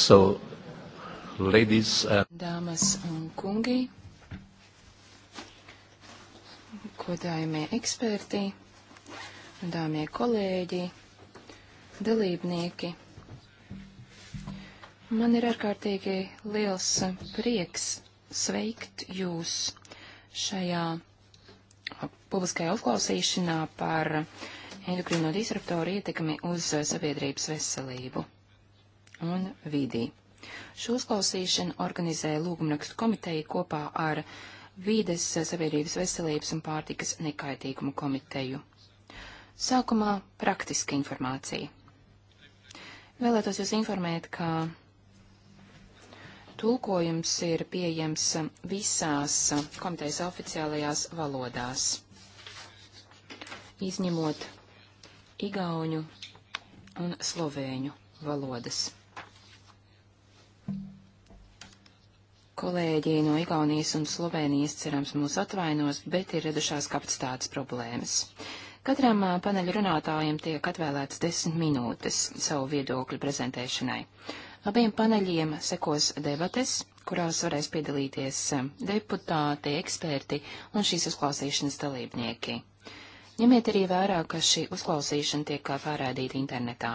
So, ladies, uh... Dāmas un kungi, godājumie eksperti, dāmie kolēģi, dalībnieki. Man ir ārkārtīgi liels prieks sveikt jūs šajā publiskajā uzklausīšanā par endokrino disruptoru ietekmi uz sabiedrības veselību un vidī. Šo uzklausīšanu organizēja Lūgumrakstu komiteja kopā ar Vīdes sabiedrības veselības un pārtikas nekaitīgumu komiteju. Sākumā praktiska informācija. Vēlētos jūs informēt, ka tulkojums ir pieejams visās komitejas oficiālajās valodās, izņemot igauņu un slovēņu valodas. Kolēģi no Igaunijas un Slovenijas cerams mūs atvainos, bet ir redušās kapacitātes problēmas. Katram paneļu runātājiem tiek atvēlēts desmit minūtes savu viedokļu prezentēšanai. Abiem paneļiem sekos debates, kurās varēs piedalīties deputāti, eksperti un šīs uzklausīšanas dalībnieki. Ņemiet arī vērā, ka šī uzklausīšana tiek pārādīta internetā.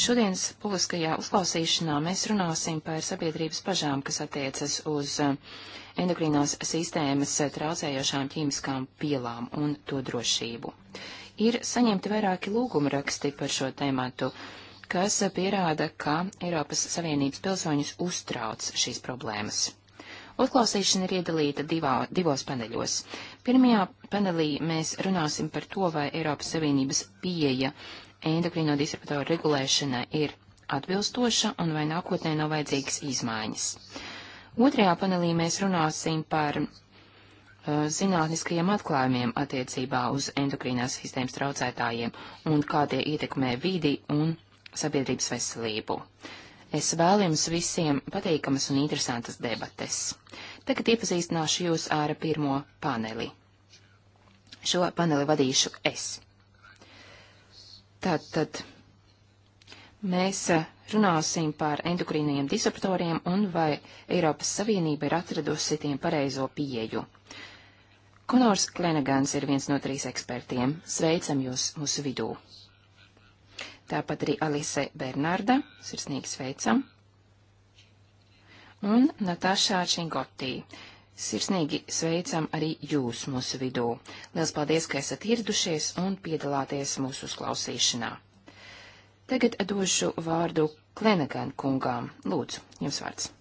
Šodienas publiskajā uzklausīšanā mēs runāsim par sabiedrības pažām, kas attiecas uz eh, endokrīnās sistēmas eh, traucējošām ķīmiskām vielām un to drošību. Ir saņemti vairāki lūguma raksti par šo tēmatu, kas eh, pierāda, ka Eiropas Savienības pilsoņus uztrauc šīs problēmas. Uzklausīšana ir iedalīta divā, divos paneļos. Pirmajā panelī mēs runāsim par to, vai Eiropas Savienības pieeja endokrino disruptoru regulēšana ir atbilstoša un vai nākotnē nav vajadzīgas izmaiņas. Otrajā panelī mēs runāsim par uh, zinātniskajiem atklājumiem attiecībā uz endokrinās sistēmas traucētājiem un kā tie ietekmē vidi un sabiedrības veselību. Es vēlu jums visiem patīkamas un interesantas debates. Tagad iepazīstināšu jūs ar pirmo paneli. Šo paneli vadīšu es. Tātad mēs runāsim par endokrīniem disruptoriem un vai Eiropas Savienība ir atradusi tiem pareizo pieeju. Konors Klenegans ir viens no trīs ekspertiem. Sveicam jūs mūsu vidū. Tāpat arī Alise Bernarda, sirsnīgi sveicam. Un Natāšā Čingotī. Sirsnīgi sveicam arī jūs mūsu vidū. Liels paldies, ka esat ieradušies un piedalāties mūsu klausīšanā. Tagad došu vārdu Klenegan kungām. Lūdzu, jums vārds.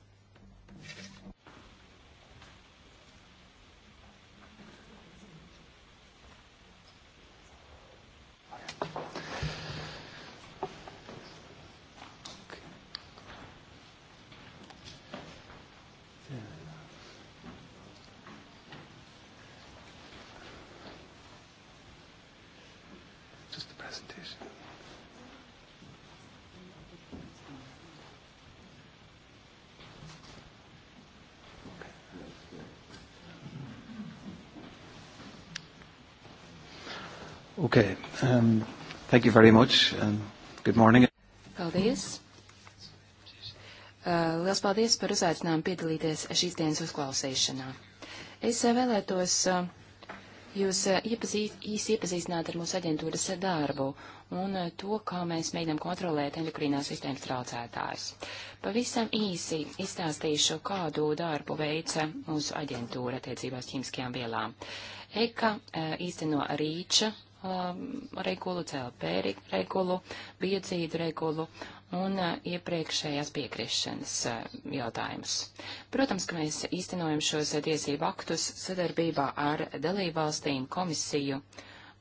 Okay. Um, thank you very much. Um, good morning. Paldies. Uh, liels paldies par uzaicinājumu piedalīties šīs dienas uzklausīšanā. Es uh, vēlētos uh, jūs uh, iepazīst, īsi iepazīstināt ar mūsu aģentūras darbu un uh, to, kā mēs mēģinām kontrolēt endokrīnās sistēmas traucētājus. Pavisam īsi izstāstīšu, kādu darbu veica mūsu aģentūra attiecībās ķīmiskajām vielām. EKA uh, īsteno rīča um, regulu, CLP regulu, biedzīdu regulu un uh, iepriekšējās piekrišanas uh, jautājumus. Protams, ka mēs īstenojam šos uh, tiesību aktus sadarbībā ar dalībvalstīm, komisiju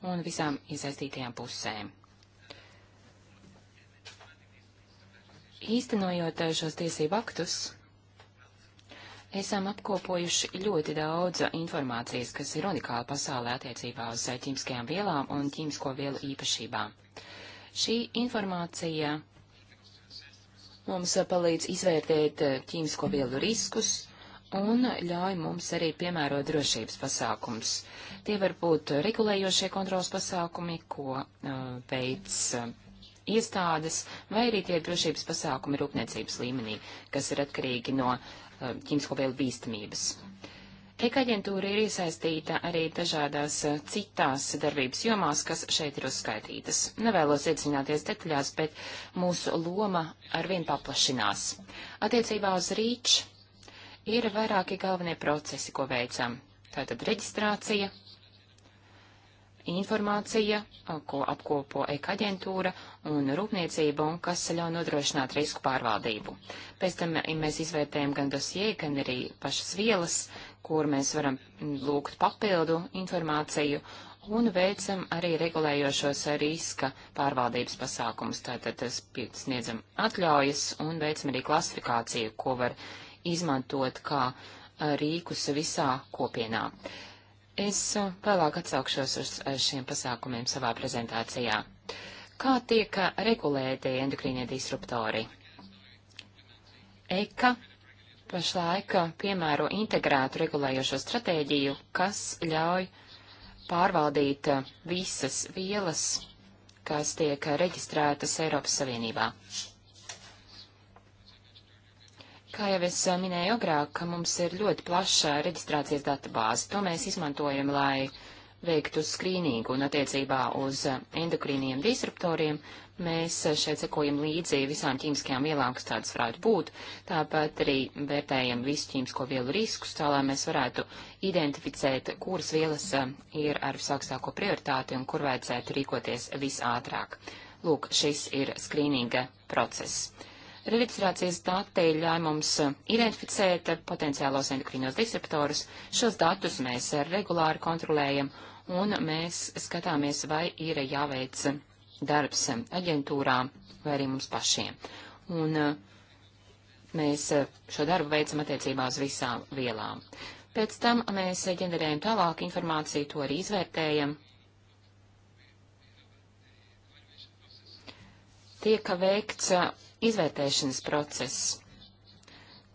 un visām iesaistītajām pusēm. Īstenojot uh, šos tiesību aktus, esam apkopojuši ļoti daudz informācijas, kas ir unikāla pasaulē attiecībā uz ķīmiskajām vielām un ķīmisko vielu īpašībām. Šī informācija mums palīdz izvērtēt eh, ķīmisko vielu riskus un ļauj mums arī piemērot drošības pasākums. Tie var būt regulējošie kontrols pasākumi, ko eh, veids uh, iestādes, vai arī tie ir drošības pasākumi rūpniecības līmenī, kas ir atkarīgi no uh, Um, ķīmisko vielu bīstamības. Eka aģentūra ir iesaistīta arī dažādās uh, citās darbības jomās, kas šeit ir uzskaitītas. Nevēlos iedziļināties detaļās, bet mūsu loma arvien paplašinās. Attiecībā uz rīč ir vairāki galvenie procesi, ko veicam. Tātad reģistrācija, informācija, ko apkopo ekaģentūra un rūpniecība, un kas ļauj nodrošināt risku pārvaldību. Pēc tam mēs izvērtējam gan dosie, gan arī pašas vielas, kur mēs varam lūgt papildu informāciju, un veicam arī regulējošos riska pārvaldības pasākumus. Tātad sniedzam atļaujas un veicam arī klasifikāciju, ko var izmantot kā rīkus visā kopienā. Uh, Es uh, vēlāk atsaukšos uz uh, šiem pasākumiem savā prezentācijā. Kā tiek regulēti endokrīnie disruptori? EKA pašlaik piemēro integrētu regulējošo stratēģiju, kas ļauj pārvaldīt uh, visas vielas, kas tiek reģistrētas Eiropas Savienībā. Kā jau es eh, minēju agrāk, mums ir ļoti plaša reģistrācijas databāze. To mēs izmantojam, lai veiktu skrīningu un attiecībā uz eh, endokrīniem disruptoriem. Mēs eh, šeit sekojam līdzi visām ķīmiskajām vielām, kas tādas varētu būt. Tāpat arī vērtējam visu ķīmisko vielu riskus, tā lai mēs varētu identificēt, kuras vielas ir ar visaugstāko prioritāti un kur vajadzētu rīkoties visātrāk. Lūk, šis ir skrīninga process. Reģistrācijas dati ļauj mums e, identificēt potenciālos endokrinos disruptorus. Šos datus mēs e, regulāri kontrolējam un mēs skatāmies, vai ir jāveic darbs aģentūrā vai arī mums pašiem. Un e, mēs šo darbu veicam attiecībā uz visām vielām. Pēc tam mēs ģenerējam tālāk informāciju, to arī izvērtējam, tiek veikts izvērtēšanas process,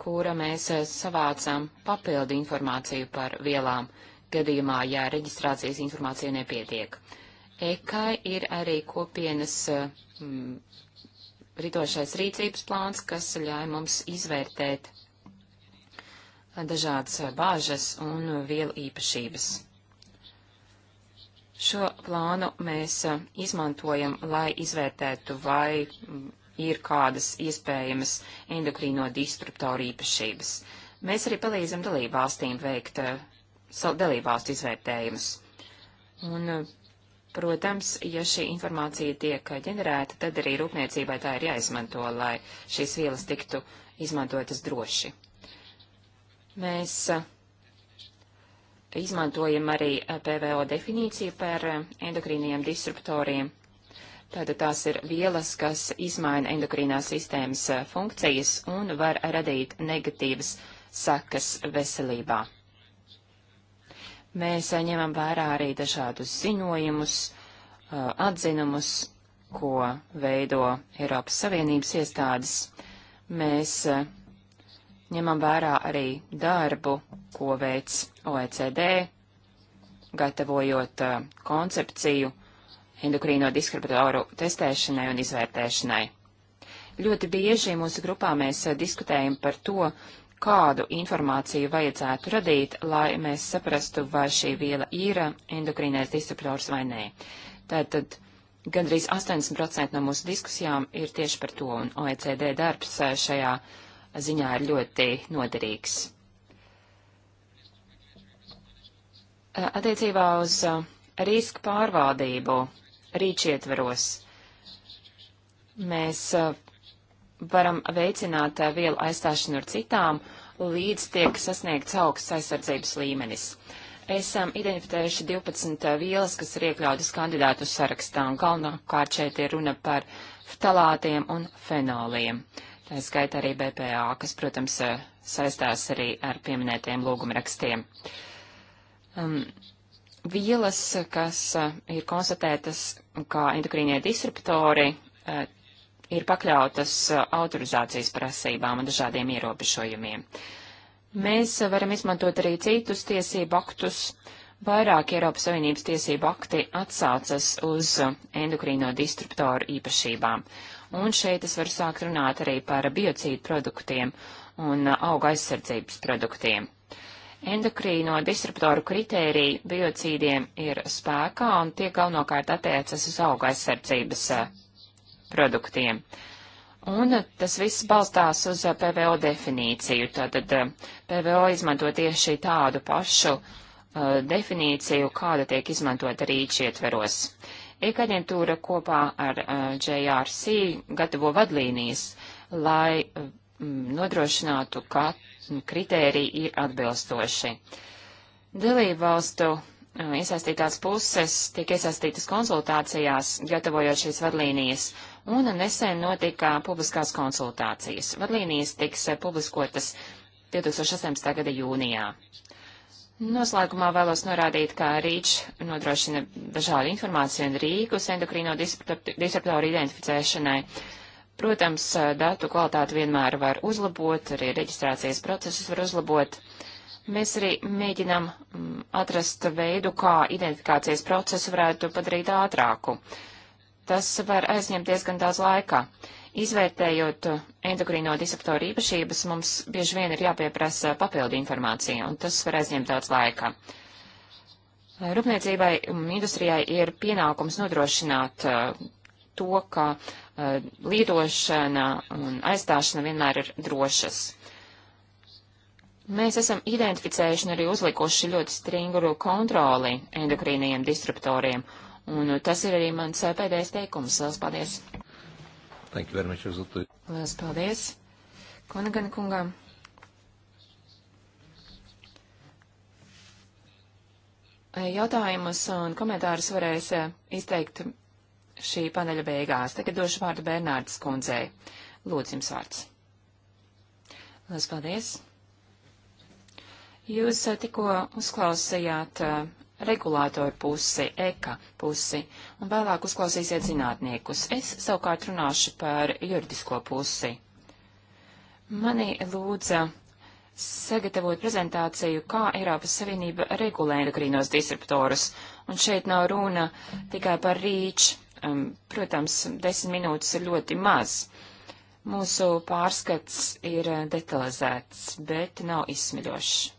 kura mēs eh, savācām papildu informāciju par vielām, gadījumā, ja reģistrācijas informācija nepietiek. EKAI ir arī kopienas eh, m, ritošais rīcības plāns, kas ļauj mums izvērtēt dažādas bāžas un vielu īpašības. Šo plānu mēs eh, izmantojam, lai izvērtētu, vai ir kādas iespējamas endokrīno disruptoru īpašības. Mēs arī palīdzam dalībvalstīm veikt eh, dalībvalstu izvērtējumus. Un, eh, protams, ja šī informācija tiek ģenerēta, tad arī rūpniecībai tā ir jāizmanto, lai šīs vielas tiktu izmantotas droši. Mēs eh, izmantojam arī PVO definīciju par endokrīniem disruptoriem. Tātad tās ir vielas, kas izmaina endokrīnās sistēmas eh, funkcijas un var radīt negatīvas sekas veselībā. Mēs eh, ņemam vērā arī dažādus ziņojumus, eh, atzinumus, ko veido Eiropas Savienības iestādes. Mēs ņemam vērā arī darbu, ko veic OECD, gatavojot koncepciju endokrīno diskriptoru testēšanai un izvērtēšanai. Ļoti bieži mūsu grupā mēs eh, diskutējam par to, kādu informāciju vajadzētu radīt, lai mēs saprastu, vai šī viela ir endokrīnais disruptors vai nē. Tātad gandrīz 80% no mūsu diskusijām ir tieši par to, un OECD darbs eh, šajā ziņā ir ļoti noderīgs. Eh, attiecībā uz riska pārvaldību rīčietveros. Mēs uh, varam veicināt uh, vielu aizstāšanu ar citām, līdz tiek sasniegts augsts aizsardzības līmenis. Esam identificējuši 12 uh, vielas, kas ir iekļautas kandidātu sarakstā, un galvenokārt šeit ir runa par ftalātiem un fenoliem. Tā skaita arī BPA, kas, protams, saistās arī ar pieminētiem lūgumrakstiem. Um, Vielas, kas eh, ir konstatētas kā endokrīnie disruptori, eh, ir pakļautas eh, autorizācijas prasībām un dažādiem ierobežojumiem. Mēs varam izmantot arī citus tiesību aktus. Vairāk Eiropas Savienības tiesību akti atsaucas uz endokrīno disruptoru īpašībām. Un šeit es varu sākt runāt arī par biocīdu produktiem un auga aizsardzības produktiem. Endokrīno disruptoru kritēriji biocīdiem ir spēkā un tie galvenokārt attiecas uz auga aizsardzības eh, produktiem. Un eh, tas viss balstās uz eh, PVO definīciju. Tātad PVO izmanto tieši tādu pašu uh, definīciju, kāda tiek izmantota rīči ietveros. Ekaģentūra kopā ar uh, JRC gatavo vadlīnijas, lai um, nodrošinātu, ka kritēriji ir atbilstoši. Dalībvalstu um, iesaistītās puses tiek iesaistītas konsultācijās, gatavojot šīs vadlīnijas, un nesen notika publiskās konsultācijas. Vadlīnijas tiks eh, publiskotas 2018. gada jūnijā. Noslēgumā vēlos norādīt, ka rīč nodrošina dažādu informāciju un rīkus endokrīno disruptoru identificēšanai. Uh, Protams, datu kvalitāti vienmēr var uzlabot, arī reģistrācijas procesus var uzlabot. Mēs arī mēģinām mm, atrast veidu, kā identifikācijas procesu varētu padarīt ātrāku. Tas var aizņemt diezgan daudz laika. Izvērtējot endokrino disruptoru īpašības, mums bieži vien ir jāpieprasa papildu informācija, un tas var aizņemt daudz laika. Rūpniecībai un industrijai ir pienākums nodrošināt to, ka uh, lidošana un aizstāšana vienmēr ir drošas. Mēs esam identificējuši un arī uzlikuši ļoti stringuru kontroli endokrīniem disruptoriem, un tas ir arī mans eh, pēdējais teikums. Lielas paldies! Lielas paldies! Konagan kungam! Eh, jautājumus un komentārus varēs izteikt šī paneļa beigās. Tagad došu vārdu Bernārdas kundzei. Lūdzu, jums vārds. Lielas paldies. Jūs eh, tikko uzklausījāt eh, regulātoru pusi, eka pusi, un vēlāk uzklausīsiet zinātniekus. Es savukārt runāšu par juridisko pusi. Mani lūdza sagatavot prezentāciju, kā Eiropas Savienība regulē endokrīnos disruptorus, un šeit nav runa tikai par rīču Protams, desmit minūtes ir ļoti maz. Mūsu pārskats ir eh, detalizēts, bet nav izsmeļošs.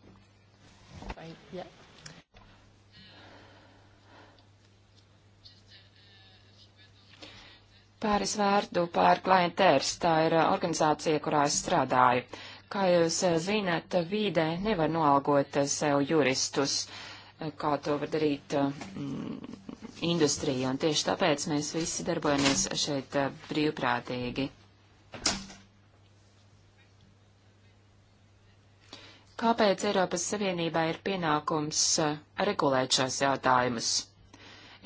Pāris vērtu pār klientērs, tā ir eh, organizācija, kurā es strādāju. Kā jūs eh, zināt, vīdē nevar noalgot sev juristus, kā to var darīt mm, industrija, un tieši tāpēc mēs visi darbojamies šeit eh, brīvprātīgi. Kāpēc Eiropas Savienībā ir pienākums eh, regulēt šos jautājumus?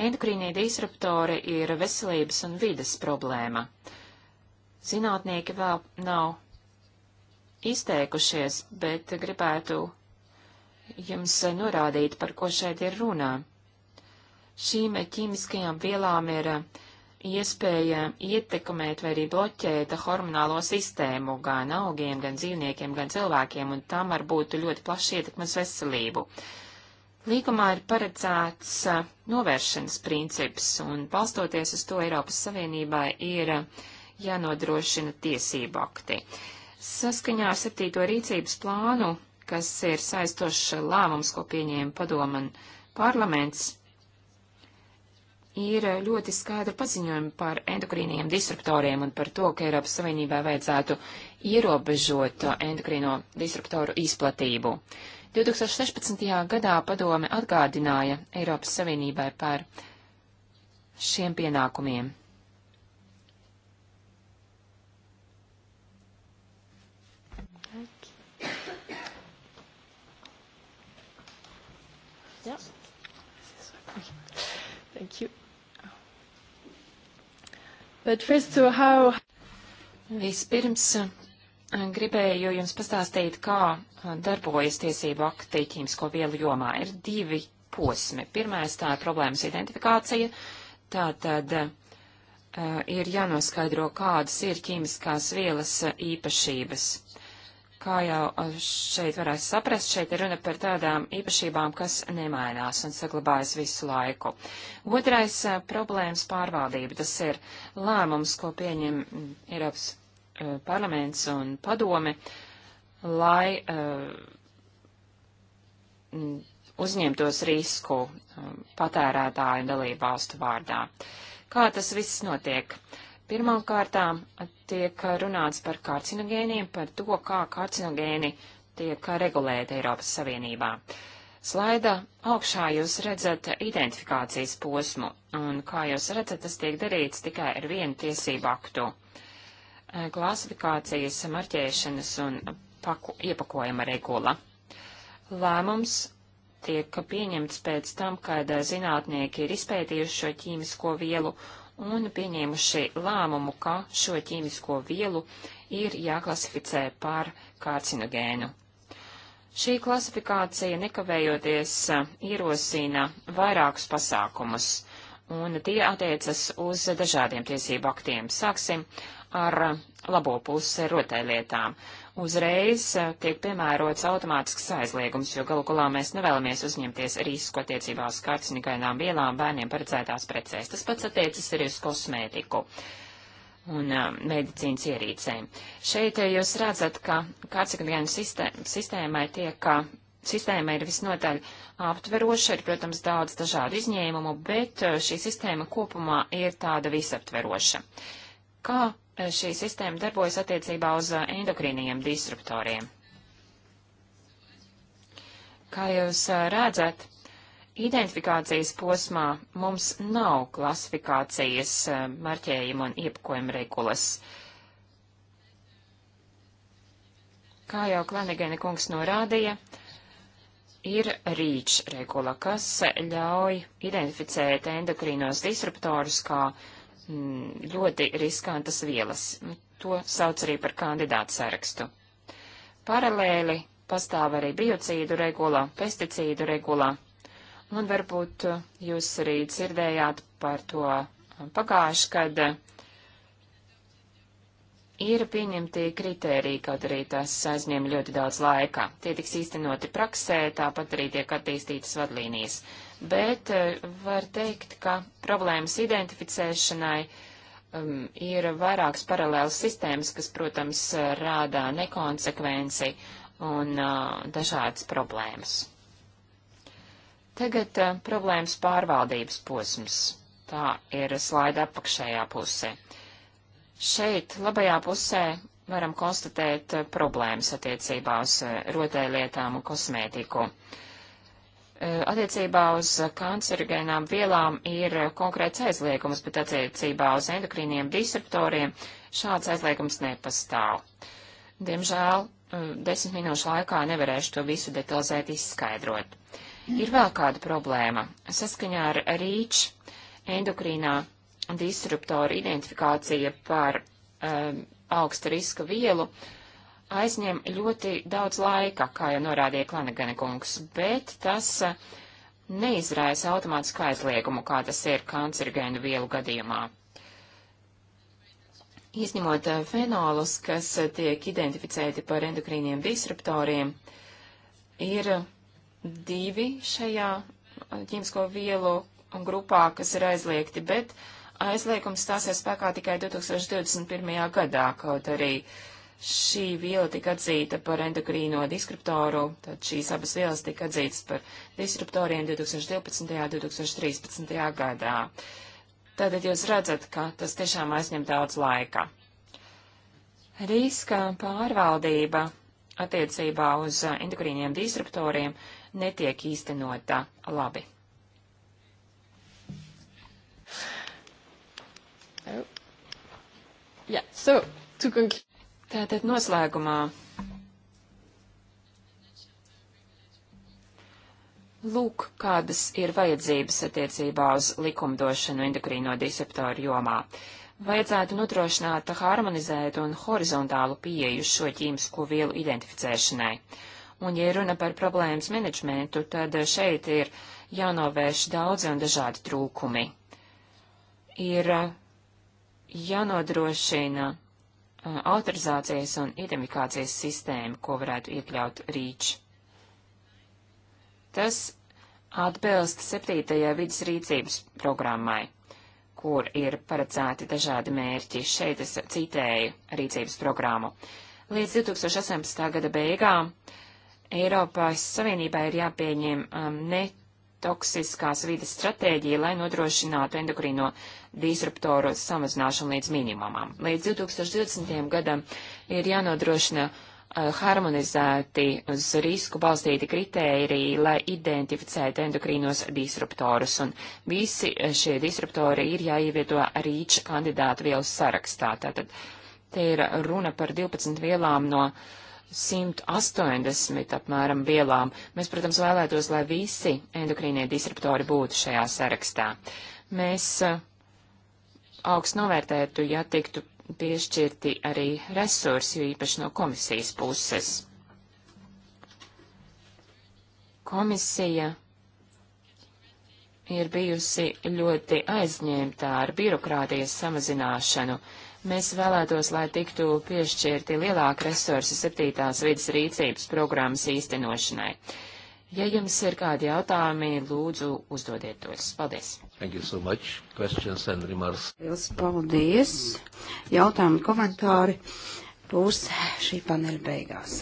Endokrīnie disruptori ir veselības un vides problēma. Zinātnieki vēl nav izteikušies, bet gribētu jums eh, norādīt, par ko šeit ir runā šīm ķīmiskajām vielām ir eh, iespēja ietekmēt vai arī bloķēt hormonālo sistēmu gan augiem, gan dzīvniekiem, gan cilvēkiem, un tam var būt ļoti plaši ietekmes veselību. Līgumā ir paredzēts eh, novēršanas princips, un balstoties uz to Eiropas Savienībai ir eh, jānodrošina tiesību akti. Saskaņā ar septīto rīcības plānu, kas ir saistošs lēmums, ko pieņēma padoman parlaments, ir ļoti skaidru paziņojumu par endokrīniem disruptoriem un par to, ka Eiropas Savienībā vajadzētu ierobežot endokrīno disruptoru izplatību. 2016. gadā padome atgādināja Eiropas Savienībai par šiem pienākumiem. Thank you. But first to how... Vispirms eh, gribēju jums pastāstīt, kā eh, darbojas tiesību akti ķīmisko vielu jomā. Ir divi posmi. Pirmais tā ir problēmas identifikācija. Tātad eh, ir jānoskaidro, kādas ir ķīmiskās vielas īpašības. Kā jau šeit varēs saprast, šeit ir runa par tādām īpašībām, kas nemainās un saglabājas visu laiku. Otrais problēmas pārvaldība, tas ir lēmums, ko pieņem Eiropas uh, parlaments un padome, lai uh, uzņemtos risku uh, patērētāju dalībvalstu vārdā. Kā tas viss notiek? Uh, Pirmām kārtām tiek runāts par karcinogēniem, par to, kā karcinogēni tiek regulēti Eiropas Savienībā. Slaida augšā jūs redzat identifikācijas posmu, un kā jūs redzat, tas tiek darīts tikai ar vienu tiesību aktu. Klasifikācijas marķēšanas un paku, iepakojuma regula. Lēmums tiek pieņemts pēc tam, kad zinātnieki ir izpētījuši šo ķīmisko vielu un pieņēmuši lēmumu, ka šo ķīmisko vielu ir jāklasificē par kārcinogēnu. Šī klasifikācija nekavējoties ierosina vairākus pasākumus, un tie attiecas uz dažādiem tiesību aktiem. Sāksim ar labo pusi rotaļlietām uzreiz eh, tiek piemērots automātisks aizliegums, jo galu galā mēs nevēlamies uzņemties risku attiecībā uz kārtsnikainām vielām bērniem paredzētās precēs. Tas pats attiecas arī uz kosmētiku un uh, medicīnas ierīcēm. Šeit eh, jūs redzat, ka kārtsnikainu sistēm, sistēmai tiek sistēma ir visnotaļ aptveroša, ir, protams, daudz dažādu izņēmumu, bet šī sistēma kopumā ir tāda visaptveroša. Kā šī sistēma darbojas attiecībā uz uh, endokrīniem disruptoriem. Kā jūs uh, redzat, identifikācijas posmā mums nav klasifikācijas uh, marķējuma un iepakojuma regulas. Kā jau Klanigēna kungs norādīja, ir rīč regula, kas ļauj identificēt endokrīnos disruptorus kā uh, Mm, ļoti riskantas vielas. Nu, to sauc arī par kandidātu sarakstu. Paralēli pastāv arī biocīdu regulā, pesticīdu regulā, un varbūt uh, jūs arī dzirdējāt par to pagājuši, kad uh, ir pieņemti kritēriji, kaut arī tas aizņem ļoti daudz laika. Tie tiks īstenoti praksē, tāpat arī tiek attīstītas vadlīnijas bet eh, var teikt, ka problēmas identificēšanai um, ir vairākas paralēlas sistēmas, kas, protams, rādā nekonsekvenci un uh, dažādas problēmas. Tagad uh, problēmas pārvaldības posms. Tā ir slaida apakšējā pusē. Šeit, labajā pusē, varam konstatēt eh, problēmas attiecībā uz rotaļlietām un kosmētiku. Uh, Attiecībā uz kancerogēnām vielām ir konkrēts aizliegums, bet attiecībā uz endokrīniem disruptoriem šāds aizliegums nepastāv. Diemžēl desmit minūšu laikā nevarēšu to visu detalizēt izskaidrot. Ir vēl kāda problēma. Saskaņā ar rīč endokrīnā disruptoru identifikācija par um, augsta riska vielu uh, aizņem ļoti daudz laika, kā jau norādīja Klanagana kungs, bet tas neizraisa automātisku aizliegumu, kā tas ir kancergēnu vielu gadījumā. Izņemot fenolus, kas tiek identificēti par endokrīniem disruptoriem, ir divi šajā ķīmisko vielu grupā, kas ir aizliegti, bet aizliegums stāsies spēkā tikai 2021. gadā, kaut arī uh, šī viela tika atzīta par endokrīno diskriptoru, tad šīs abas vielas tika atzītas par diskriptoriem 2012. un 2013. gadā. Tātad jūs redzat, ka tas tiešām aizņem daudz laika. Riska pārvaldība attiecībā uz endokrīniem disruptoriem netiek īstenota labi. Oh. Yeah, so to conclude. Tātad noslēgumā. Lūk, kādas ir vajadzības attiecībā uz likumdošanu endokrīno diseptoru jomā. Vajadzētu nodrošināt harmonizētu un horizontālu pieeju šo ķīmisko vielu identificēšanai. Un, ja runa par problēmas menedžmentu, tad šeit ir jānovērš daudzi un dažādi trūkumi. Ir uh, jānodrošina Uh, autorizācijas un identifikācijas sistēmu, ko varētu iekļaut rīč. Tas atbilst septītajai vidas rīcības programmai, kur ir paredzēti dažādi mērķi. Šeit es citēju rīcības programmu. Līdz 2018. gada beigām Eiropas Savienībā ir jāpieņem um, net toksiskās vides stratēģiju, lai nodrošinātu endokrino disruptoru samazināšanu līdz minimumam. Līdz 2020. gadam ir jānodrošina uh, harmonizēti uz risku balstīti kritēriji, lai identificētu endokrīnos disruptorus, un visi eh, šie disruptori ir jāievieto rīču kandidātu vielu sarakstā. Tātad te ir runa par 12 vielām no uh, 180 apmēram vielām. Mēs, protams, vēlētos, lai visi endokrīnie disruptori būtu šajā sarakstā. Mēs eh, augstu novērtētu, ja tiktu piešķirti arī resursi, jo īpaši no komisijas puses. Komisija ir bijusi ļoti aizņemtā ar birokrātijas samazināšanu. Uh, Mēs vēlētos, lai tiktu piešķirti lielāki resursi septītās vidas rīcības programmas īstenošanai. Ja jums ir kādi jautājumi, lūdzu, uzdodiet tos. Paldies! Thank you so much. Questions and remarks. Liels paldies! Jautājumi, komentāri būs šī paneļa beigās.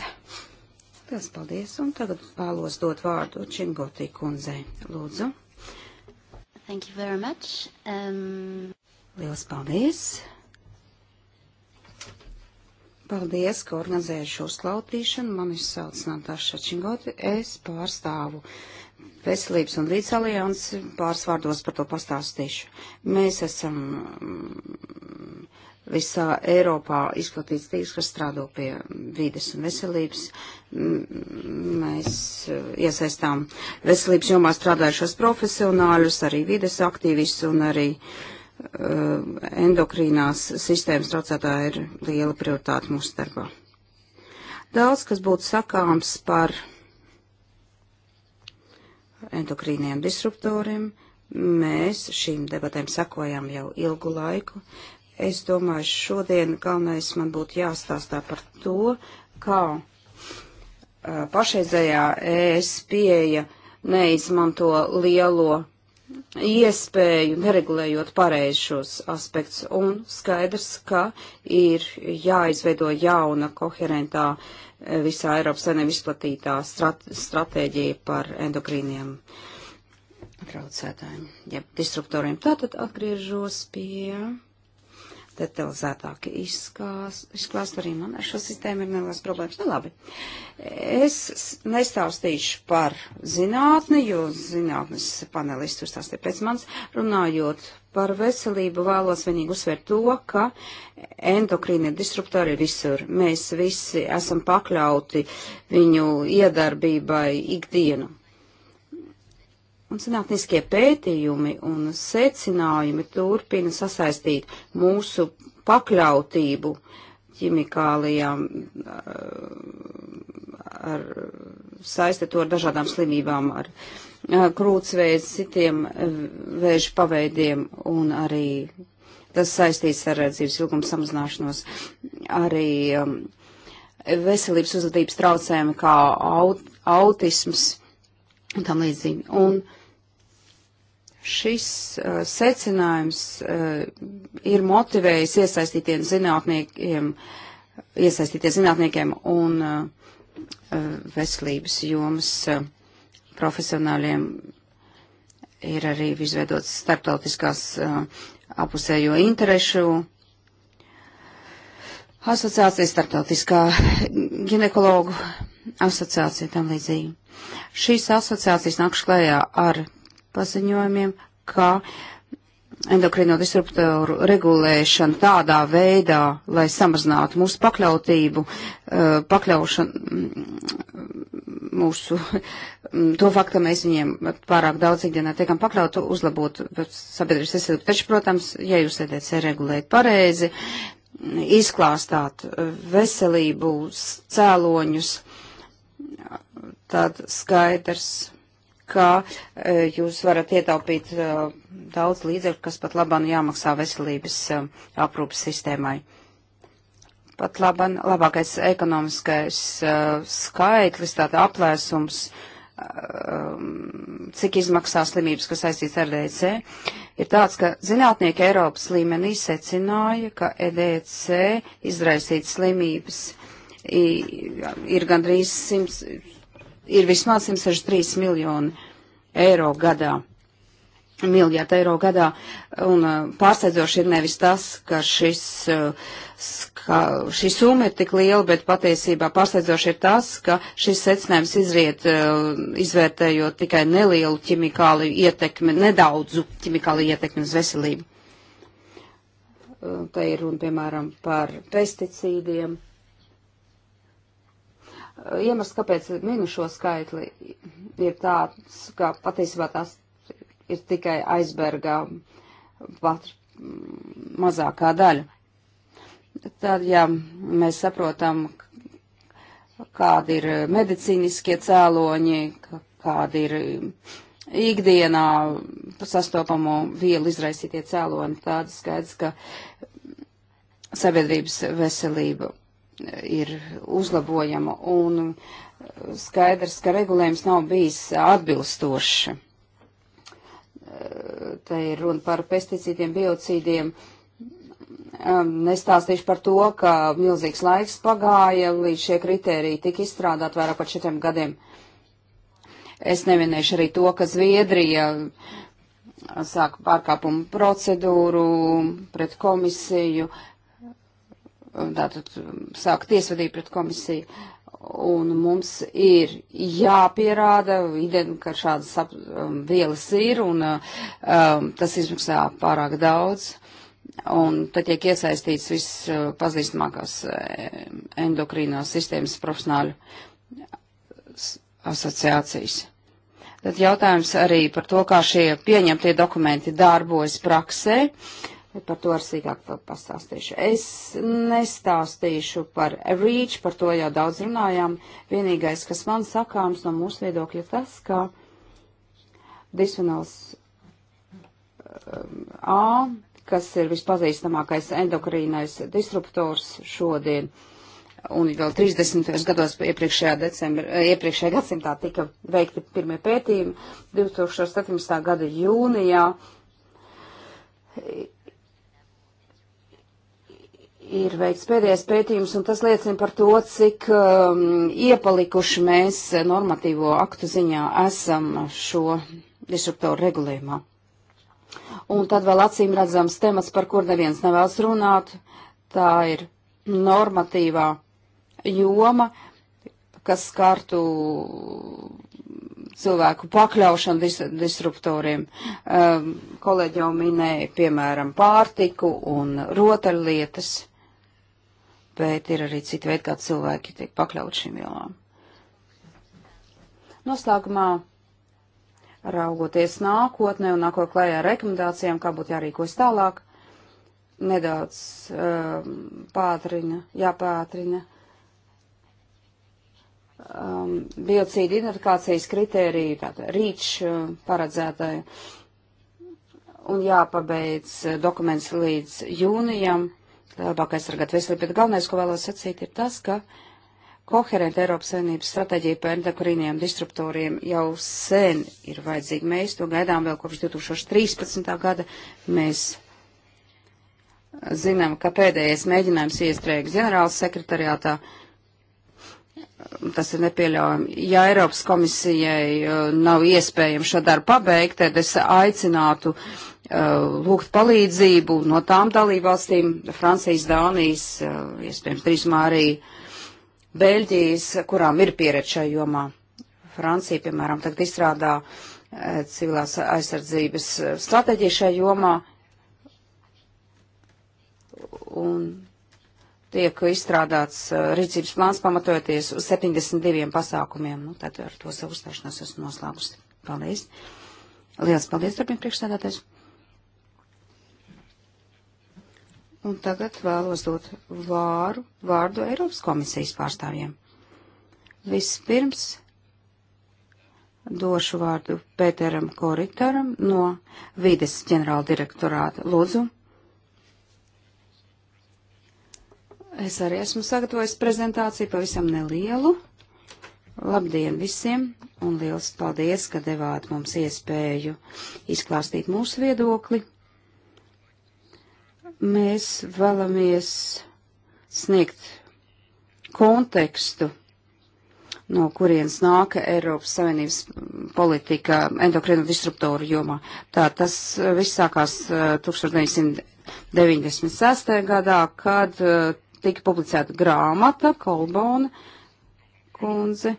Liels paldies! Un tagad vēlos dot vārdu Čingotī kundzei. Lūdzu! Thank you very much. Um... Liels paldies! Paldies, ka organizēju šo sklautīšanu. Mani sauc Natāša Čingoti. Es pārstāvu veselības un līdz aliansi. Pāris vārdos par to pastāstīšu. Mēs esam mm, visā Eiropā izplatīts tīks, kas strādā pie vīdes un veselības. Mm, mēs eh, iesaistām veselības jomā strādājušos profesionāļus, arī vīdes aktīvistus un arī uh, Ehm, endokrīnās sistēmas traucētāji ir liela prioritāte mūsu darbā. Daudz, kas būtu sakāms par endokrīniem disruptoriem, mēs šīm debatēm sakojam jau ilgu laiku. Es domāju, šodien galvenais man būtu jāstāstā par to, kā pašreizējā ES pieeja neizmanto lielo iespēju, neregulējot pareizi šos aspektus, un skaidrs, ka ir jāizveido jauna, koherentā, eh, visā Eiropas Savienībā izplatītā strat stratēģija par endokrīniem traucētājiem, jeb ja, disruptoriem. Tātad atgriežos pie detalizētāk izklāst. Arī man ar šo sistēmu ir nelielas problēmas. Nu, labi. Es nestāstīšu par zinātni, jo zinātnes panelists tur stāstīja pēc manis. Runājot par veselību, vēlos vienīgi uzsvērt to, ka endokrīnie disruptori ir visur. Mēs visi esam pakļauti viņu iedarbībai ikdienu. Un zinātniskie pētījumi un secinājumi turpina sasaistīt mūsu pakļautību ķimikālijām eh, ar saiste to ar dažādām slimībām, ar eh, krūtsvēdzi, citiem eh, vēža paveidiem un arī tas saistīts ar dzīves ilgumu samazināšanos. Arī um, veselības uzvedības traucējumi kā aut, autisms un tam līdzīgi. Un, uh, Šis uh, secinājums uh, ir motivējis iesaistītiem zinātniekiem, iesaistītie zinātniekiem un uh, uh, veselības jomas uh, profesionāļiem ir arī izveidots starptautiskās uh, apusējo interešu asociācija, starptautiskā ginekologu asociācija tam līdzīgi. Šīs asociācijas nāk klējā ar paziņojumiem, ka endokrino disruptoru regulēšana tādā veidā, lai samazinātu mūsu pakļautību, eh, pakļaušanu mm, mūsu, mm, to faktu mēs viņiem pārāk daudz ikdienā tiekam pakļautu, uzlabot sabiedrības veselību. Taču, protams, ja jūs EDC regulējat pareizi, izklāstāt veselību cēloņus, tad skaidrs ka e, jūs varat ietaupīt e, daudz līdzekļu, kas pat labam jāmaksā veselības e, aprūpas sistēmai. Pat laban, labākais ekonomiskais skaitlis, tāda aplēsums, cik izmaksā slimības, kas saistīts ar EDC, ir tāds, ka zinātnieki Eiropas līmenī secināja, ka EDC izraisīt slimības ir gandrīz 100, ir vismaz 163 miljoni eiro gadā miljārdu eiro gadā. Un eh, pārsteidzoši ir nevis tas, ka šis, eh, ska, šī summa ir tik liela, bet patiesībā pārsteidzoši ir tas, ka šis secinājums izriet eh, izvērtējot tikai nelielu ķimikālu ietekmi, nedaudzu ķimikālu ietekmi uz veselību. Te ir runa, piemēram, par pesticīdiem Iemesls, kāpēc minu šo skaitli, ir tāds, ka patiesībā tās ir tikai aizbergā pat mazākā daļa. Tad, ja mēs saprotam, kādi ir medicīniskie cēloņi, kādi ir ikdienā sastopamo vielu izraisītie cēloņi, tāda skaidrs, ka sabiedrības veselība ir uzlabojama un skaidrs, ka regulējums nav bijis atbilstošs. Te ir runa par pesticīdiem, biocīdiem. Nestāstīšu par to, ka milzīgs laiks pagāja, līdz šie kriteriji tika izstrādāti vairāk par četriem gadiem. Es nevienēšu arī to, ka Zviedrija sāka pārkāpumu procedūru pret komisiju, tātad sāk tiesvedību pret komisiju. Un mums ir jāpierāda, ka šādas ap, um, vielas ir, un um, tas izmaksā pārāk daudz. Un tad tiek iesaistīts viss uh, pazīstamākās eh, endokrīnās sistēmas profesionāļu asociācijas. Tad jautājums arī par to, kā šie pieņemtie dokumenti darbojas praksē. Uh, Par to ar sīkāk vēl pastāstīšu. Es nestāstīšu par REACH, par to jau daudz runājām. Vienīgais, kas man sakāms no mūsu viedokļa, tas, ka disfenols um, A, kas ir vispazīstamākais endokrīnais disruptors šodien, un vēl 30. gados iepriekšējā, decembra, eh, iepriekšējā gadsimtā tika veikti pirmie pētījumi. 2017. gada jūnijā ir veikts pēdējais pētījums, un tas liecina par to, cik um, iepalikuši mēs normatīvo aktu ziņā esam šo disruptoru regulējumā. Un tad vēl acīm redzams temats, par kur neviens nevēlas runāt, tā ir normatīvā joma, kas skartu cilvēku pakļaušanu dis disruptoriem. Um, kolēģi jau minēja, piemēram, pārtiku un rotaļlietas bet ir arī citi veidi, kā cilvēki tiek pakļaut šīm vielām. Noslēgumā, raugoties nākotnē un nākot klējā rekomendācijām, kā būtu jārīkojas tālāk, nedaudz um, pātrina, jāpātrina um, biocīdu identifikācijas kritēriju, tāda rīč uh, paredzētāja, un jāpabeidz dokuments līdz jūnijam labāk aizsargāt veselību, bet galvenais, ko vēlos sacīt, ir tas, ka koherenta Eiropas Savienības stratēģija par endokrīniem disruptoriem jau sen ir vajadzīga. Mēs to gaidām vēl kopš 2013. gada. Mēs zinām, ka pēdējais mēģinājums iestrēga ģenerāls sekretariātā. Uh, tas ir nepieļaujami. Ja Eiropas komisijai uh, nav iespējams šo darbu pabeigt, tad es aicinātu uh, lūgt palīdzību no tām dalībvalstīm, Francijas, Dānijas, uh, iespējams, drīzumā arī Beļģijas, kurām ir pieredze šajā jomā. Francija, piemēram, tagad izstrādā civilās aizsardzības stratēģiju šajā jomā. Un tiek izstrādāts rīcības plāns pamatojoties uz 72 pasākumiem. Nu, tad ar to savu uzstāšanos esmu noslēgusi. Paldies. Lielas paldies, turpina priekšstādātais. Un tagad vēlos dot vāru, vārdu Eiropas komisijas pārstāvjiem. Vispirms došu vārdu Pēteram Koritaram no Vides ģenerāla direktorāta. Lūdzu. Es arī esmu sagatavojis prezentāciju pavisam nelielu. Labdien visiem un liels paldies, ka devāt mums iespēju izklāstīt mūsu viedokli. Mēs vēlamies sniegt kontekstu, no kurienes nāk Eiropas Savienības politika endokrinu disruptoru jomā. Tā tas viss sākās 1996. Eh, gadā, kad eh, tika publicēta grāmata Kolbona kundze.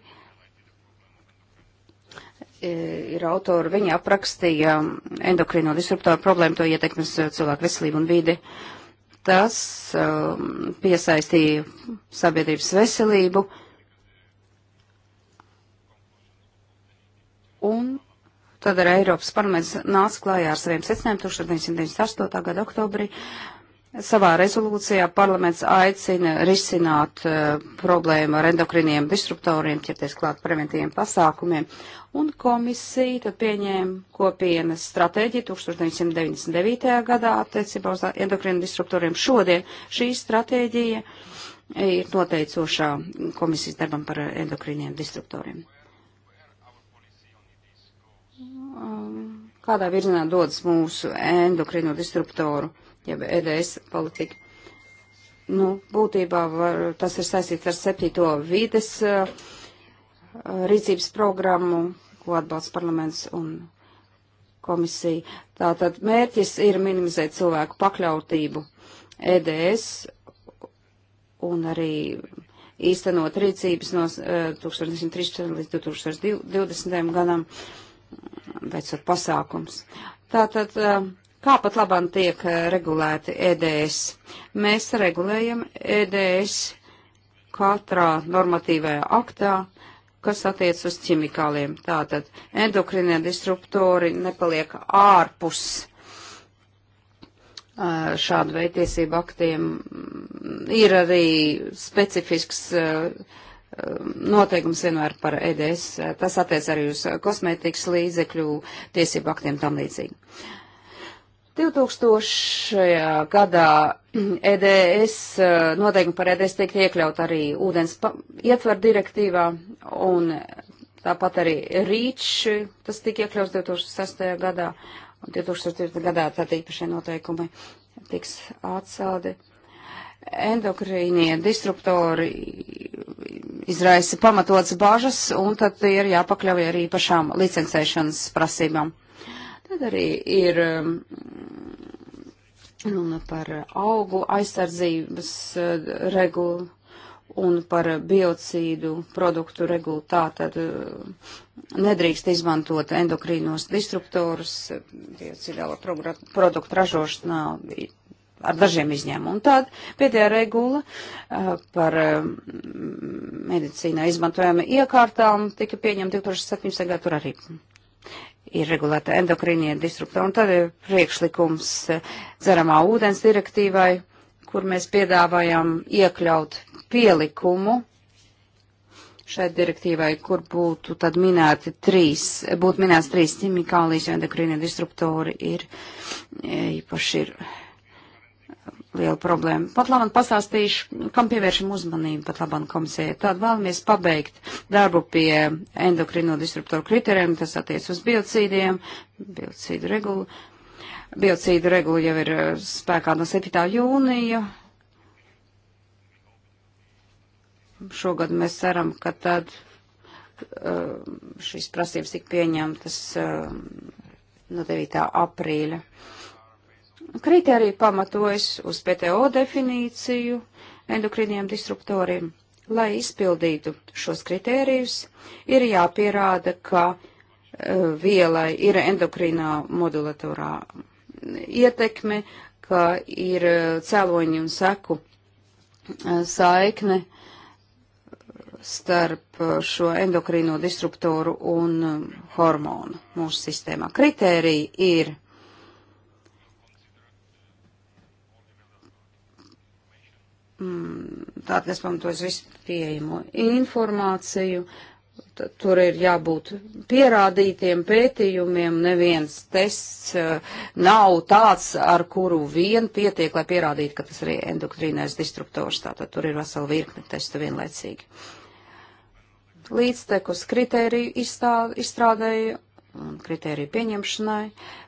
E, ir autori, viņa aprakstīja endokrino disruptoru problēmu, to ietekmes e, cilvēku veselību un vidi. Tas um, piesaistīja sabiedrības veselību un tad arī Eiropas parlaments nāca klājā ar saviem secinājumiem 1998. gada oktobrī. Uh, Savā rezolūcijā parlaments aicina risināt uh, problēmu ar endokriniem disruptoriem, ķerties klāt preventīviem pasākumiem, un komisija tad pieņēma kopienas stratēģiju 1999. gadā attiecībā uz endokrinu disruptoriem. Šodien šī stratēģija ir noteicošā komisijas darbam par endokriniem disruptoriem. Um, kādā virzienā dodas mūsu endokrinu disruptoru? jeb EDS politika. Nu, būtībā var, tas ir saistīts ar septīto vides uh, eh, rīcības programmu, ko atbalsta parlaments un komisija. Tātad mērķis ir minimizēt cilvēku pakļautību EDS un arī īstenot rīcības no uh, eh, 1913 līdz 2020. gadam, veicot pasākums. Tātad uh, Kā pat labam tiek eh, regulēti EDS? Mēs regulējam EDS katrā normatīvajā aktā, kas attiec uz ķimikāliem. Tātad endokrinie disruptori nepaliek ārpus eh, šādu veidu tiesību aktiem. Ir arī specifisks eh, noteikums vienmēr par EDS. Tas attiec arī uz kosmētikas līdzekļu tiesību aktiem tam līdzīgi. 2000. gadā EDS, e eh, noteikumi par EDS tiek iekļaut arī ūdens ietver direktīvā un tāpat arī rīč, tas tika iekļauts 2006. gadā un 2004. gadā tad īpašie noteikumi tiks atcelti. Endokrīnie disruptori izraisa pamatots bažas un tad ir jāpakļauj arī pašām licencēšanas prasībām. Tad arī ir mm, runa par augu aizsardzības eh, regulu un par biocīdu produktu regulu. Tātad eh, nedrīkst izmantot endokrīnos disruptorus, biocīdāla produktu ražošanā ar dažiem izņēmumiem. Un tāda pēdējā regula eh, par medicīnā izmantojama iekārtām tika pieņemta 2017. gadā, tur arī ir regulēta endokrīnie disruptori, un tad ir priekšlikums eh, dzeramā ūdens direktīvai, kur mēs piedāvājam iekļaut pielikumu šai direktīvai, kur būtu tad minēti trīs, būtu minēts trīs ķimikālijas, jo endokrīnie disruptori ir eh, īpaši ir liela problēma. Pat labam pastāstīšu, kam pievēršam uzmanību pat labam komisijai. Tad vēlamies pabeigt darbu pie endokrino disruptoru kriterijiem, tas attiec uz biocīdiem, biocīdu regulu. Biocīdu regula jau ir eh, spēkā no 7. jūnija. Šogad mēs ceram, ka tad eh, šīs prasības tik pieņemtas eh, no 9. aprīļa. Kriteriji pamatojas uz PTO definīciju endokriniem disruptoriem. Lai izpildītu šos kriterijus, ir jāpierāda, ka e, vielai ir endokrinā modulatorā ietekme, ka ir e, cēloņi un seku e, saikne starp šo endokrīno disruptoru un hormonu mūsu sistēmā. Kritērija ir Mm, tāda, kas pamatojas visu pieejamo informāciju. Tad, tur ir jābūt pierādītiem pētījumiem. Neviens tests e, nav tāds, ar kuru vien pietiek, lai pierādītu, ka tas ir endokrīnais disruptors. Tātad tur ir vesela virkne testu vienlaicīgi. Līdztekus kritēriju izstrādēju un kritēriju pieņemšanai.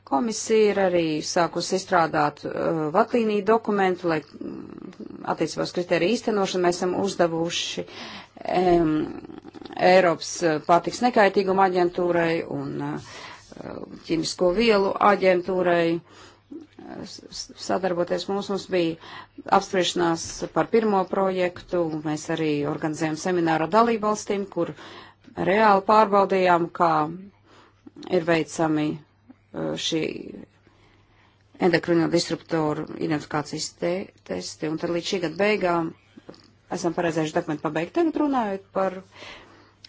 Komisija ir arī sākusi izstrādāt uh, vadlīniju dokumentu, lai mm, attiecībā uz kritēriju īstenošanu mēs esam uzdevuši um, Eiropas uh, pārtiks nekaitīguma aģentūrai un uh, ķīmisko vielu aģentūrai sadarboties mums. Mums bija apspriešanās par pirmo projektu. Mēs arī organizējam semināru dalībvalstīm, kur reāli pārbaudījām, kā ir veicami uh, šī endokrino disruptoru identifikācijas te testi, un tad līdz šī gada beigām esam paredzējuši dokumentu pabeigt. Tagad runājot par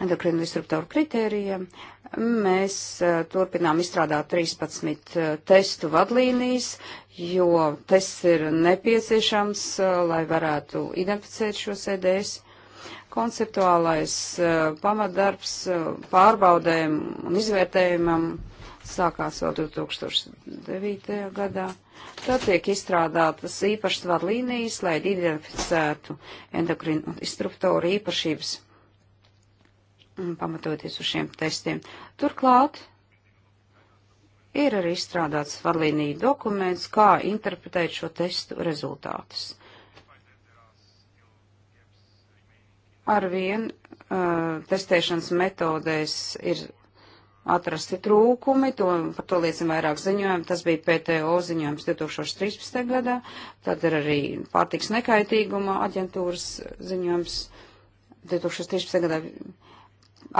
endokrino disruptoru kritērijiem, mēs uh, turpinām izstrādāt 13 uh, testu vadlīnijas, jo tests ir nepieciešams, uh, lai varētu identificēt šos EDS. Konceptuālais uh, pamatdarbs uh, pārbaudēm un izvērtējumam sākās vēl 2009. gadā. Tad tiek izstrādātas īpašas vadlīnijas, lai identificētu endokrinu disruptoru īpašības, mm, pamatoties uz šiem testiem. Turklāt ir arī izstrādāts vadlīnija dokuments, kā interpretēt šo testu rezultātus. arvien uh, testēšanas metodēs ir atrasti trūkumi, to, par to liecina vairāk ziņojumi, tas bija PTO ziņojums 2013. gadā, tad ir arī pārtiks nekaitīguma aģentūras ziņojums 2013. gadā.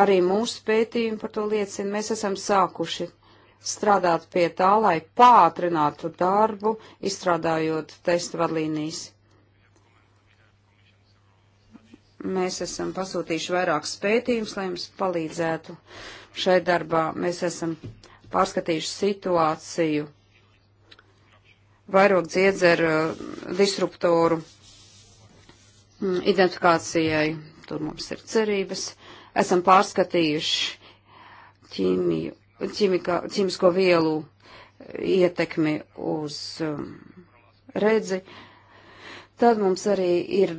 Arī mūsu pētījumi par to liecina, mēs esam sākuši strādāt pie tā, lai pātrinātu darbu, izstrādājot testu vadlīnijas Mēs esam pasūtījuši vairākus pētījumus, lai jums palīdzētu šai darbā. Mēs esam pārskatījuši situāciju vairāk dziedzeru eh, disruptoru mm, identifikācijai. Tur mums ir cerības. Esam pārskatījuši ķīmiju, ķīmika, ķīmisko vielu eh, ietekmi uz eh, redzi. Uh, Tad mums arī ir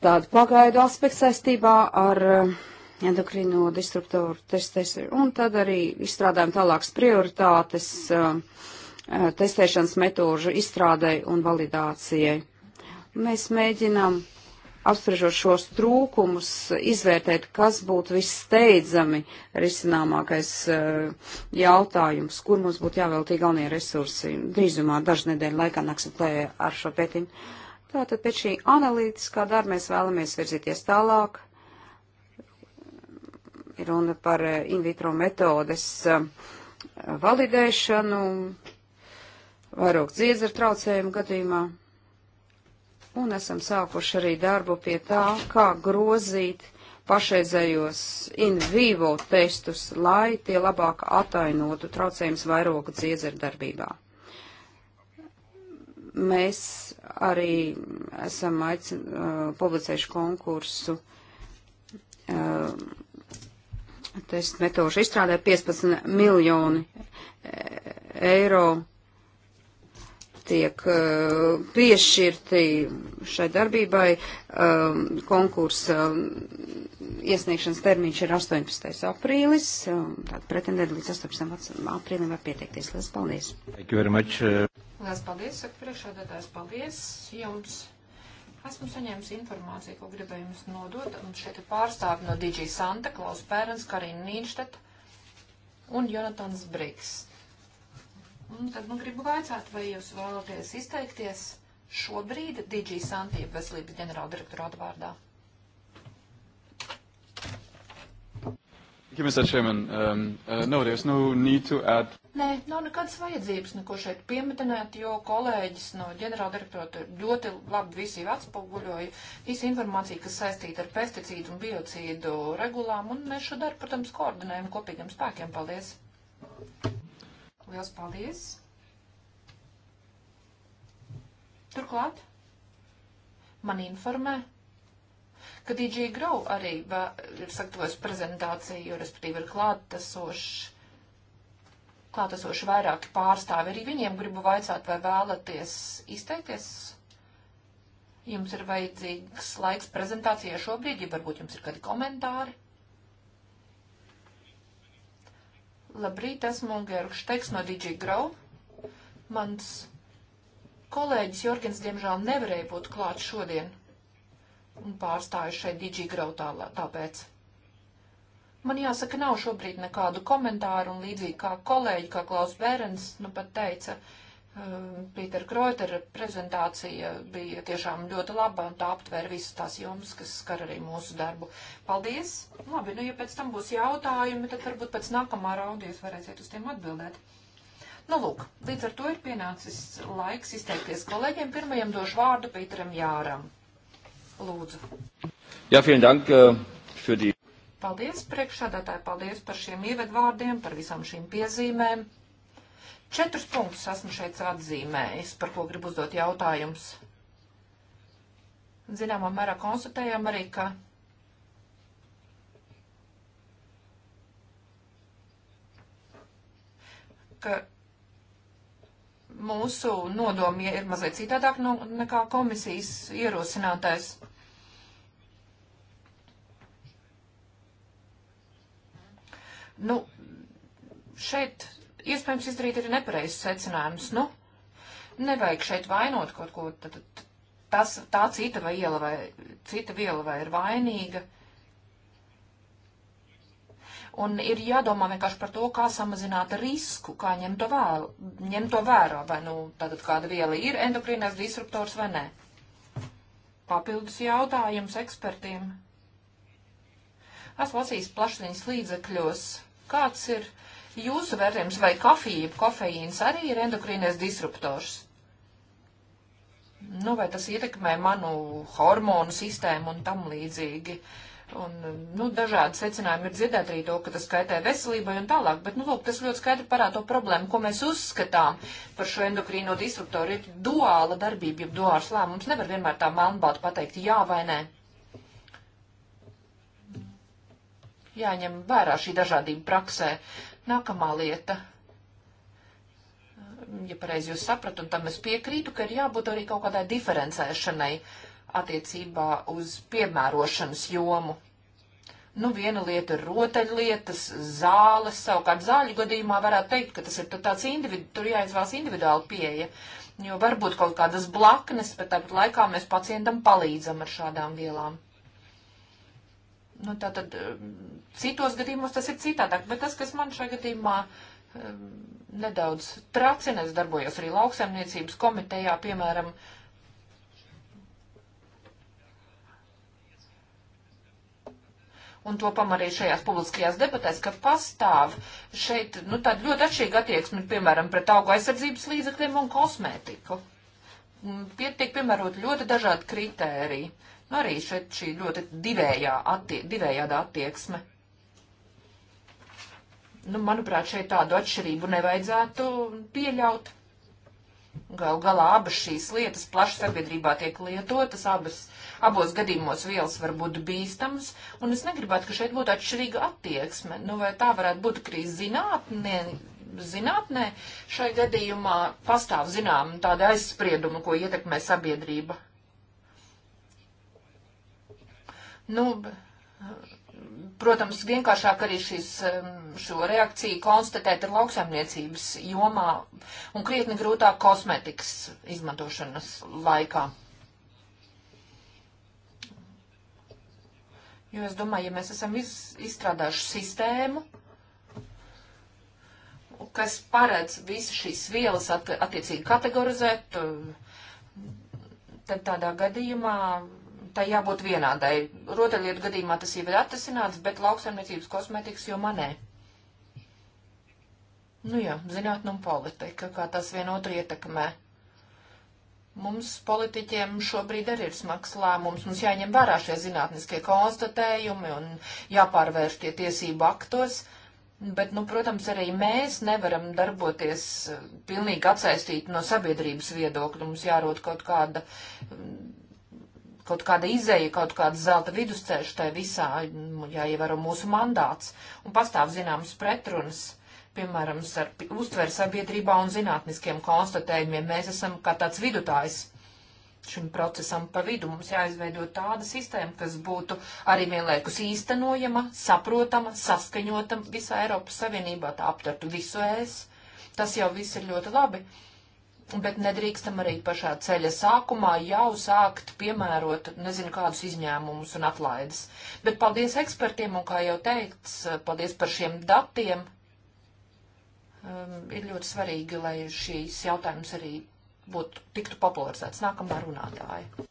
tāda pagaidu aspekta saistībā ar endokrino disruptoru testēšanu, un tad arī izstrādājam tālākas prioritātes testēšanas metožu izstrādai un validācijai. Mēs mēģinām apspriežot šos trūkumus, izvērtēt, kas būtu vissteidzami risināmākais jautājums, kur mums būtu jāveltī galvenie resursi. Drīzumā dažu nedēļu laikā nāksim klējā ar šo pētījumu. Tātad pēc šī analītiskā darba mēs vēlamies virzīties tālāk. Ir runa par eh, in vitro metodes eh, validēšanu, vairāk dziedzera traucējumu gadījumā. Un esam sākuši arī darbu pie tā, kā grozīt pašreizējos in vivo testus, lai tie labāk atainotu traucējumus vairogu dziedzera darbībā. Mēs arī esam aicin, uh, publicējuši konkursu uh, testu metožu izstrādē 15 miljoni e, eiro tiek uh, piešķirti šai darbībai. Uh, konkursa uh, iesniegšanas termiņš ir 18. aprīlis. Um, tātad pretendēt līdz 18. aprīlim var pieteikties. Lielas paldies! Lielas paldies, saka priekšādātājs, paldies jums. Esmu saņēmis informāciju, ko gribēju jums nodot. Un šeit ir pārstāvi no DJ Santa, Klaus Pērns, Karina Nīnštet un Jonatans Briks. Un tad nu gribu vaicāt, vai jūs vēlaties izteikties šobrīd DJ Santa, jeb veselības ģenerāldirektorāta vārdā. Thank you, Mr. Chairman. Um, uh, no, there's no need to add. Nē, nav nekādas vajadzības neko šeit piemetināt, jo kolēģis no ģenerāldirektora ļoti labi visi atspoguļoja visu informāciju, kas saistīta ar pesticīdu un biocīdu regulām, un mēs šo darbu, protams, koordinējam kopīgiem spēkiem. Paldies! Liels paldies! Turklāt man informē, ka DJ Grau arī ir sagatavojis prezentāciju, respektīvi ir klātesošs klātesoši vairāki pārstāvi. Arī viņiem gribu vaicāt, vai vēlaties izteikties. Jums ir vajadzīgs laiks prezentācijai šobrīd, ja varbūt jums ir kādi komentāri. Labrīt, esmu Gerkšteiks no DJ Grau. Mans kolēģis Jorgens, diemžēl, nevarēja būt klāt šodien un pārstāju šeit DJ Grau tālā, tāpēc. Man jāsaka, nav šobrīd nekādu komentāru, un līdzīgi kā kolēģi, kā Klaus Bērens, nu pat teica, eh, Pītera Kroitera prezentācija bija tiešām ļoti laba, un tā aptvēra visas tās jomas, kas skar arī mūsu darbu. Paldies! Labi, nu ja pēc tam būs jautājumi, tad varbūt pēc nākamā raunda jūs varēsiet uz tiem atbildēt. Nu, lūk, līdz ar to ir pienācis laiks izteikties kolēģiem. Pirmajam došu vārdu Pīteram Jāram. Lūdzu. Jā, ja, vielen dank uh, für die. Paldies, priekšsādātāji, paldies par šiem ievedvārdiem, par visām šīm piezīmēm. Četrus punktus esmu šeit atzīmējis, par ko gribu uzdot jautājumus. Zināmā mērā konstatējam arī, ka ka mūsu nodomie ir mazliet citādāk no, nekā komisijas ierosinātais. Nu, šeit iespējams izdarīt ir nepareizs secinājums. Nu, nevajag šeit vainot kaut ko, tad, tad tas, tā cita vai iela vai cita viela vai ir vainīga. Un ir jādomā vienkārši par to, kā samazināt risku, kā ņemt to, vēl, ņemt to vērā, vai nu tātad kāda viela ir endokrīnais disruptors vai nē. Papildus jautājums ekspertiem. Esmu lasījis plašsaziņas līdzekļos Kāds ir jūsu vērtējums, vai kafija, kofeīns arī ir endokrīnais disruptors? Nu, vai tas ietekmē manu hormonu sistēmu un tam līdzīgi? Un, nu, dažādi secinājumi ir dzirdēt arī to, ka tas kaitē veselībai un tālāk, bet, nu, lūk, tas ļoti skaidri parāda to problēmu, ko mēs uzskatām par šo endokrīno disruptoru. Ir duāla darbība, ja duāls lēmums nevar vienmēr tā melnbalti pateikt jā vai nē. Ne. jāņem vērā šī dažādība praksē. Nākamā lieta, ja pareizi jūs saprat, un tam es piekrītu, ka ir jābūt arī kaut kādai diferencēšanai attiecībā uz piemērošanas jomu. Nu, viena lieta ir rotaļlietas, zāles, savukārt zāļu gadījumā varētu teikt, ka tas ir tāds individu, tur jāizvēlas individuāla pieeja, jo varbūt kaut kādas blaknes, bet tāpat laikā mēs pacientam palīdzam ar šādām vielām. Nu, tātad eh, citos gadījumos tas ir citādāk, bet tas, kas man šajā gadījumā eh, nedaudz tracina, es darbojos arī lauksaimniecības komitejā, piemēram, un to pamanīju šajās publiskajās debatēs, ka pastāv šeit nu, tāda ļoti atšķirīga attieksme, piemēram, pret augu aizsardzības līdzekļiem un kosmētiku. Pietiek piemērot ļoti dažādi kritēriji. Arī šeit šī ļoti divējā attie, divējāda attieksme. Nu, manuprāt, šeit tādu atšķirību nevajadzētu pieļaut. Gal galā abas šīs lietas plaši sabiedrībā tiek lietotas, abas, abos gadījumos vielas var būt bīstamas, un es negribētu, ka šeit būtu atšķirīga attieksme. Nu, vai tā varētu būt krīze zinātnē, zinātnē šai gadījumā pastāv zinām tāda aizsprieduma, ko ietekmē sabiedrība. Nu, protams, vienkāršāk arī šis, um, šo reakciju konstatēt ar lauksaimniecības jomā un krietni grūtāk kosmetikas izmantošanas laikā. Jo es domāju, ja mēs esam iz, izstrādājuši sistēmu, kas paredz visu šīs vielas at, attiecīgi kategorizēt, uh, tad tādā gadījumā tā jābūt vienādai. Rotaļlietu gadījumā tas jau ir atrasināts, bet lauksaimniecības kosmetikas jomā nē. Nu jā, zinātnē un politika, kā tas vienotru ietekmē. Mums politiķiem šobrīd arī ir smags lēmums. Mums jāņem vērā šie zinātniskie konstatējumi un jāpārvērš tie tiesību aktos. Bet, nu, protams, arī mēs nevaram darboties eh, pilnīgi atsaistīt no sabiedrības viedokļa. Mums jārod kaut kāda mm, kaut kāda izēja, kaut kāda zelta vidusceļš tai visā, jāievēro mūsu mandāts, un pastāv zināmas pretrunas, piemēram, ar uztver sabiedrībā un zinātniskiem konstatējumiem. Mēs esam kā tāds vidutājs šim procesam pa vidu. Mums jāizveido tāda sistēma, kas būtu arī vienlaikus īstenojama, saprotama, saskaņota visā Eiropas Savienībā, tā aptartu visu ēs. Tas jau viss ir ļoti labi. Uh, bet nedrīkstam arī pašā ceļa sākumā jau sākt piemērot nezinu kādus izņēmumus un atlaides. Bet paldies ekspertiem un, kā jau teikts, paldies par šiem datiem. Um, ir ļoti svarīgi, lai šīs jautājums arī būtu tiktu popularizēts. Nākamā runātāja.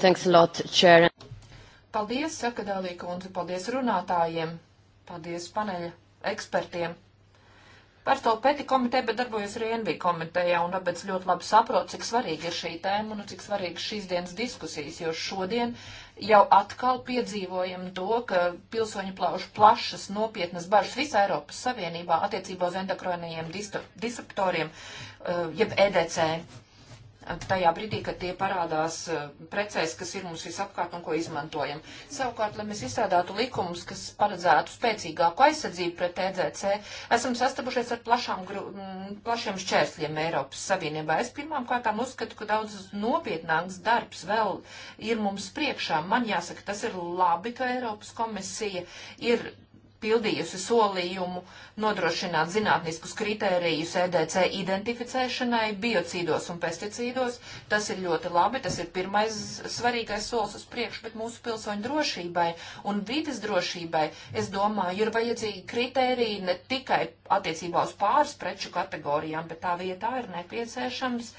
Thanks a lot, Chair. Paldies, Sakadālīka, un paldies runātājiem. Paldies paneļa ekspertiem. Par to peti komiteja, bet darbojos arī NV komitejā, un tāpēc ļoti labi saprotu, cik svarīga ir šī tēma un cik svarīga šīs dienas diskusijas, jo šodien jau atkal piedzīvojam to, ka pilsoņi plauž plašas, nopietnas bažas visā Eiropas Savienībā attiecībā uz endokrinajiem disruptoriem, uh, jeb EDC tajā brīdī, kad tie parādās eh, precēs, kas ir mums visapkārt un ko izmantojam. Savukārt, lai mēs izstrādātu likumus, kas paredzētu spēcīgāku aizsardzību pret EDC, esam sastapušies ar plašām, mm, plašiem šķērsļiem Eiropas Savienībā. Es pirmām kārtām uzskatu, ka daudz nopietnāks darbs vēl ir mums priekšā. Man jāsaka, tas ir labi, ka Eiropas komisija ir pildījusi solījumu nodrošināt zinātniskus kritērijus EDC identificēšanai biocīdos un pesticīdos. Tas ir ļoti labi, tas ir pirmais svarīgais solis uz priekšu, bet mūsu pilsoņu drošībai un vides drošībai, es domāju, ir vajadzīgi kritēriji ne tikai attiecībā uz pāris preču kategorijām, bet tā vietā ir nepieciešams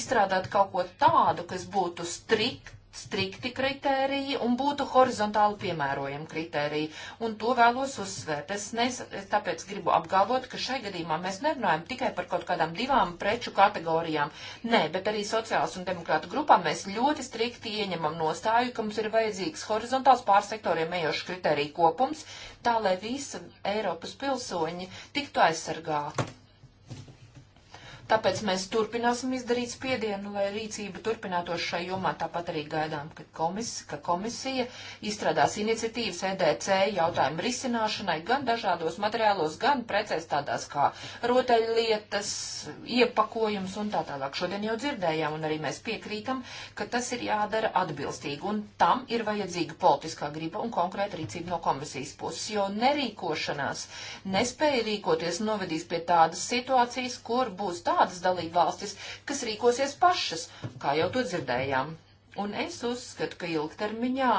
izstrādāt kaut ko tādu, kas būtu strikt strikti kritēriji un būtu horizontāli piemērojami kritēriji. Un to vēlos uzsvērt. Es, nes, es tāpēc gribu apgalvot, ka šai gadījumā mēs nerunājam tikai par kaut kādām divām preču kategorijām. Nē, bet arī sociālas un demokrāta grupā mēs ļoti strikti ieņemam nostāju, ka mums ir vajadzīgs horizontāls pārsektoriem ejošs kritēriju kopums, tā lai visi Eiropas pilsoņi tiktu aizsargāti. Tāpēc mēs turpināsim izdarīt spiedienu, lai rīcība turpinātos šai jomā. Tāpat arī gaidām, ka, komis, ka komisija izstrādās iniciatīvas EDC jautājumu risināšanai gan dažādos materiālos, gan precēs tādās kā rotaļlietas, iepakojums un tā tālāk. Šodien jau dzirdējām, un arī mēs piekrītam, ka tas ir jādara atbilstīgi, un tam ir vajadzīga politiskā griba un konkrēta rīcība no komisijas puses, jo nerīkošanās, nespēja rīkoties novedīs pie tādas situācijas, kur būs tā tādas dalība valstis, kas rīkosies pašas, kā jau to dzirdējām. Un es uzskatu, ka ilgtermiņā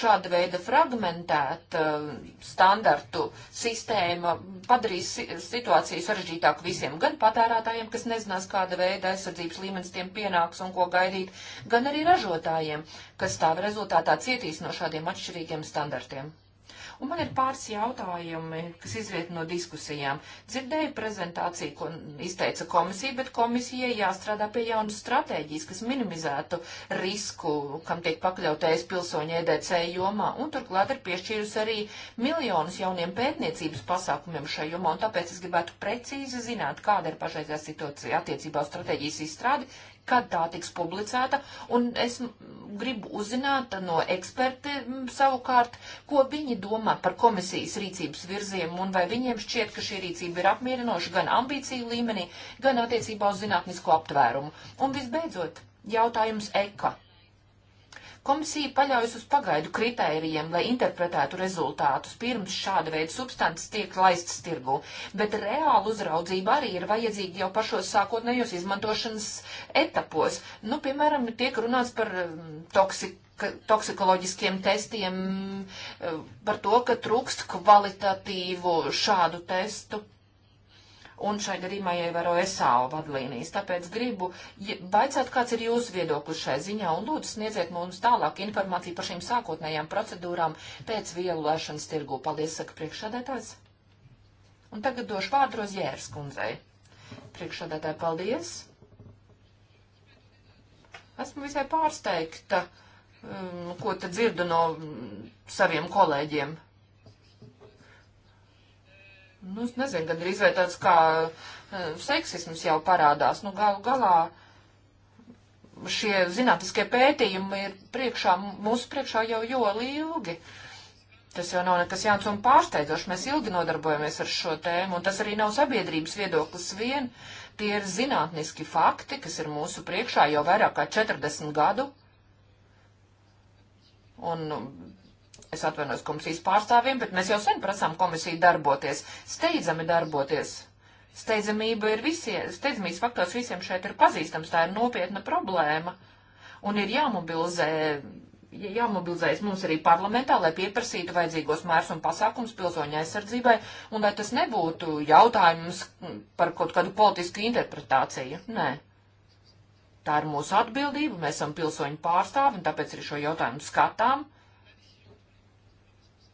šāda veida fragmentēta uh, standartu sistēma padarīs situāciju sarežģītāku visiem, gan patērētājiem, kas nezinās, kāda veida aizsardzības līmenis tiem pienāks un ko gaidīt, gan arī ražotājiem, kas tā rezultātā cietīs no šādiem atšķirīgiem standartiem. Un man ir pāris jautājumi, kas izviet no diskusijām. Dzirdēju prezentāciju, ko izteica komisija, bet komisijai jāstrādā pie jaunas stratēģijas, kas minimizētu risku, kam tiek pakļautais pilsoņi EDC jomā. Un turklāt ir piešķīrusi arī miljonus jauniem pētniecības pasākumiem šajā jomā. Un tāpēc es gribētu precīzi zināt, kāda ir pašreizējā situācija attiecībā uz stratēģijas izstrādi kad tā tiks publicēta, un es gribu uzzināt no eksperti savukārt, ko viņi domā par komisijas rīcības virziem, un vai viņiem šķiet, ka šī rīcība ir apmierinoša gan ambīciju līmenī, gan attiecībā uz zinātnisko aptvērumu. Un visbeidzot, jautājums EKA Komisija paļaujas uz pagaidu kritērijiem, lai interpretētu rezultātus pirms šāda veida substances tiek laistas tirgu, bet reāla uzraudzība arī ir vajadzīga jau pašos sākotnējos izmantošanas etapos. Nu, piemēram, tiek runāts par um, toksik toksikoloģiskiem testiem, um, par to, ka trūkst kvalitatīvu šādu testu un šai gadījumā ievēro SAO vadlīnijas. Tāpēc gribu baicāt, kāds ir jūsu viedoklis šai ziņā, un lūdzu sniedziet mums tālāk informāciju par šīm sākotnējām procedūrām pēc vielu lēšanas tirgū. Paldies, saka priekšsēdētājs. Un tagad došu vārdu Rozjēras kundzei. Priekšsēdētāji, paldies. Esmu visai pārsteigta, um, ko te dzirdu no mm, saviem kolēģiem Nu, es nezinu, gandrīz vai tāds kā eh, seksisms jau parādās. Nu, galu galā šie zinātniskie pētījumi ir priekšā, mūsu priekšā jau joli ilgi. Tas jau nav nekas jauns un pārsteidzošs. Mēs ilgi nodarbojamies ar šo tēmu, un tas arī nav sabiedrības viedoklis vien. Tie ir zinātniski fakti, kas ir mūsu priekšā jau vairāk kā 40 gadu. Un Es atvainos komisijas pārstāvjiem, bet mēs jau sen prasām komisiju darboties, steidzami darboties. Steidzamība ir visiem, steidzamības faktors visiem šeit ir pazīstams, tā ir nopietna problēma. Un ir jāmobilizē, jāmobilizējas mums arī parlamentā, lai pieprasītu vajadzīgos mērs un pasākums pilsoņa aizsardzībai, un lai tas nebūtu jautājums par kaut kādu politisku interpretāciju. Nē. Tā ir mūsu atbildība, mēs esam pilsoņu pārstāvi, un tāpēc arī šo jautājumu skatām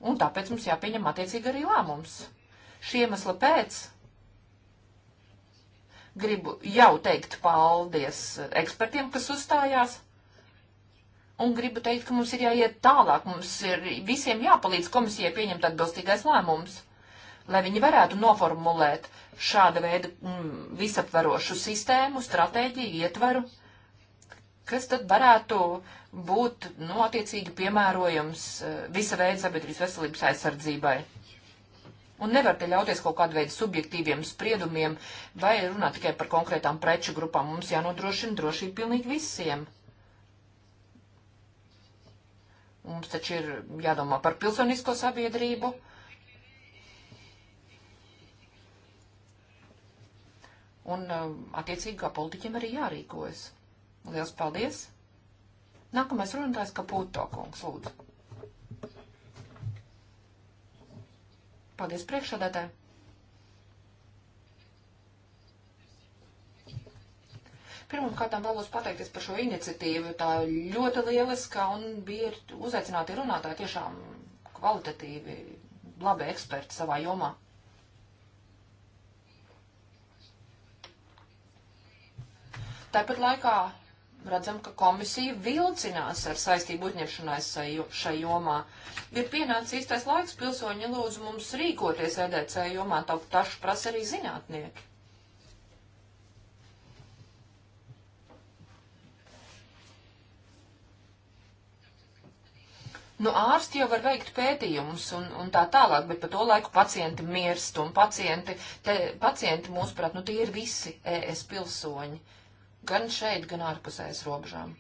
un tāpēc mums jāpieņem attiecīgi arī lēmums. Šī iemesla pēc gribu jau teikt paldies ekspertiem, kas uzstājās. Un gribu teikt, ka mums ir jāiet tālāk, mums ir visiem jāpalīdz komisijai pieņemt atbilstīgais lēmums, lai viņi varētu noformulēt šāda veida mm, visaptvarošu sistēmu, stratēģiju, ietvaru. Uh, kas tad varētu būt, nu, attiecīgi piemērojams eh, visa veida sabiedrības veselības aizsardzībai. Un nevar te ļauties kaut kādu veidu subjektīviem spriedumiem vai runāt tikai par konkrētām preču grupām. Mums jānodrošina drošība pilnīgi visiem. Mums taču ir jādomā par pilsonisko sabiedrību. Un, eh, attiecīgi, kā politiķiem arī jārīkojas. Liels paldies! Nākamais runātājs Kaputo kungs, lūdzu. Paldies priekšsādātāji! Pirmkārt, vēlos pateikties par šo iniciatīvu. Tā ļoti lieliska un bija uzaicināti runātāji tiešām kvalitatīvi, labi eksperti savā jomā. Tāpat laikā redzam, ka komisija vilcinās ar saistību uzņemšanās šai jomā. Ir pienācis īstais laiks pilsoņi lūdzu mums rīkoties EDC jomā, tā tašu prasa arī zinātnieki. Nu, ārsti jau var veikt pētījumus un, un tā tālāk, bet pa to laiku pacienti mirst un pacienti, te, pacienti mūsuprāt, nu tie ir visi ES pilsoņi. Uh, gan šeit, gan ārpusējas robežām.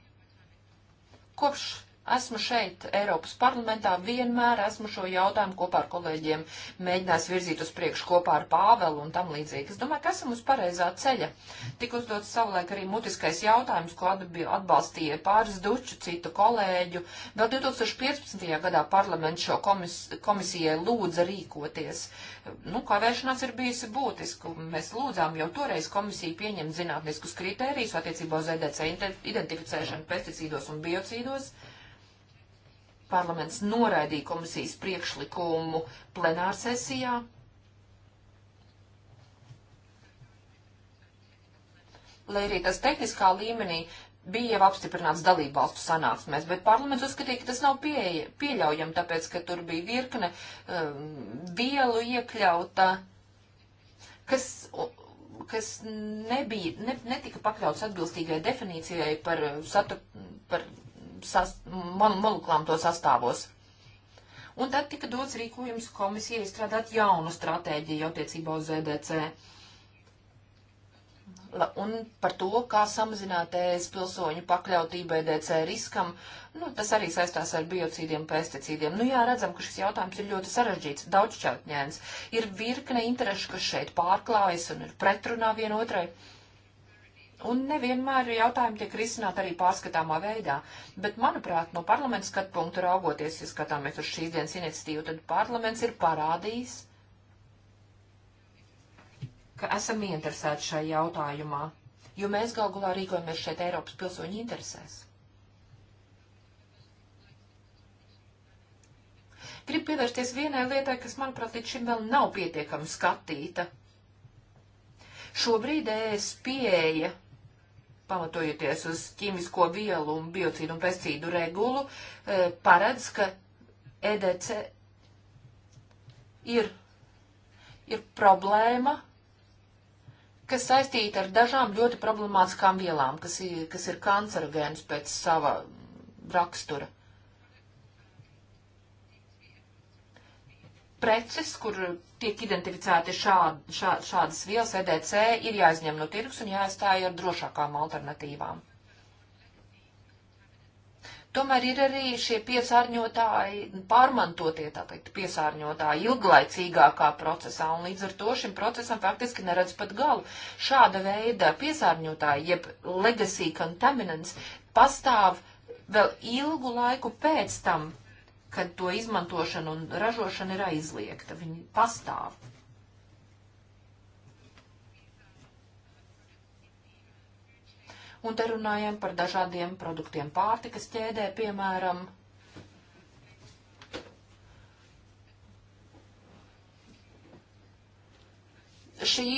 Kopš Esmu šeit, Eiropas parlamentā, vienmēr esmu šo jautājumu kopā ar kolēģiem mēģinājis virzīt uz priekšu kopā ar Pāvelu un tam līdzīgi. Es domāju, ka esam uz pareizā ceļa. Tik uzdots savulaik arī mutiskais jautājums, ko atbalstīja pāris duču citu kolēģu. Vēl 2015. gadā parlaments šo komis komisijai lūdza rīkoties. Nu, kavēšanās ir bijusi būtiska. Mēs lūdzām jau toreiz komisiju pieņemt zinātniskus kritērijus attiecībā uz EDC identificēšanu pesticīdos un biocīdos. Thank you Parlaments noraidīja komisijas priekšlikumu plenārsesijā. Lai arī tas tehniskā līmenī bija jau apstiprināts dalībvalstu sanāksmēs, bet parlaments uzskatīja, ka tas nav pieeja, pieļaujami, tāpēc, ka tur bija virkne um, vielu iekļauta, kas, kas nebija, ne, netika pakļauts atbilstīgai definīcijai par, satur, par sas, mon, molekulām to sastāvos. Un tad tika dots rīkojums komisijai izstrādāt jaunu stratēģiju attiecībā uz ZDC. E La, un par to, kā samazināt ES pilsoņu pakļautību EDC riskam, nu, tas arī saistās ar biocīdiem, pesticīdiem. Nu, jā, redzam, ka šis jautājums ir ļoti sarežģīts, daudzšķautņēns. Ir virkne interešu, kas šeit pārklājas un ir pretrunā vienotrai. otrai. Un nevienmēr jautājumi tiek risināti arī pārskatāmā veidā. Bet, manuprāt, no parlamenta skatu punktu raugoties, ja skatāmies uz šīs dienas iniciatīvu, tad parlaments ir parādījis, ka esam ieinteresēti šai jautājumā, jo mēs gal galā rīkojamies šeit Eiropas pilsoņu interesēs. Gribu pievērsties vienai lietai, kas, manuprāt, līdz šim vēl nav pietiekami skatīta. Šobrīd es pieeja pamatojoties uz ķīmisko vielu un biocīdu un pestīdu regulu, e, paredz, ka EDC ir, ir problēma, kas saistīta ar dažām ļoti problemātiskām vielām, kas ir, kas ir kancerogēnas pēc sava rakstura. preces, kur tiek identificēti šād, šā, šādas vielas EDC, ir jāizņem no tirgus un jāaizstāj ar drošākām alternatīvām. Tomēr ir arī šie piesārņotāji, pārmantotie, tā teikt, piesārņotāji ilglaicīgākā procesā, un līdz ar to šim procesam faktiski neredz pat galu. Šāda veida piesārņotāji, jeb legacy contaminants, pastāv vēl ilgu laiku pēc tam kad to izmantošana un ražošana ir aizliegta. Viņi pastāv. Un te runājam par dažādiem produktiem pārtikas ķēdē, piemēram, šī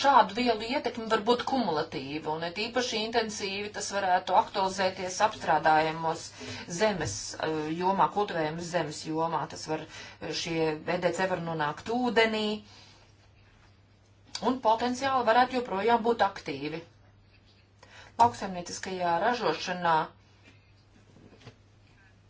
šādu vielu ietekmi var būt kumulatīva, un it īpaši intensīvi tas varētu aktualizēties apstrādājamos zemes eh, jomā, kultivējamas zemes jomā. Tas var, eh, šie VDC e var nonākt ūdenī, un potenciāli varētu joprojām būt aktīvi. Lauksaimnieciskajā ražošanā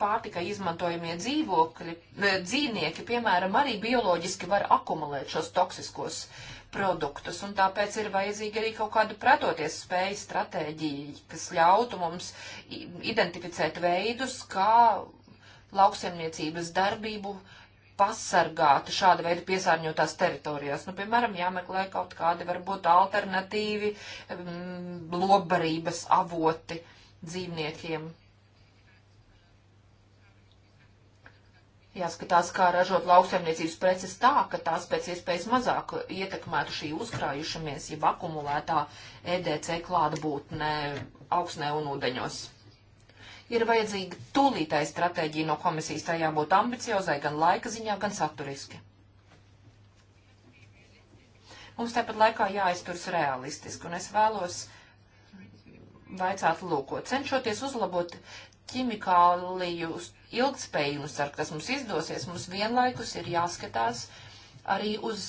pārtika izmantojamie dzīvokļi, eh, dzīvnieki, piemēram, arī bioloģiski var akumulēt šos toksiskos produktus, un tāpēc ir vajadzīga arī kaut kāda pretoties spēja stratēģija, kas ļautu mums identificēt veidus, kā lauksaimniecības darbību pasargāt šāda veida piesārņotās teritorijās. Nu, piemēram, jāmeklē kaut kādi varbūt alternatīvi m, mm, lobarības avoti dzīvniekiem. Jāskatās, kā ražot lauksaimniecības preces tā, ka tās pēc iespējas mazāk ietekmētu šī uzkrājušamies, jeb akumulētā EDC klātbūtnē augsnē un ūdeņos. Ir vajadzīga tūlītāja stratēģija no komisijas, tā jābūt ambiciozai gan laika ziņā, gan saturiski. Mums tāpat laikā jāizturas realistiski, un es vēlos vaicāt lūko, cenšoties uzlabot ķimikāliju ilgspējības, ar kas mums izdosies, mums vienlaikus ir jāskatās arī uz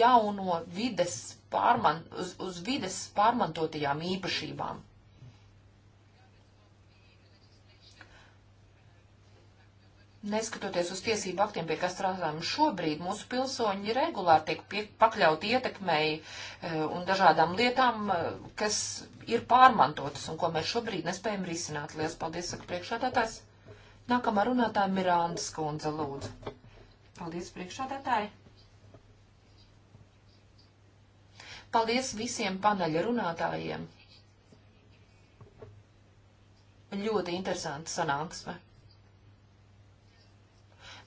jauno vides, pārman, uz, uz vides pārmantotajām īpašībām. Neskatoties uz tiesību aktiem, pie kas strādājam šobrīd, mūsu pilsoņi regulāri tiek pie, pakļauti ietekmei e, un dažādām lietām, e, kas ir pārmantotas un ko mēs šobrīd nespējam risināt. Lielas paldies, saka priekšādātājs. Nākamā runātāja Mirānda Skundze, lūdzu. Paldies, priekšādātāji. Paldies visiem paneļa runātājiem. Ļoti interesanta sanāksme.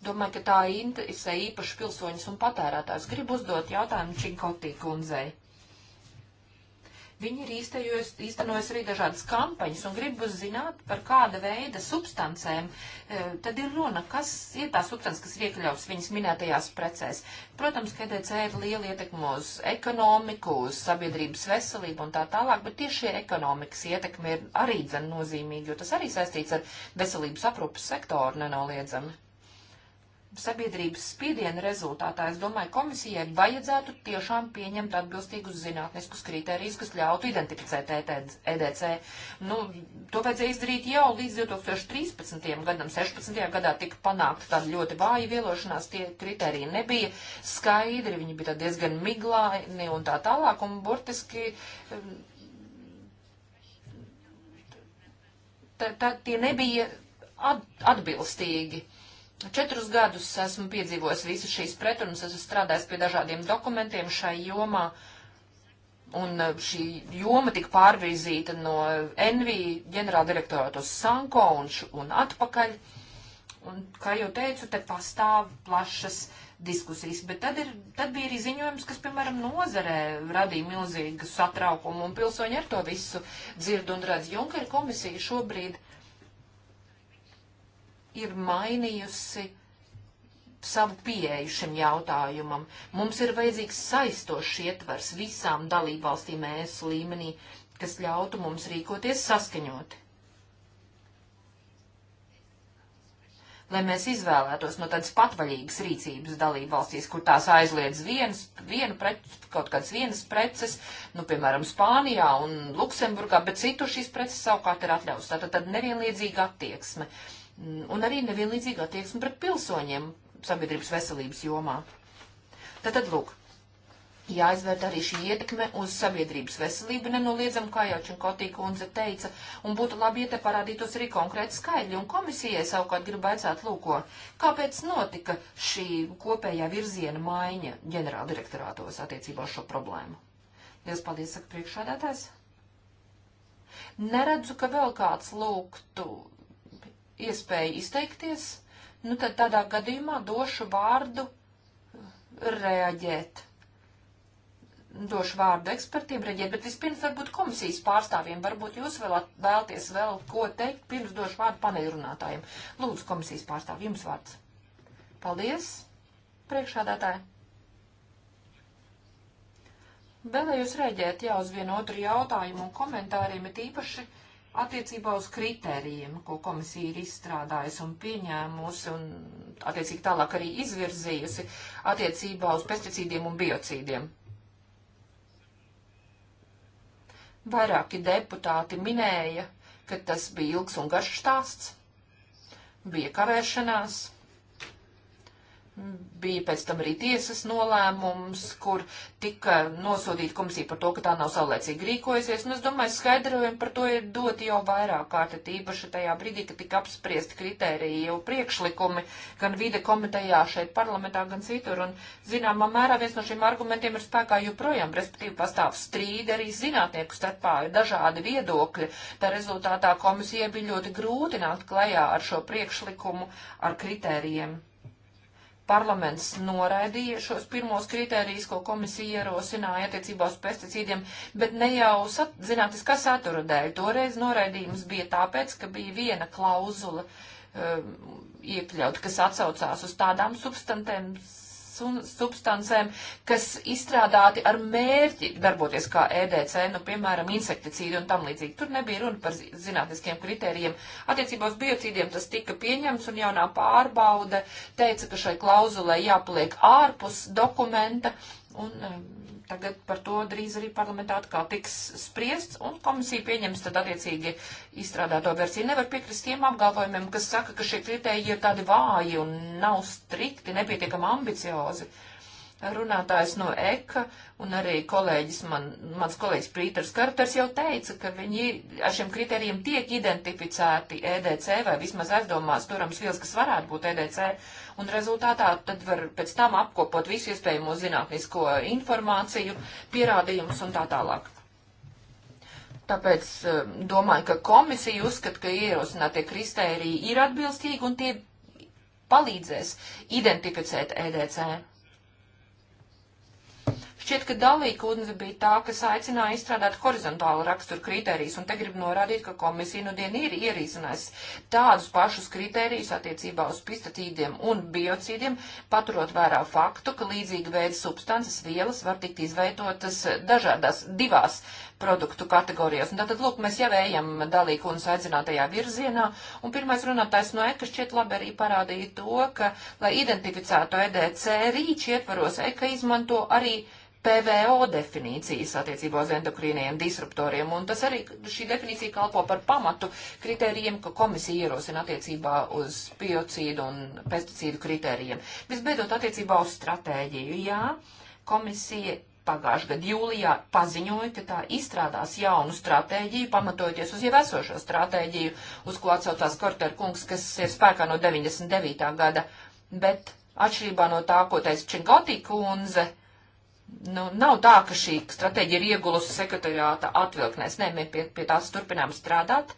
Domāju, ka tā interesē īpaši pilsoņus un patērētājs. Gribu uzdot jautājumu Činkotī kundzei. Viņi ir īstējus, īstenojis arī dažādas kampaņas un gribu zināt, par kāda veida substancēm e, tad ir runa, kas ir tā substance, kas ir iekļauts viņas minētajās precēs. Protams, ka EDC ir liela ietekme uz ekonomiku, uz sabiedrības veselību un tā tālāk, bet tieši ekonomikas ietekme ir arī dzen nozīmīga, jo tas arī saistīts ar veselības aprūpas sektoru nenoliedzami sabiedrības spiediena rezultātā, es domāju, komisijai vajadzētu tiešām pieņemt atbilstīgus zinātniskus kritērijus, kas ļautu identificēt EDC. E nu, to vajadzēja izdarīt jau līdz 2013. gadam. 16. gadā tika panākta tāda ļoti vāja vielošanās, tie kritēriji nebija skaidri, viņi bija diezgan miglaini un tā tālāk, un burtiski um, tā, tā, tie nebija at, atbilstīgi Četrus gadus esmu piedzīvojis visu šīs pretrunas, esmu strādājis pie dažādiem dokumentiem šai jomā, un eh, šī joma tika pārvirzīta no NV ģenerāldirektorāta uz Sanko un, un atpakaļ. Un, kā jau teicu, te pastāv plašas diskusijas, bet tad, ir, tad bija arī ziņojums, kas, piemēram, nozarē radīja milzīgu satraukumu, un pilsoņi ar to visu dzird un redz. Junkera komisija šobrīd uh, ir mainījusi savu pieeju šim jautājumam. Mums ir vajadzīgs saistošs ietvers visām dalībvalstīm ES līmenī, kas ļautu mums rīkoties saskaņoti. Lai mēs izvēlētos no tādas patvaļīgas rīcības dalībvalstīs, kur tās aizliedz viens, vienu preci, kaut kādas vienas preces, nu, piemēram, Spānijā un Luksemburgā, bet citur šīs preces savukārt ir atļauts. Tātad tad nevienlīdzīga attieksme. Uh, un arī nevienlīdzīga attieksme pret pilsoņiem sabiedrības veselības jomā. Tātad, lūk, jāizvērt arī šī ietekme uz sabiedrības veselību, nenoliedzam, kā jau Čenkotī kundze teica, un būtu labi, ja te parādītos arī konkrēti skaidri, un komisijai savukārt gribu aicāt lūko, kāpēc notika šī kopējā virziena maiņa ģenerāldirektorātos attiecībā uz šo problēmu. Liels paldies, saka priekšādātājs. Neredzu, ka vēl kāds lūgtu iespēja izteikties, nu tad tādā gadījumā došu vārdu eh, reaģēt. Došu vārdu ekspertiem reaģēt, bet vispirms varbūt komisijas pārstāvjiem, varbūt jūs vēl vēlties vēl ko teikt, pirms došu vārdu paneļrunātājiem. Lūdzu, komisijas pārstāvji, jums vārds. Paldies, priekšādātāji. Vēlējos reaģēt jau uz vienu otru jautājumu un komentāriem, ir īpaši attiecībā uz kritērijiem, ko komisija ir izstrādājusi un pieņēmusi un attiecīgi tālāk arī izvirzījusi attiecībā uz pesticīdiem un biocīdiem. Vairāki deputāti minēja, ka tas bija ilgs un garš stāsts, bija kavēšanās bija pēc tam arī tiesas nolēmums, kur tika nosodīta komisija par to, ka tā nav saulēcīgi rīkojusies. Un es domāju, skaidrojumi par to ir doti jau vairāk kārt, tīpaši tajā brīdī, kad tika apspriesti kriteriji jau priekšlikumi gan vide komitejā šeit parlamentā, gan citur. Un zināmā mērā viens no šiem argumentiem ir spēkā joprojām, respektīvi pastāv strīdi arī zinātnieku starpā, ir dažādi viedokļi. Tā rezultātā komisijai bija ļoti grūti nākt klajā ar šo priekšlikumu, ar kritērijiem. Parlaments noraidīja šos pirmos kritērijus, ko komisija ierosināja attiecībā uz pesticīdiem, bet ne jau sat, zinātniskā satura dēļ. Toreiz noraidījums bija tāpēc, ka bija viena klauzula um, iekļaut, kas atsaucās uz tādām substancēm, substancēm, kas izstrādāti ar mērķi darboties kā EDC, nu, piemēram, insekticīdi un tam līdzīgi. Tur nebija runa par zinātniskiem kritērijiem. Attiecībā uz biocīdiem tas tika pieņemts un jaunā pārbaude teica, ka šai klauzulē jāpaliek ārpus dokumenta. Uh, Un um, tagad par to drīz arī parlamentā atkal tiks spriests, un komisija pieņems tad attiecīgi izstrādāto versiju. Nevar piekrist tiem apgalvojumiem, kas saka, ka šie kritēji ir tādi vāji un nav strikti, nepietiekami ambiciozi. Uh, runātājs no EKA un arī kolēģis man, mans kolēģis Prīters Karters jau teica, ka viņi ar šiem kriterijiem tiek identificēti EDC vai vismaz aizdomās turams vielas, kas varētu būt EDC, un rezultātā tad var pēc tam apkopot visu iespējamo zinātnisko informāciju, pierādījumus un tā tālāk. Tāpēc eh, domāju, ka komisija uzskata, ka ierosinātie kriteriji ir atbilstīgi un tie palīdzēs identificēt EDC. Šķiet, ka Dalī kundze bija tā, kas aicināja izstrādāt horizontālu raksturu kritērijus, un te grib norādīt, ka komisija nu dien ir ierīzinājusi tādus pašus kritērijus attiecībā uz pistatīdiem un biocīdiem, paturot vērā faktu, ka līdzīga veida substances vielas var tikt izveidotas dažādās divās produktu kategorijās. Un tātad, lūk, mēs jau ejam dalīku un aicinātajā virzienā. Un pirmais runātājs no EKA šķiet labi arī parādīja to, ka, lai identificētu EDC rīči ietvaros, EKA izmanto arī uh, PVO definīcijas attiecībā uz endokrīniem disruptoriem, un tas arī šī definīcija kalpo par pamatu kritērijiem, ko komisija ierosina attiecībā uz biocīdu un pesticīdu kritērijiem. Visbeidzot, attiecībā uz stratēģiju, jā, komisija pagājušajā gadā jūlijā paziņoja, ka tā izstrādās jaunu stratēģiju, pamatojoties uz jau esošo stratēģiju, uz ko atsaucās Korter kungs, kas ir spēkā no 99. gada, bet atšķirībā no tā, ko teica Čingotī kundze, nu, nav tā, ka šī stratēģija ir iegulusi sekretariāta atvilknēs. Nē, mēs pie, pie tās turpinām strādāt.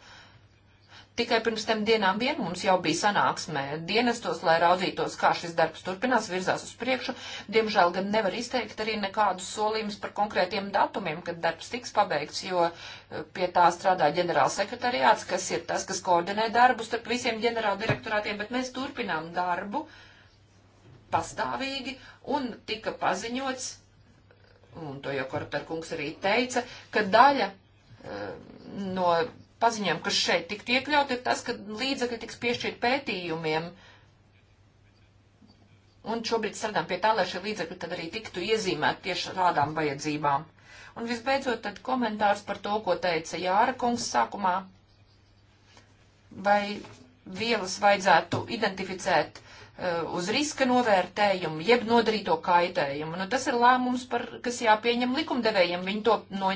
Tikai pirms tam dienām vien mums jau bija sanāksme dienestos, lai raudzītos, kā šis darbs turpinās, virzās uz priekšu. Diemžēl gan nevar izteikt arī nekādus solījumus par konkrētiem datumiem, kad darbs tiks pabeigts, jo eh, pie tā strādā ģenerālsekretariāts, kas ir tas, kas koordinē darbu starp visiem ģenerāldirektorātiem, bet mēs turpinām darbu pastāvīgi un tika paziņots un to jau Korperkungs arī teica, ka daļa eh, no paziņām, kas šeit tiktu iekļaut, ir tas, ka līdzekļi tiks piešķirt pētījumiem. Un šobrīd strādām pie tā, lai šie līdzekļi tad arī tiktu iezīmēti tieši tādām vajadzībām. Un visbeidzot, tad komentārs par to, ko teica Jāra kungs sākumā. Vai vielas vajadzētu identificēt Eh, uz riska novērtējumu, jeb nodarīto kaitējumu. Nu, tas ir lēmums, par, kas jāpieņem likumdevējiem. Viņi to no,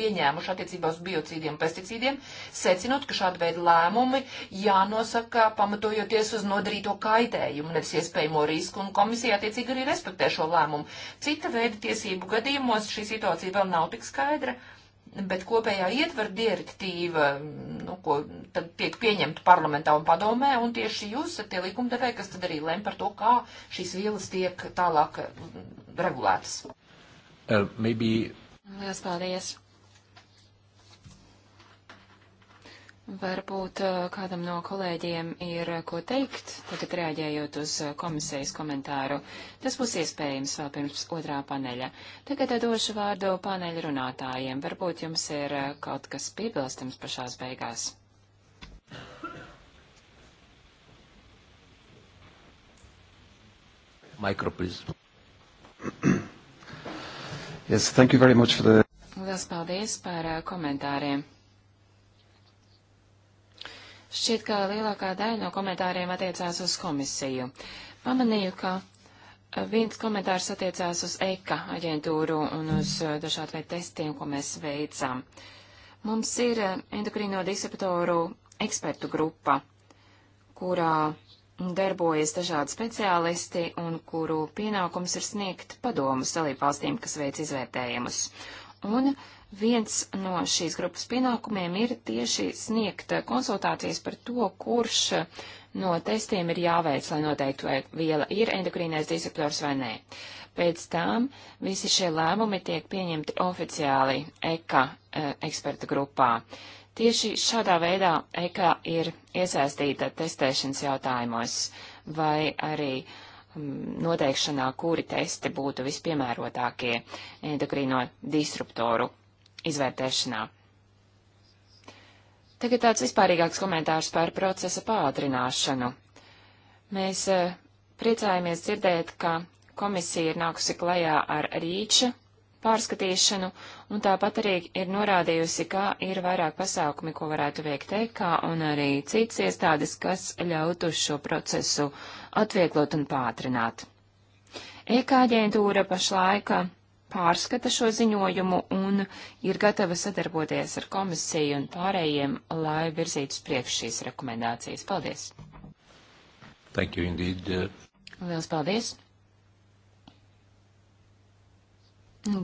pieņēmuši attiecībā uz biocīdiem, pesticīdiem, secinot, ka šāda veida lēmumi jānosaka pamatojoties uz nodarīto kaitējumu, nevis iespējamo risku, un komisija attiecīgi arī respektē šo lēmumu. Cita veida tiesību gadījumos šī situācija vēl nav tik skaidra. Uh, bet kopējā ietvara direktīva, nu, ko tad tiek pieņemta parlamentā un padomē, un tieši jūs esat tie likumdevēji, kas tad arī lem par to, kā šīs vielas tiek tālāk mm, regulētas. Uh, maybe... Lielas paldies! Varbūt eh, kādam no kolēģiem ir eh, ko teikt, tagad reaģējot uz eh, komisijas komentāru. Tas būs iespējams vēl pirms otrā paneļa. Tagad došu vārdu paneļa runātājiem. Varbūt jums ir kaut kas piebilstams pašās beigās. Micro, please. yes, thank you very much for the... Liels paldies par komentāriem. Šķiet, ka lielākā daļa no komentāriem attiecās uz komisiju. Pamanīju, ka eh, viens komentārs attiecās uz EKA aģentūru un uz eh, dažādu veidu testiem, ko mēs veicam. Mums ir eh, endokrino disruptoru ekspertu grupa, kurā darbojas dažādi speciālisti un kuru pienākums ir sniegt padomus dalībvalstīm, kas veic izvērtējumus. Un Viens no šīs grupas pienākumiem ir tieši sniegt konsultācijas par to, kurš no testiem ir jāveic, lai noteiktu, vai viela ir endokrīnais disruptors vai nē. Pēc tam visi šie lēmumi tiek pieņemti oficiāli EKA e, eksperta grupā. Tieši šādā veidā EKA ir iesaistīta testēšanas jautājumos vai arī m, mm, noteikšanā, kuri testi būtu vispiemērotākie endokrīno disruptoru izvērtēšanā. Tagad tāds vispārīgāks komentārs par procesa pātrināšanu. Mēs eh, priecājamies dzirdēt, ka komisija ir nākusi klajā ar rīča pārskatīšanu, un tāpat arī ir norādījusi, ka ir vairāk pasākumi, ko varētu veikt EKA un arī citas iestādes, kas ļautu šo procesu atvieglot un pātrināt. EKA aģentūra pašlaika pārskata šo ziņojumu un ir gatava sadarboties ar komisiju un pārējiem, lai virzītu uz priekšu šīs rekomendācijas. Paldies! Thank you indeed. Uh, Liels paldies!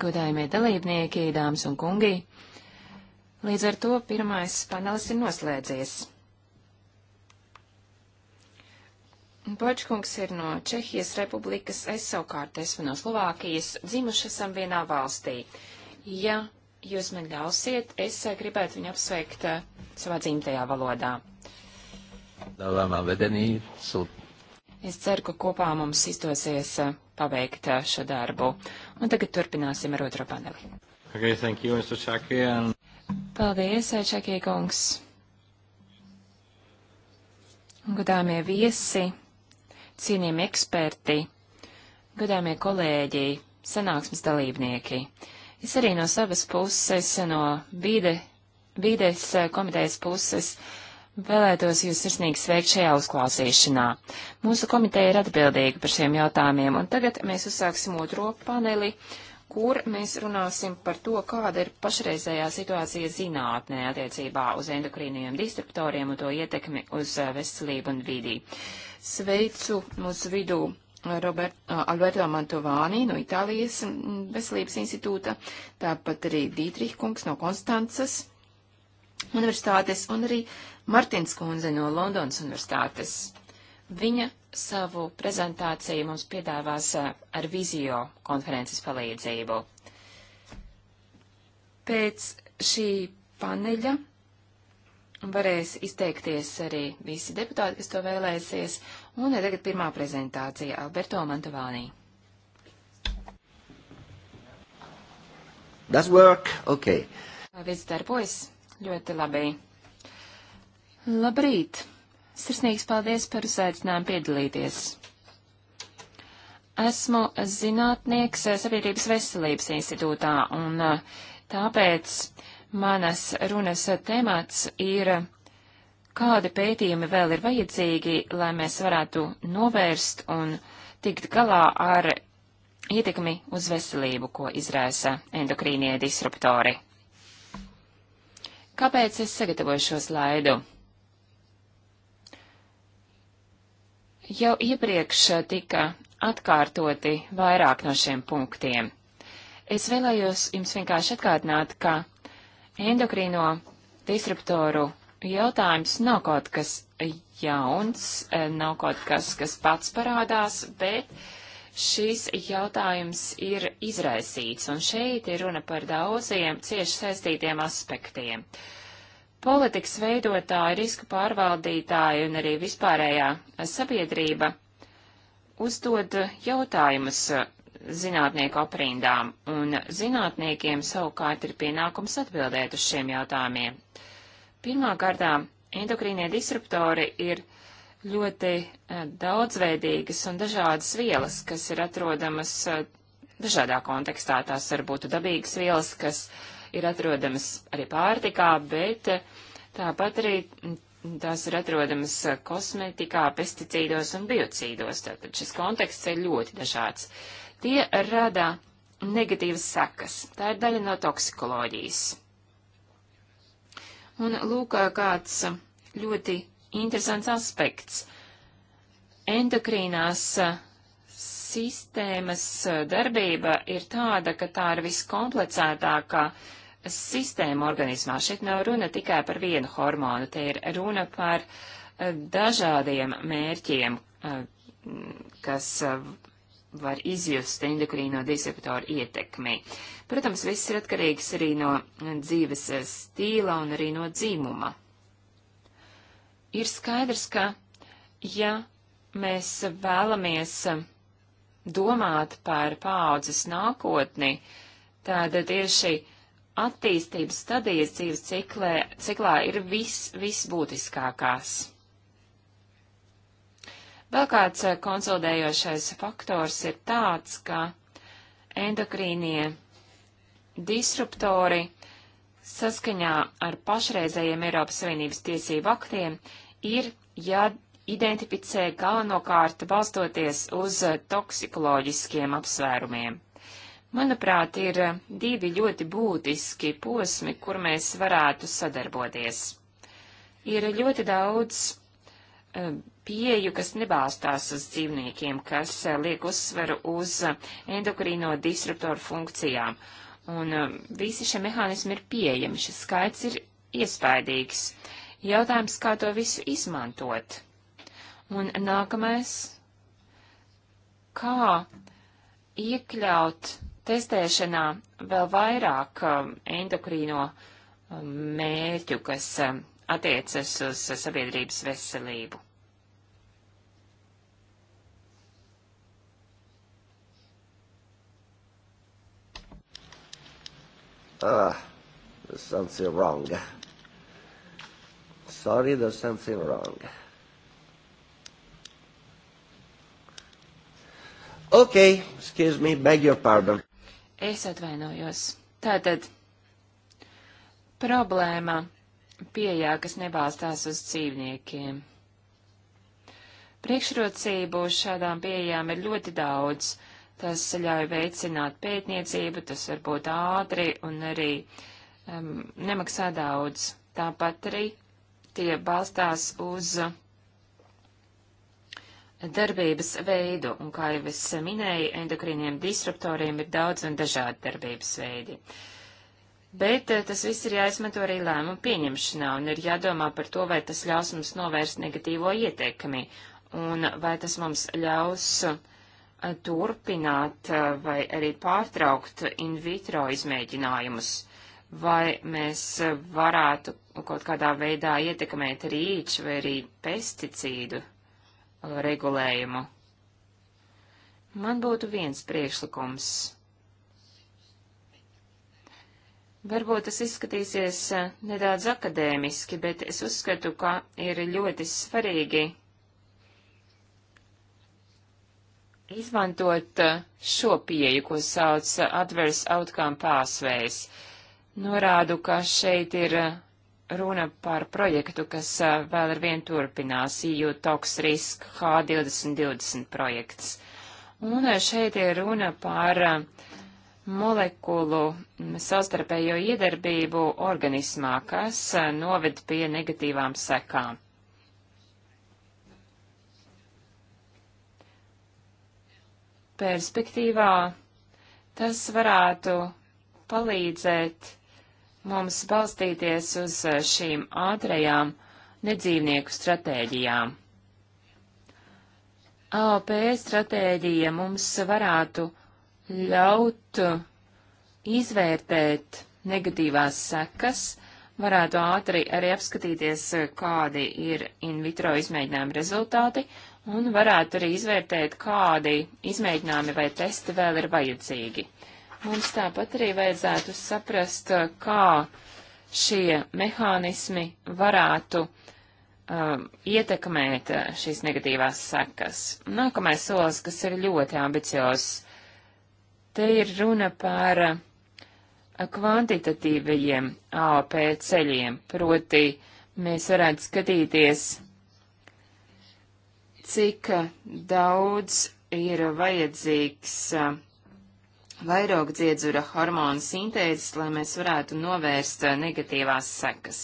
Godājumie dalībnieki, dāmas un kungi! Līdz ar to pirmais panelis ir noslēdzies. Bočkungs ir no Čehijas republikas, es savukārt esmu no Slovākijas, dzimuši esam vienā valstī. Ja jūs man ļausiet, es eh, gribētu viņu apsveikt eh, savā dzimtajā valodā. Es ceru, ka kopā mums izdosies eh, paveikt šo darbu. Un tagad turpināsim ar otro paneli. Okay, thank you, Mr. Chucky, and... Paldies, Čakie kungs. Godāmie viesi cienījami eksperti, godāmie kolēģi, sanāksmes dalībnieki. Es arī no savas puses, no bīde, bīdes eh, komitejas puses vēlētos jūs sirsnīgi sveikt šajā uzklausīšanā. Mūsu komiteja ir atbildīga par šiem jautājumiem, un tagad mēs uzsāksim otro paneli, kur mēs runāsim par to, kāda ir pašreizējā situācija zinātnē attiecībā uz endokrīniem disruptoriem un to ietekmi uz eh, veselību un vidī. Uh, Sveicu mūsu vidū Robert, Alberto Mantovāni no Itālijas veselības institūta, tāpat arī Dītrih kungs no Konstancas universitātes un arī Martins kundze no Londonas universitātes. Viņa savu prezentāciju mums piedāvās ar vizio konferences palīdzību. Pēc šī paneļa varēs izteikties arī visi deputāti, kas to vēlēsies. Un tagad pirmā prezentācija Alberto Mantovānī. Does work? Ok. Viss darbojas ļoti labi. Labrīt! Sirsnīgs paldies par uzaicinājumu piedalīties. Esmu zinātnieks Sabiedrības veselības institūtā un eh, tāpēc Manas runas temats ir, kādi pētījumi vēl ir vajadzīgi, lai mēs varētu novērst un tikt galā ar ietekmi uz veselību, ko izraisa endokrīnie disruptori. Kāpēc es sagatavoju šo slaidu? Jau iepriekš tika atkārtoti vairāk no šiem punktiem. Es vēlējos jums vienkārši atkārtināt, ka Endokrīno disruptoru jautājums nav kaut kas jauns, eh, nav kaut kas, kas pats parādās, bet šis jautājums ir izraisīts, un šeit ir runa par daudziem cieši saistītiem aspektiem. Politikas veidotāji, risku pārvaldītāji un arī vispārējā sabiedrība uzdod jautājumus zinātnieku aprindām, un zinātniekiem savukārt ir pienākums atbildēt uz šiem jautājumiem. Pirmkārt, endokrīnie disruptori ir ļoti eh, daudzveidīgas un dažādas vielas, kas ir atrodamas eh, dažādā kontekstā. Tās var būt dabīgas vielas, kas ir atrodamas arī pārtikā, bet eh, tāpat arī mm, tās ir atrodamas kosmetikā, pesticīdos un biocīdos. Tātad šis konteksts ir ļoti dažāds. Uh, Tie rada negatīvas sekas. Tā ir daļa no toksikoloģijas. Un lūk, kāds ļoti interesants aspekts. Endokrīnās sistēmas darbība ir tāda, ka tā ir viskomplicētākā sistēma organismā. Šeit nav runa tikai par vienu hormonu, te ir runa par dažādiem mērķiem, kas var izjust endokrīno disruptoru ietekmi. Protams, viss ir atkarīgs arī no dzīves eh, stīla un arī no dzīmuma. Ir skaidrs, ka ja mēs vēlamies eh, domāt par paaudzes nākotni, tad tieši attīstības stadijas dzīves ciklē, ciklā ir viss visbūtiskākās. Vēl kāds eh, konsolidējošais faktors ir tāds, ka endokrīnie disruptori saskaņā ar pašreizējiem Eiropas Savienības tiesību aktiem ir jāidentificē ja galvenokārt balstoties uz eh, toksikoloģiskiem apsvērumiem. Manuprāt, ir eh, divi ļoti būtiski posmi, kur mēs varētu sadarboties. Ir ļoti daudz pieju, kas nebāstās uz dzīvniekiem, kas eh, liek uzsveru uz eh, endokrīno disruptoru funkcijām. Un eh, visi šie mehānismi ir pieejami, šis skaits ir iespaidīgs. Jautājums, kā to visu izmantot. Un nākamais, kā iekļaut testēšanā vēl vairāk endokrīno mērķu, kas attiecas uz sabiedrības veselību. Ah, there's something wrong. Sorry, there's something wrong. Okay, excuse me, beg your pardon. Es atvainojos. Tātad problēma pieejā, kas nebalstās uz dzīvniekiem. Priekšrocību šādām pieejām ir ļoti daudz. Uh, Tas ļauj veicināt pētniecību, tas var būt ātri un arī um, nemaksā daudz. Tāpat arī tie balstās uz darbības veidu, un kā jau es minēju, endokrīniem disruptoriem ir daudz un dažādi darbības veidi. Bet eh, tas viss ir jāizmanto arī lēmumu pieņemšanā, un ir jādomā par to, vai tas ļaus mums novērst negatīvo ietekmi, un vai tas mums ļaus uh, turpināt eh, vai arī pārtraukt in vitro izmēģinājumus, vai mēs varētu kaut kādā veidā ietekmēt rīču vai arī pesticīdu eh, regulējumu. Man būtu viens priekšlikums. Varbūt tas izskatīsies eh, nedaudz akadēmiski, bet es uzskatu, ka ir ļoti svarīgi izmantot eh, šo pieju, ko sauc eh, adverse outcome pathways. Norādu, ka šeit ir eh, runa par projektu, kas vēl ar vien turpinās EU Tox Risk H2020 projekts. Un šeit ir runa par molekulu mm, savstarpējo iedarbību organismā, kas noved pie negatīvām sekām. perspektīvā tas varētu palīdzēt mums balstīties uz eh, šīm ātrajām nedzīvnieku stratēģijām. AOP stratēģija mums varētu ļaut izvērtēt negatīvās sekas, varētu ātri arī apskatīties, eh, kādi ir in vitro izmēģinājuma rezultāti un varētu arī izvērtēt, kādi izmēģinājumi vai testi vēl ir vajadzīgi. Mums tāpat arī vajadzētu saprast, kā šie mehānismi varētu um, ietekmēt uh, šīs negatīvās sekas. Nākamais solis, kas ir ļoti ambiciozs, te ir runa par uh, kvantitatīvajiem AOP ceļiem, proti mēs varētu skatīties cik eh, daudz ir vajadzīgs eh, vairogdziedzura hormonu sintēzes, lai mēs varētu novērst eh, negatīvās sekas.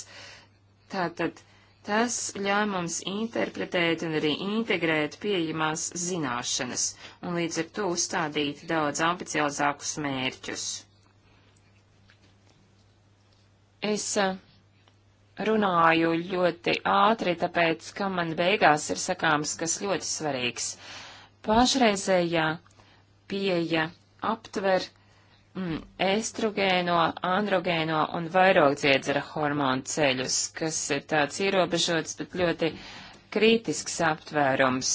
Tātad tas ļauj mums interpretēt un arī integrēt pieejamās zināšanas un līdz ar to uzstādīt daudz ambiciozākus mērķus. Es runāju ļoti ātri, tāpēc, ka man beigās ir sakāms, kas ļoti svarīgs. Pašreizējā pieeja aptver mm, estrogēno, androgēno un vairogdziedzera hormonu ceļus, kas ir tāds ierobežots, bet ļoti kritisks aptvērums.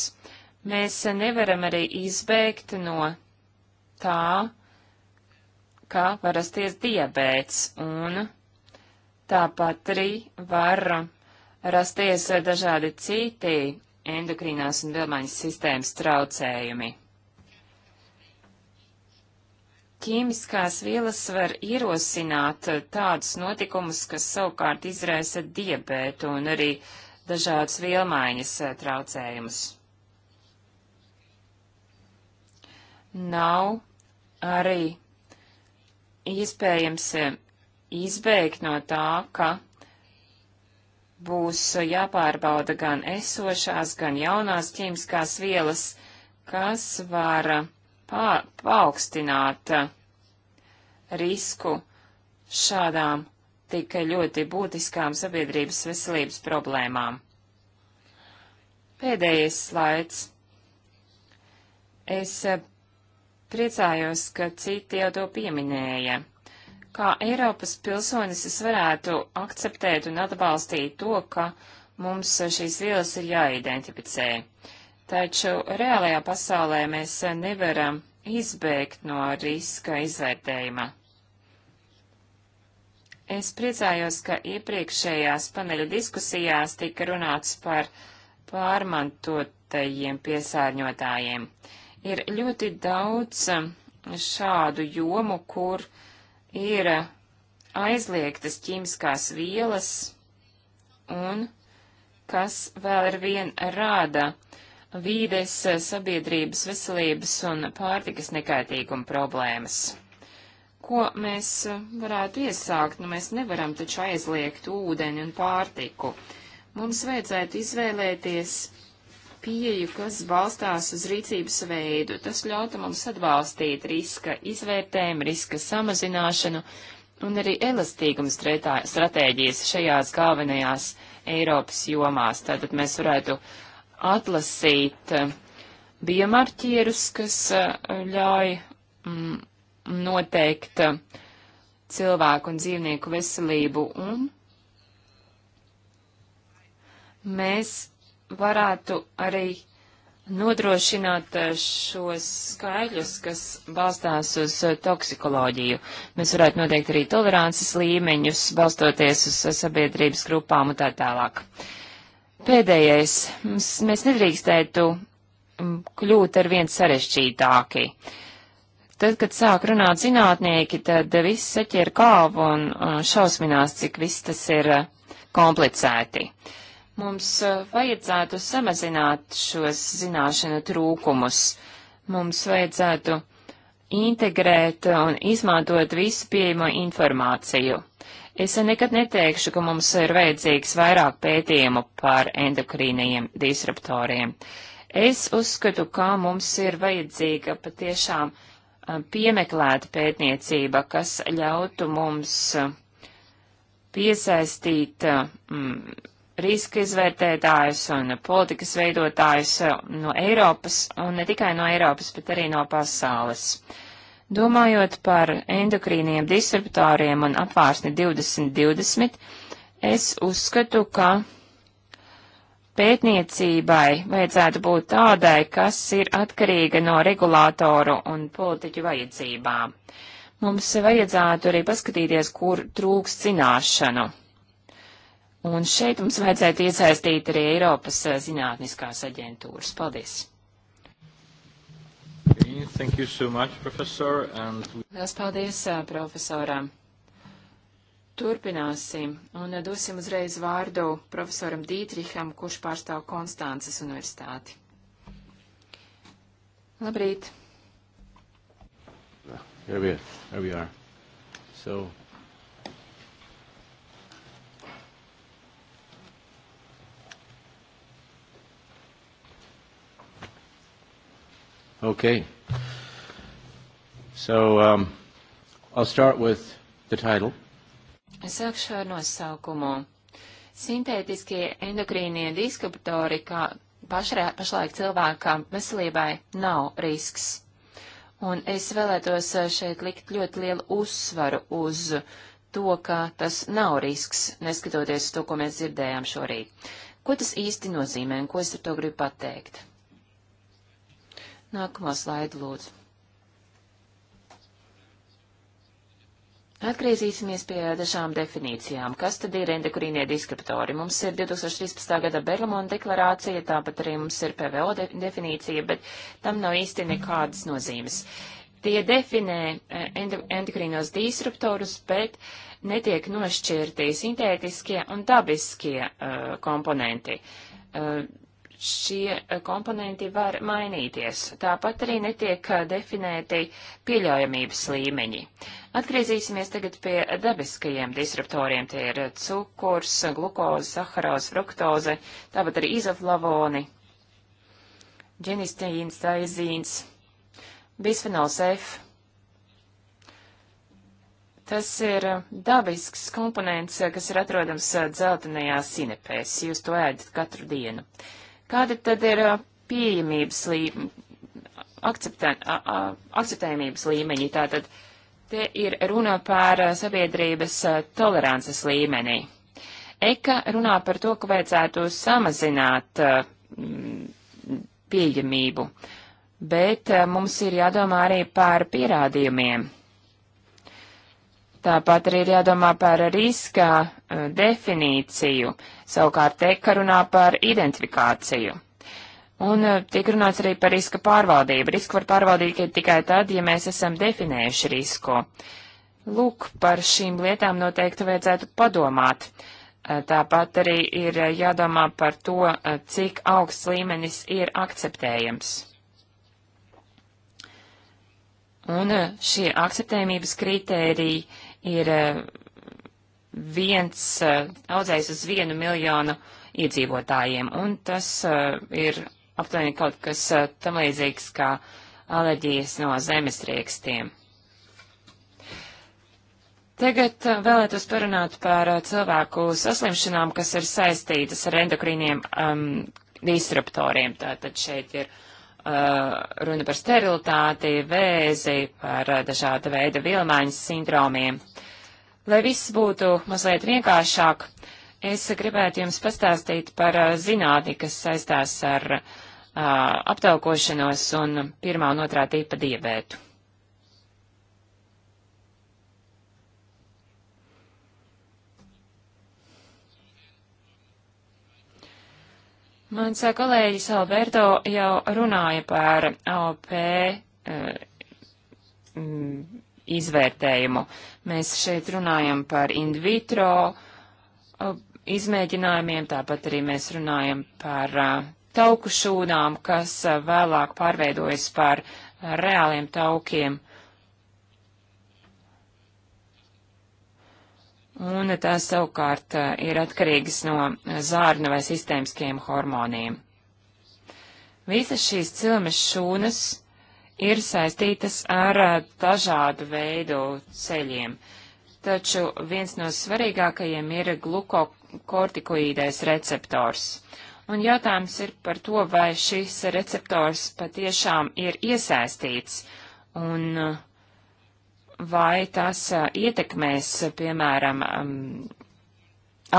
Mēs nevaram arī izbēgt no tā, kā parasties diabēts un Tāpat arī var rasties dažādi citi endokrīnās un vielmaiņas sistēmas traucējumi. Ķīmiskās vielas var ierosināt tādus notikumus, kas savukārt izraisa diabētu un arī dažādas vielmaiņas traucējumus. Nav arī iespējams izbēgt no tā, ka būs jāpārbauda gan esošās, gan jaunās ķīmiskās vielas, kas var pā, paaugstināt risku šādām tik ļoti būtiskām sabiedrības veselības problēmām. Pēdējais slaids. Es priecājos, ka citi jau to pieminēja. Kā Eiropas pilsonis es varētu akceptēt un atbalstīt to, ka mums šīs vielas ir jāidentificē. Taču reālajā pasaulē mēs nevaram izbēgt no riska izvērtējuma. Es priecājos, ka iepriekšējās paneļa diskusijās tika runāts par pārmantotajiem piesārņotājiem. Ir ļoti daudz um, šādu jomu, kur uh, ir aizliegtas ķīmiskās vielas un kas vēl ar vien rāda vīdes, sabiedrības veselības un pārtikas nekaitīguma problēmas. Ko mēs varētu iesākt? Nu, mēs nevaram taču aizliegt ūdeni un pārtiku. Mums vajadzētu izvēlēties pieju, kas balstās uz rīcības veidu. Tas ļautu mums atbalstīt riska izvērtējumu, riska samazināšanu un arī elastīgumu stratēģijas šajās galvenajās Eiropas jomās. Tātad mēs varētu atlasīt eh, biomarķierus, kas eh, ļauj mm, noteikt eh, cilvēku un dzīvnieku veselību un mēs varētu arī nodrošināt eh, šos skaidrus, kas balstās uz eh, toksikoloģiju. Mēs varētu noteikt arī tolerances līmeņus, balstoties uz eh, sabiedrības grupām un tā tālāk. Pēdējais. Mēs nedrīkstētu mm, kļūt ar vien sarešķītāki. Tad, kad sāk runāt zinātnieki, tad viss saķer kāvu un šausminās, cik viss tas ir komplicēti. Uh, Mums vajadzētu samazināt šos zināšanu trūkumus. Mums vajadzētu integrēt un izmantot visu pieejamo informāciju. Es nekad neteikšu, ka mums ir vajadzīgs vairāk pētījumu par endokrīnajiem disruptoriem. Es uzskatu, ka mums ir vajadzīga patiešām piemeklēta pētniecība, kas ļautu mums piesaistīt mm, riska izvērtētājus un politikas veidotājus no Eiropas, un ne tikai no Eiropas, bet arī no pasaules. Domājot par endokrīniem disruptoriem un apvārsni 2020, es uzskatu, ka pētniecībai vajadzētu būt tādai, kas ir atkarīga no regulātoru un politiķu vajadzībām. Mums vajadzētu arī paskatīties, kur trūks zināšanu. Un šeit mums vajadzētu iesaistīt arī Eiropas eh, zinātniskās aģentūras. Paldies! Thank you so much, professor. And... Lielas paldies, eh, profesoram. Turpināsim un eh, dosim uzreiz vārdu profesoram Dītriham, kurš pārstāv Konstances universitāti. Labrīt! Here we, here we are. So, Okay. So, um, I'll start with the title. Es sākšu ar nosaukumu. Sintētiskie endokrīnie diskruptori, kā pašrē, pašlaik cilvēkam veselībai, nav risks. Un es vēlētos uh, šeit likt ļoti lielu uzsvaru uz to, ka tas nav risks, neskatoties to, ko mēs dzirdējām šorīt. Ko tas īsti nozīmē un ko es ar to gribu pateikt? Nākamā slaida lūdzu. Atgriezīsimies pie dažām definīcijām. Kas tad ir endokrīnie diskriptori? Mums ir 2013. gada Berlamona deklarācija, tāpat arī mums ir PVO de definīcija, bet tam nav īsti nekādas nozīmes. Tie definē eh, endokrīnos disruptorus, bet netiek nošķirti sintētiskie un dabiskie uh, komponenti. Uh, šie eh, komponenti var mainīties. Tāpat arī netiek eh, definēti pieļaujamības līmeņi. Atgriezīsimies tagad pie dabiskajiem disruptoriem. Tie ir cukurs, glukoze, saharoz, fruktoze, tāpat arī izoflavoni, ģenistīns, taizīns, bisfenols F. Tas ir eh, dabisks komponents, kas ir atrodams dzeltenajās sinepēs. Jūs to ēdat katru dienu. Uh, Kāda tad ir pieejamības līmeņa, akceptē, akceptējumības līmeņi? Tātad te ir runa par sabiedrības tolerances līmenī. Eka runā par to, ka vajadzētu samazināt pieejamību, bet mums ir jādomā arī par pierādījumiem. Tāpat arī ir jādomā par riska uh, definīciju, savukārt teka runā par identifikāciju. Un uh, tiek runāts arī par riska pārvaldību. Risku var pārvaldīt tikai tad, ja mēs esam definējuši risku. Lūk, par šīm lietām noteikti vajadzētu padomāt. Uh, tāpat arī ir jādomā par to, cik augsts līmenis ir akceptējams. Un šie akceptējumības kritēriji ir eh, viens eh, audzējs uz vienu miljonu iedzīvotājiem, un tas eh, ir aptuveni kaut kas tam līdzīgs kā alerģijas no zemestriekstiem. Tagad vēlētos parunāt par cilvēku saslimšanām, kas ir saistītas ar endokrīniem um, disruptoriem. Tātad šeit ir uh, runa par sterilitāti, vēzi, par uh, dažāda veida vilmaiņas sindromiem. Lai viss būtu mazliet vienkāršāk, es gribētu jums pastāstīt par zinātni, kas saistās ar uh, aptaukošanos un pirmā un otrā tipa diabētu. Mans kolēģis Alberto jau runāja par AOP e, m, izvērtējumu. Mēs šeit runājam par in vitro uh, izmēģinājumiem, tāpat arī mēs runājam par uh, tauku šūnām, kas uh, vēlāk pārveidojas par reāliem taukiem. Un tās savukārt ir atkarīgas no zārna vai sistēmiskiem hormoniem. Visas šīs cilmes šūnas ir saistītas ar eh, dažādu veidu ceļiem. Taču viens no svarīgākajiem ir glukokortikoīdais receptors. Un jautājums ir par to, vai šis receptors patiešām ir iesaistīts un eh, vai tas eh, ietekmēs, piemēram, mm,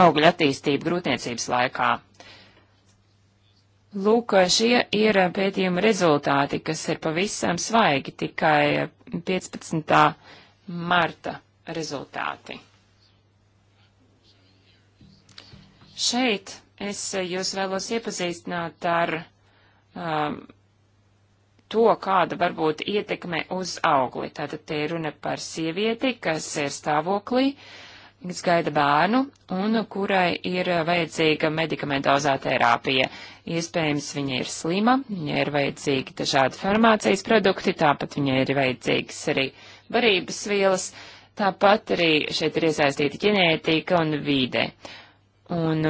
augļa attīstību grūtniecības laikā. Lūk, šie ir pētījuma rezultāti, kas ir pavisam svaigi, tikai 15. marta rezultāti. Šeit es jūs vēlos iepazīstināt ar um, to, kāda var būt ietekme uz augli. Tātad te ir runa par sievieti, kas ir stāvoklī, uh, kas gaida bērnu un kurai ir vajadzīga medikamentozā terapija. Iespējams, viņa ir slima, viņai ir vajadzīgi dažādi farmācijas produkti, tāpat viņai ir vajadzīgas arī barības vielas, tāpat arī šeit ir iesaistīta ģenētika un vīde. Un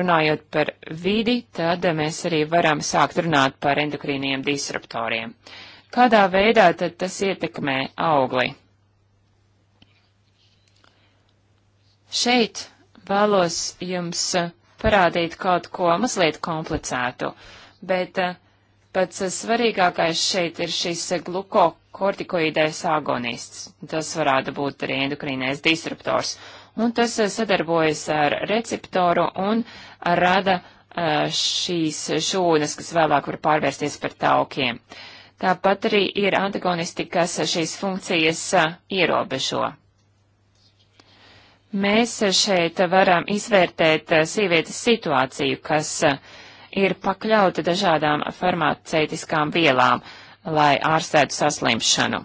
runājot par vidi, tad mēs arī varam sākt runāt par endokrīniem disruptoriem. Kādā veidā tad tas ietekmē augli? Šeit vēlos jums eh, parādīt kaut ko mazliet komplicētu, bet eh, pats svarīgākais šeit ir šis glukokortikoidais agonists. Tas varētu būt arī endokrīnais disruptors. Un tas eh, sadarbojas ar receptoru un rada šīs šūnas, kas vēlāk var pārvērsties par taukiem. Tāpat arī ir antagonisti, kas šīs funkcijas ierobežo. Mēs šeit varam izvērtēt eh, sievietes situāciju, kas eh, ir pakļauta dažādām farmaceitiskām vielām, lai ārstētu saslimšanu.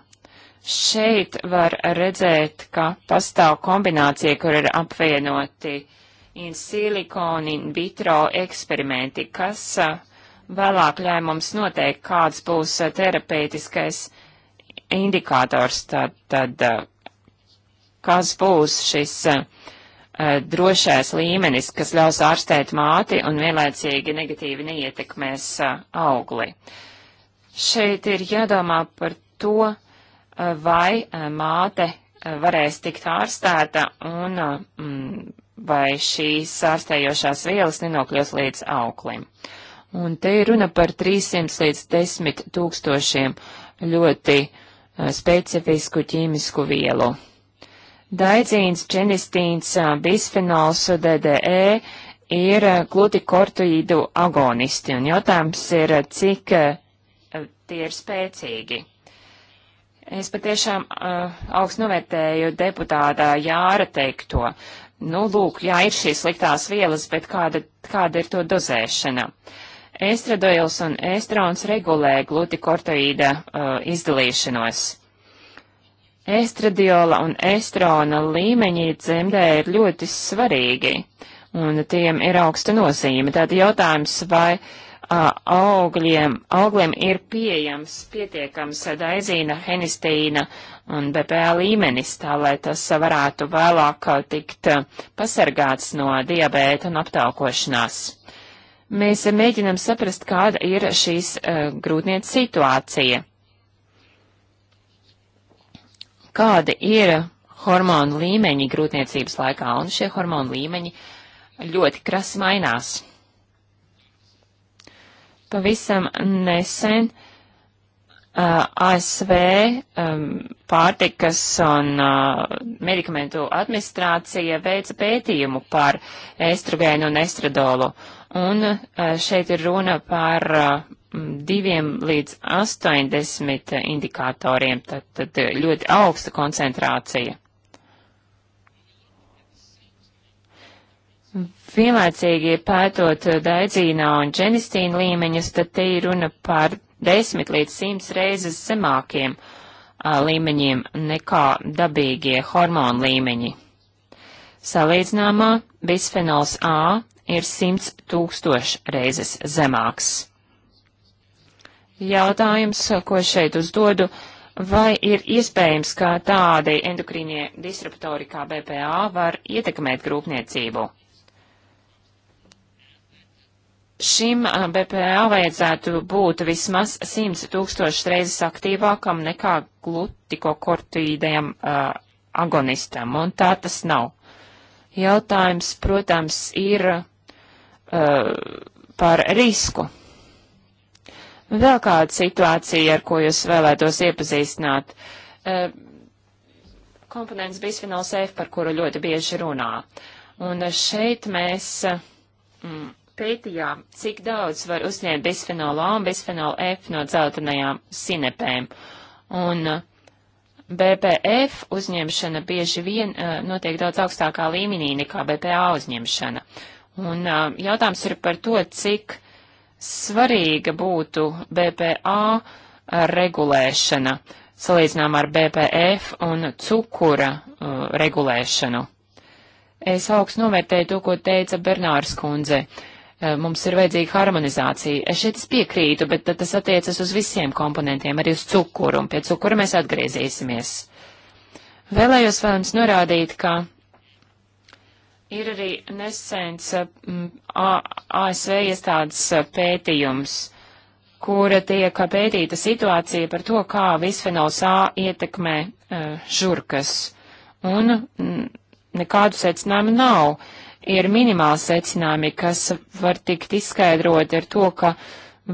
Šeit var redzēt, ka pastāv kombinācija, kur ir apvienoti in silikoni, in vitro eksperimenti, kas eh, vēlāk ļauj mums noteikt, kāds būs terapeitiskais indikators, tad, tad kas būs šis uh, drošais līmenis, kas ļaus ārstēt māti un vienlaicīgi negatīvi neietekmēs uh, augli. Šeit ir jādomā par to, uh, vai uh, māte varēs tikt ārstēta un mm, vai šīs ārstējošās vielas nenokļūs līdz auklim. Un te ir runa par 300 līdz 10 tūkstošiem ļoti specifisku ķīmisku vielu. Daidzīns, čenistīns, bisfenols, DDE ir glutikortoīdu agonisti, un jautājums ir, cik tie ir spēcīgi. Es patiešām uh, augstu novērtēju deputātā Jāra teikto. Nu, lūk, jā, ir šīs sliktās vielas, bet kāda, kāda ir to dozēšana? Estradoils un estrons regulē glutikortoīda uh, izdalīšanos estradiola un estrona līmeņi dzemdē ir ļoti svarīgi, un tiem ir augsta nozīme. Tātad jautājums, vai a, augļiem, augliem ir pieejams pietiekams daizīna, henisteīna un BPA līmenis, tā lai tas varētu vēlāk tikt pasargāts no diabēta un aptaukošanās. Mēs mēģinam saprast, kāda ir šīs uh, grūtniecības situācija kādi ir hormonu līmeņi grūtniecības laikā, un šie hormonu līmeņi ļoti krasi mainās. Pavisam nesen uh, ASV um, pārtikas un uh, medikamentu administrācija veica pētījumu par estrogēnu un estradolu, un uh, šeit ir runa par uh, 2 mm, līdz 80 indikatoriem, tad, tad ļoti augsta koncentrācija. Vienlaicīgi pētot daidzīnā un dženistīna līmeņus, tad te ir runa par 10 līdz 100 reizes zemākiem a, līmeņiem nekā dabīgie hormonu līmeņi. Salīdzināmā bisfenols A ir 100 tūkstoši reizes zemāks jautājums, ko šeit uzdodu, vai ir iespējams, ka tādi endokrīnie disruptori kā BPA var ietekmēt grūpniecību? Šim BPA vajadzētu būt vismaz 100 tūkstošas reizes aktīvākam nekā glutikokortīdajam uh, agonistam, un tā tas nav. Jautājums, protams, ir uh, par risku. Un vēl kāda situācija, ar ko jūs vēlētos iepazīstināt. E, komponents bisfenols F, par kuru ļoti bieži runā. Un šeit mēs e, mm, pētījām, cik daudz var uzņemt bisfenolu A un bisfenolu F no dzeltenajām sinepēm. Un e, BPF uzņemšana bieži vien uh, notiek daudz augstākā līmenī nekā BPA uzņemšana. Un uh, jautājums ir par to, cik svarīga būtu BPA regulēšana, salīdzinām ar BPF un cukura uh, regulēšanu. Es augstu novērtēju to, ko teica Bernārs kundze. Uh, mums ir vajadzīga harmonizācija. Es šeit piekrītu, bet tas attiecas uz visiem komponentiem, arī uz cukuru, un pie cukura mēs atgriezīsimies. Vēlējos vēlams norādīt, ka Ir arī nesens eh, ASV iestādes eh, pētījums, kura tiek pētīta situācija par to, kā visfenols A ietekmē eh, žurkas. Un nekādu secinājumu nav. Ir minimāli secinājumi, kas var tikt izskaidroti ar to, ka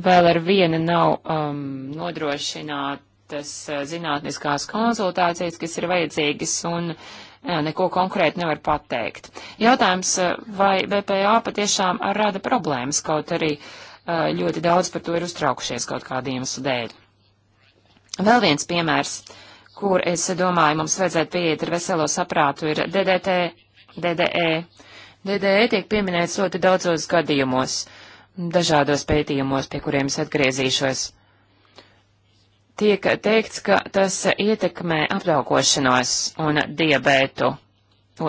vēl ar vienu nav um, nodrošinātas zinātniskās konsultācijas, kas ir vajadzīgas, un Nu, neko konkrēti nevar pateikt. Jautājums, eh, vai BPA patiešām rada problēmas, kaut arī eh, ļoti daudz par to ir uztraukušies kaut kādu iemeslu dēļ. Vēl viens piemērs, kur es domāju, mums vajadzētu pieiet ar veselo saprātu, ir DDT, DDE. DDE tiek pieminēts ļoti daudzos gadījumos, dažādos pētījumos, pie kuriem es atgriezīšos tiek teikts, ka tas ietekmē apdaugošanos un diabētu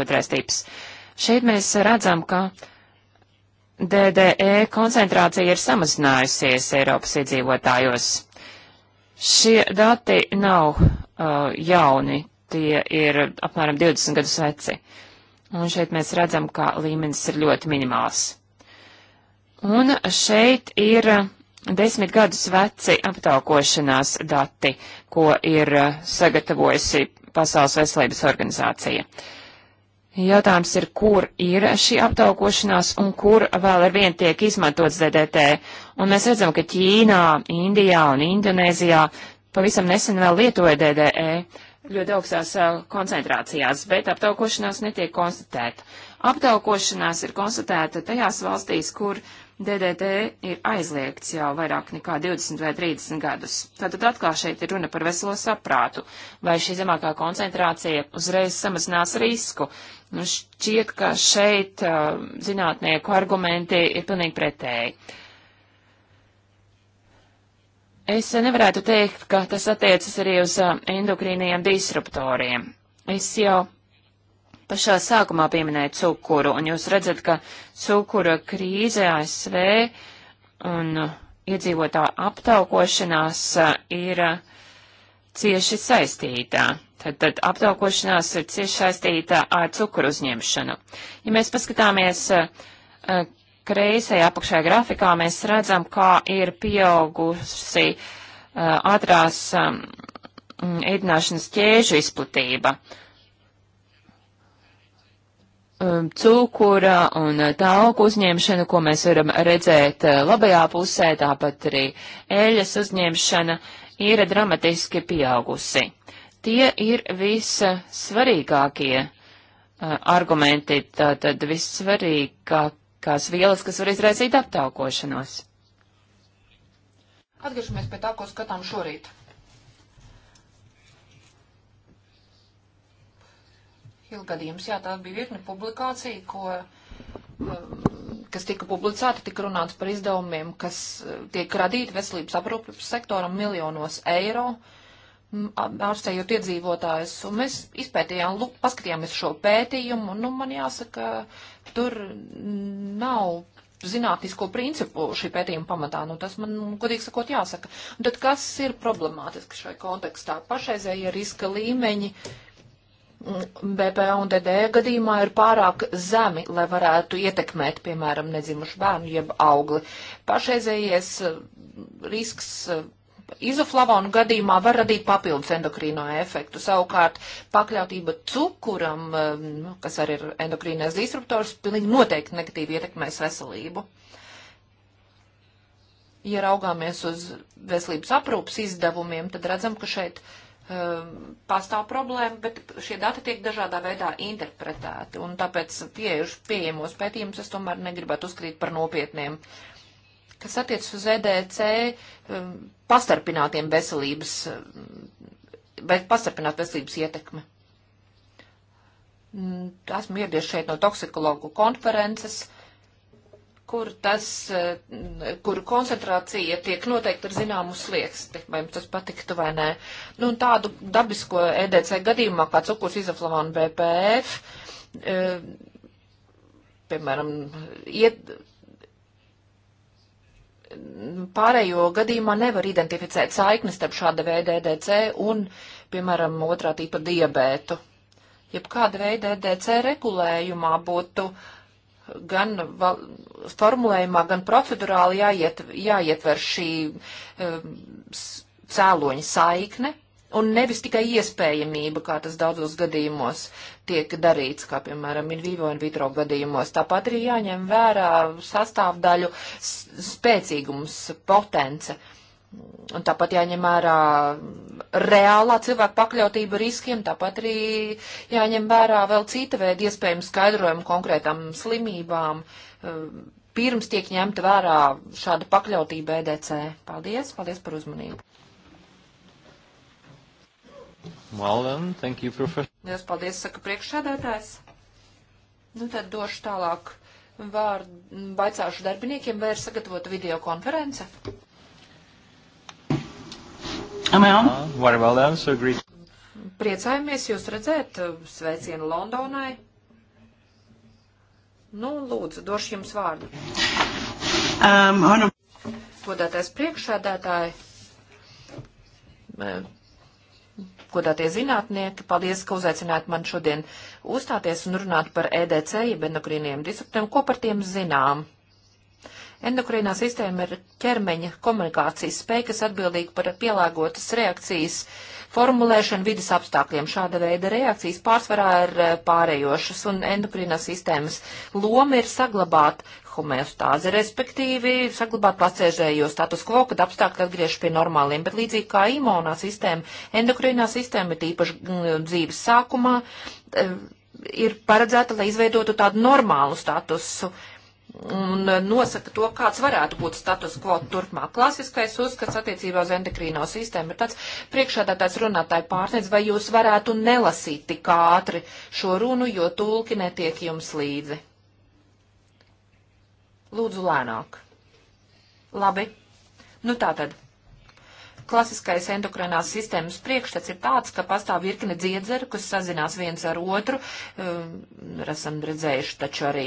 otrais tips. Šeit mēs redzam, ka DDE koncentrācija ir samazinājusies Eiropas iedzīvotājos. Šie dati nav uh, jauni, tie ir apmēram 20 gadus veci. Un šeit mēs redzam, ka līmenis ir ļoti minimāls. Un šeit ir desmit gadus veci aptaukošanās dati, ko ir eh, sagatavojusi Pasaules veselības organizācija. Jautājums ir, kur ir šī aptaukošanās un kur vēl ar vien tiek izmantots DDT. Un mēs redzam, ka Ķīnā, Indijā un Indonēzijā pavisam nesen vēl lietoja DDE ļoti augstās eh, koncentrācijās, bet aptaukošanās netiek konstatēta. Aptaukošanās ir konstatēta tajās valstīs, kur uh, DDT ir aizliegts jau vairāk nekā 20 vai 30 gadus. Tātad atkal šeit ir runa par veselo saprātu, vai šī zemākā koncentrācija uzreiz samazinās risku. Nu, šķiet, ka šeit uh, zinātnieku argumenti ir pilnīgi pretēji. Es nevarētu teikt, ka tas attiecas arī uz uh, endokrīniem disruptoriem. Es jau pašā sākumā pieminēju cukuru, un jūs redzat, ka cukura krīze ASV un iedzīvotā aptaukošanās uh, ir uh, cieši saistītā. Tad, tad aptaukošanās ir cieši saistīta ar cukuru uzņemšanu. Ja mēs paskatāmies uh, kreisajā apakšējā grafikā, mēs redzam, kā ir pieaugusi ātrās um, ēdināšanas ķēžu izplatība. Uh, Um, cukura un uh, tauku uzņemšanu, ko mēs varam redzēt uh, labajā pusē, tāpat arī eļas uzņemšana ir dramatiski pieaugusi. Tie ir vissvarīgākie uh, argumenti, tātad vissvarīgākās vielas, kas var izraisīt aptaukošanos. Atgriežamies pie tā, ko skatām šorīt. ilgadījums. Jā, tā bija virkne publikācija, ko um, kas tika publicēta, tika runāts par izdevumiem, kas uh, tiek radīti veselības aprūpes sektoram miljonos eiro, ārstējot iedzīvotājus. Un mēs izpētījām, lūk, paskatījāmies šo pētījumu, un nu, man jāsaka, tur nav zinātnisko principu šī pētījuma pamatā. Nu, tas man, godīgi sakot, jāsaka. Un tad kas ir problemātiski šai kontekstā? Pašreizējie riska līmeņi. Uh, Mm, BP un DD gadījumā ir pārāk zemi, lai varētu ietekmēt, piemēram, nedzimušu bērnu jeb augli. Pašreizējies eh, risks eh, izoflavonu gadījumā var radīt papildus endokrīno efektu. Savukārt pakļautība cukuram, eh, nu, kas arī ir endokrīnais disruptors, pilnīgi noteikti negatīvi ietekmēs veselību. Ja raugāmies uz veselības aprūpas izdevumiem, tad redzam, ka šeit uh, um, pastāv problēma, bet šie dati tiek dažādā veidā interpretēti, un tāpēc pieejuši pieejamos pētījumus es tomēr negribētu uzskatīt par nopietniem. Kas attiec uz EDC um, pastarpinātiem veselības, um, vai pastarpināt veselības ietekme? Mm, esmu ieradies šeit no toksikologu konferences. Uh, kur tas, eh, kur koncentrācija tiek noteikti ar zināmu slieksti, vai jums tas patiktu vai nē. Nu, un tādu dabisko EDC gadījumā, kā cukurs izaflavāna BPF, e, eh, piemēram, iet, pārējo gadījumā nevar identificēt saiknes starp šāda veida EDC un, piemēram, otrā tipa diabētu. Jeb kāda veida EDC regulējumā būtu uh, gan val, formulējumā, gan procedurāli jāiet, jāietver šī um, cēloņa saikne un nevis tikai iespējamība, kā tas daudzos gadījumos tiek darīts, kā piemēram in vivo un vitro gadījumos. Tāpat arī jāņem vērā sastāvdaļu spēcīgums, potence. Uh, Un tāpat jāņem vērā reālā cilvēka pakļautība riskiem, tāpat arī jāņem vērā vēl cita veida iespējams skaidrojumu konkrētām slimībām, eh, pirms tiek ņemta vērā šāda pakļautība EDC. Paldies, paldies par uzmanību. Well then, thank you, Professor. Liels paldies, saka priekšsēdētājs. Nu tad došu tālāk vārdu, baicāšu darbiniekiem, vai ir sagatavota videokonference. Am I on? Uh-huh. Very well done, so great. Priecājamies jūs redzēt, uh, sveicienu Londonai. Nu, lūdzu, došu jums vārdu. Um, on... Godātais priekšsēdētāji, uh, godātie zinātnieki, paldies, ka uzaicinājāt man šodien uzstāties un runāt par EDC, jeb endokrīniem disruptiem, ko par tiem zinām. Uh, Endokrīnā sistēma ir ķermeņa komunikācijas spēja, kas atbildīga par pielāgotas reakcijas formulēšanu vidas apstākļiem. Šāda veida reakcijas pārsvarā ir eh, pārējošas, un endokrīnās sistēmas loma ir saglabāt homeostāzi, respektīvi saglabāt pacēžējo status quo, kad apstākļi atgriež pie normāliem, bet līdzīgi kā imunā sistēma, endokrīnā sistēma ir tīpaši mm, dzīves sākumā eh, ir paredzēta, lai izveidotu tādu normālu statusu un uh, nosaka to, kāds varētu būt status quo turpmāk. Klasiskais uzskats attiecībā uz endokrīno sistēmu ir tāds, priekšādātājs runātāji pārsniedz, vai jūs varētu nelasīt tik ātri šo runu, jo tulki netiek jums līdzi. Lūdzu lēnāk. Labi. Nu tātad. Klasiskais endokrinās sistēmas priekšstats ir tāds, ka pastāv virkne dziedzeru, kas sazinās viens ar otru. Um, esam redzējuši taču arī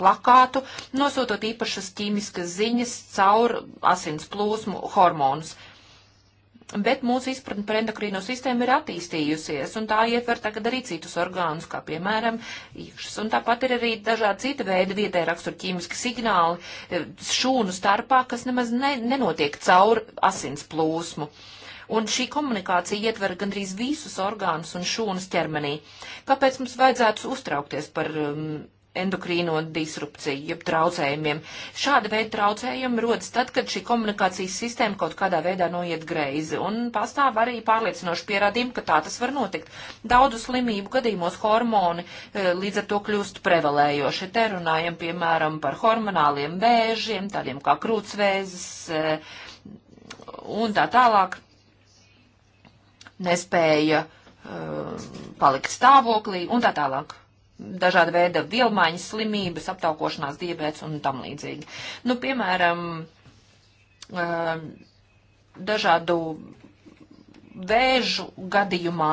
plakātu, nosūtot īpašas ķīmiskas ziņas caur asins plūsmu hormonus. Bet mūsu izpratne par endokrīno sistēmu ir attīstījusies, un tā ietver tagad arī citus orgānus, kā piemēram iekšas. Un tāpat ir arī dažādi cita veida vietē rakstur ķīmiski signāli eh, šūnu starpā, kas nemaz ne, nenotiek caur asins plūsmu. Un šī komunikācija ietver gandrīz visus orgānus un šūnas ķermenī. Kāpēc mums vajadzētu uztraukties par um, endokrīno disrupciju, jeb traucējumiem. Šāda veida traucējumi rodas tad, kad šī komunikācijas sistēma kaut kādā veidā noiet greizi, un pastāv arī pārliecinoši pierādījumi, ka tā tas var notikt. Daudzu slimību gadījumos hormoni e, līdz ar to kļūst prevalējoši. Te runājam, piemēram, par hormonāliem vēžiem, tādiem kā krūtsvēzes e, un tā tālāk. Nespēja e, palikt stāvoklī un tā tālāk dažāda veida vielmaiņas slimības, aptaukošanās diabēts un tam līdzīgi. Nu, piemēram, dažādu vēžu gadījumā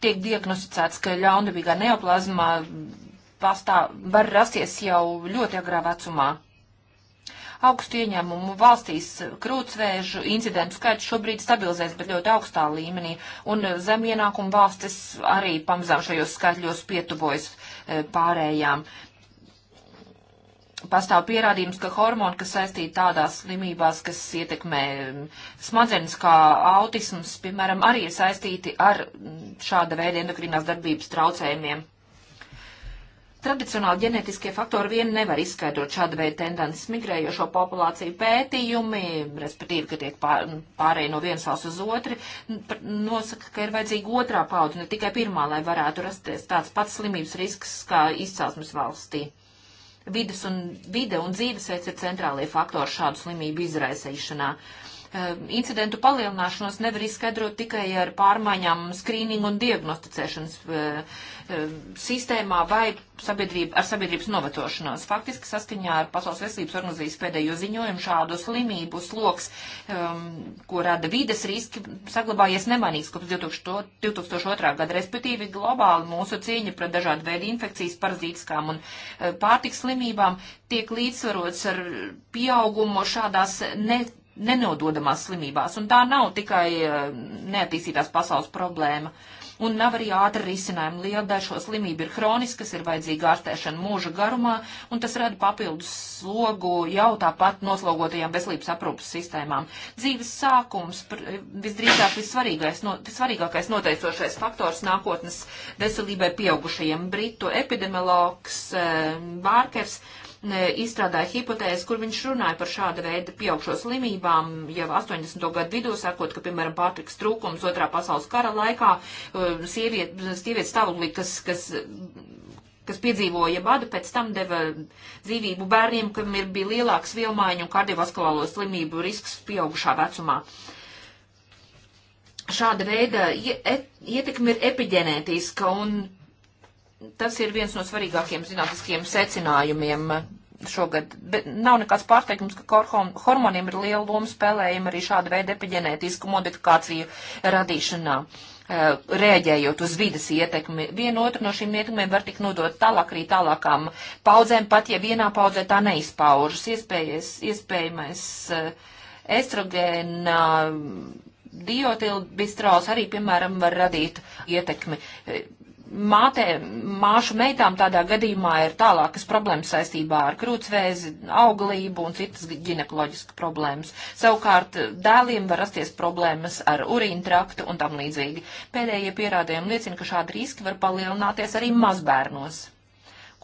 tiek diagnosticēts, ka ļaunprātīgā neoplazmā pastāv, var rasties jau ļoti agrā vecumā augstu ieņēmumu valstīs krūtsvēžu incidentu skaits šobrīd stabilizēs, bet ļoti augstā līmenī, un eh, zem ienākumu valstis arī pamazām šajos skaitļos pietuvojas eh, pārējām pastāv pierādījums, ka hormoni, kas saistīti tādās slimībās, kas ietekmē mm, smadzenes, kā autisms, piemēram, arī ir saistīti ar mm, šāda veida endokrinās darbības traucējumiem. Tradicionāli ģenētiskie faktori vien nevar izskaidrot šāda veida tendences migrējošo populāciju pētījumi, respektīvi, ka tiek pār, pārēj no vienas valsts uz otru, nosaka, ka ir vajadzīga otrā paudze, ne tikai pirmā, lai varētu rasties tāds pats slimības risks kā izcelsmes valstī. Vides un, vide un dzīvesveids ir centrālie faktori šādu slimību izraisīšanā. Uh, Um, incidentu palielināšanos nevar izskaidrot tikai ar pārmaiņām skrīningu un diagnosticēšanas uh, um, sistēmā vai sabiedrība, ar sabiedrības novatošanos. Faktiski saskaņā ar Pasaules veselības organizācijas pēdējo ziņojumu šādu slimību sloks, um, ko rada vides riski, saglabājies nemanīgs kopš 2002. gada, respektīvi globāli mūsu cieņa pret dažādu veidu infekcijas, parazītiskām un uh, pārtiks slimībām tiek līdzsvarots ar pieaugumu šādās ne nenododamās slimībās. Un tā nav tikai eh, neattīstītās pasaules problēma. Un nav arī ātri risinājumi. Liela daļa šo slimību ir hroniskas, ir vajadzīga ārstēšana mūža garumā, un tas rada papildus slogu jau tāpat noslogotajām veselības aprūpas sistēmām. Dzīves sākums visdrīzāk vissvarīgais, no, svarīgākais noteicošais faktors nākotnes veselībai pieaugušajiem. Britu epidemiologs Bārkers. Eh, e, izstrādāja hipotēzi, kur viņš runāja par šāda veida pieaugšo slimībām jau 80. gadu vidū, sakot, ka, piemēram, pārtiks trūkums otrā pasaules kara laikā, uh, sieviet, sievietes stāvoklī, kas, kas kas piedzīvoja badu, pēc tam deva dzīvību bērniem, kam ir bija lielāks vielmaiņu un kardiovaskulālo slimību risks pieaugušā vecumā. Šāda veida ietekme ir epigenētiska un Tas ir viens no svarīgākiem zinātniskiem secinājumiem šogad. Bet nav nekāds pārsteigums, ka hormoniem ir liela loma spēlējama arī šāda veida epigenētisku modifikāciju radīšanā eh, rēģējot uz vidas ietekmi. Vienu otru no šīm ietekmēm var tik nodot tālāk arī tālākām paudzēm, pat ja vienā paudzē tā neizpaužas. Iespējas, iespējamais eh, estrogēna eh, diotilbistrāls arī, piemēram, var radīt ietekmi mātē, māšu meitām tādā gadījumā ir tālākas problēmas saistībā ar krūtsvēzi, auglību un citas ginekoloģiskas problēmas. Savukārt dēliem var rasties problēmas ar urīntraktu un tam līdzīgi. Pēdējie pierādījumi liecina, ka šādi riski var palielināties arī mazbērnos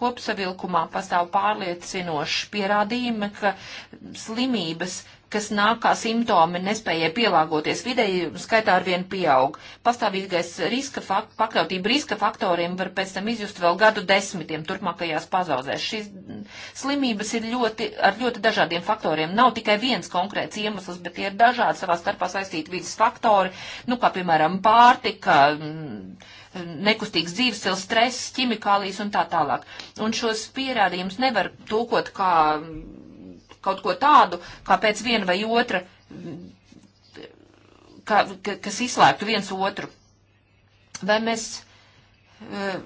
kopsavilkumā pastāv pārliecinoši pierādījumi, ka slimības kas nāk kā simptomi nespējai pielāgoties videi, skaitā ar vienu pieaug. Pastāvīgais riska fakt, pakļautība riska faktoriem var pēc tam izjust vēl gadu desmitiem turpmākajās pazaudzēs. Šīs slimības ir ļoti, ar ļoti dažādiem faktoriem. Nav tikai viens konkrēts iemesls, bet tie ir dažādi savā starpā saistīti vidas faktori, nu kā piemēram pārtika, nekustīgs dzīvesils, stress, ķimikālijas un tā tālāk. Un šos pierādījumus nevar tūkot kā kaut ko tādu, kā pēc viena vai otra, kā, ka, kas izslēgtu viens otru. Vai mēs, eh,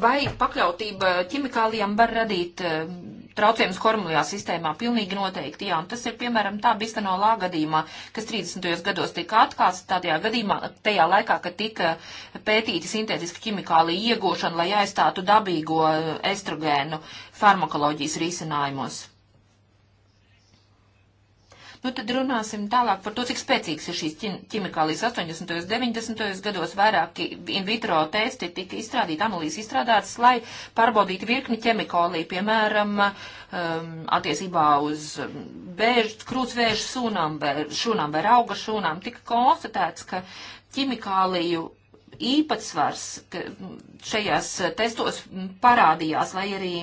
vai pakļautība ķimikālijām var radīt eh, traucējums kormulajā sistēmā, pilnīgi noteikti, jā, un tas ir, piemēram, tā bistanolā gadījumā, kas 30. gados tika atkāts, tādajā gadījumā, tajā laikā, kad tika pētīti sintētiski ķimikāli iegūšana, lai aizstātu dabīgo estrogēnu farmakoloģijas risinājumos. Nu, tad runāsim tālāk par to, cik spēcīgs ir šīs ķimikālijas 80. un 90. gados vairāki in vitro testi tika izstrādīti, analīzes izstrādātas, lai pārbaudītu virkni ķemikāliju, piemēram, um, attiecībā uz bēžu, um, krūtsvēžu sūnām vai, šūnām vai rauga šūnām. Tika konstatēts, ka ķimikāliju īpatsvars šajās testos parādījās, lai arī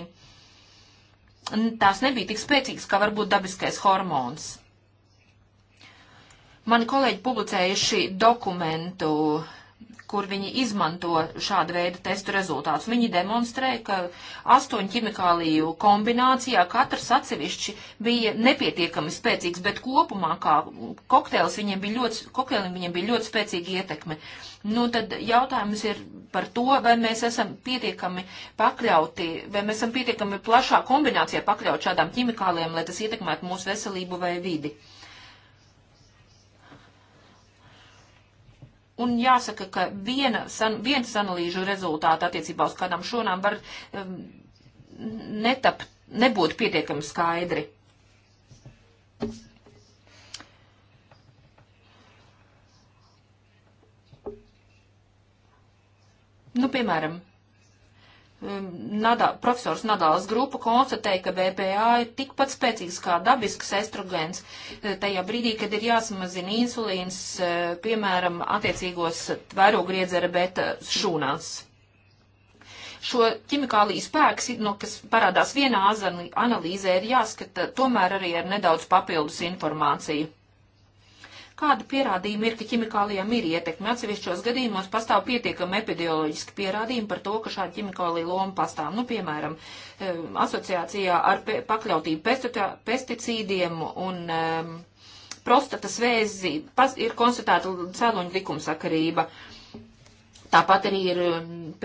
tās nebija tik spēcīgas kā varbūt dabiskais hormons. Mani kolēģi publicējuši dokumentu, kur viņi izmanto šādu veidu testu rezultātus. Viņi demonstrē, ka astoņu ķimikāliju kombinācijā katrs atsevišķi bija nepietiekami spēcīgs, bet kopumā kā kokteils viņiem bija ļoti, kokteilim viņiem bija ļoti spēcīga ietekme. Nu, tad jautājums ir par to, vai mēs esam pietiekami pakļauti, vai mēs esam pietiekami plašā kombinācijā pakļauti šādām ķimikāliem, lai tas ietekmētu mūsu veselību vai vidi. Uh, Un jāsaka, ka viena, san, viens analīžu rezultāti attiecībā uz kādām šonām var um, netap, nebūt pietiekami skaidri. Nu, piemēram, Um, Nadā, profesors Nadāls grupa konstatēja, ka BPA ir tikpat spēcīgs kā dabisks estrogens uh, tajā brīdī, kad ir jāsamazina insulīns, uh, piemēram, attiecīgos vairogriedzera beta uh, šūnās. Šo ķimikāliju spēks, no kas parādās vienā analīzē, ir jāskata tomēr arī ar nedaudz papildus informāciju. Kāda pierādījuma ir, ka ķimikālijām ir ietekme? Atsevišķos gadījumos pastāv pietiekami epidemioloģiski pierādījumi par to, ka šāda ķimikālija loma pastāv. Nu, piemēram, asociācijā ar pakļautību pesticīdiem un um, prostatas vēzi pas, ir konstatēta cēloņu likumsakarība. Tāpat arī ir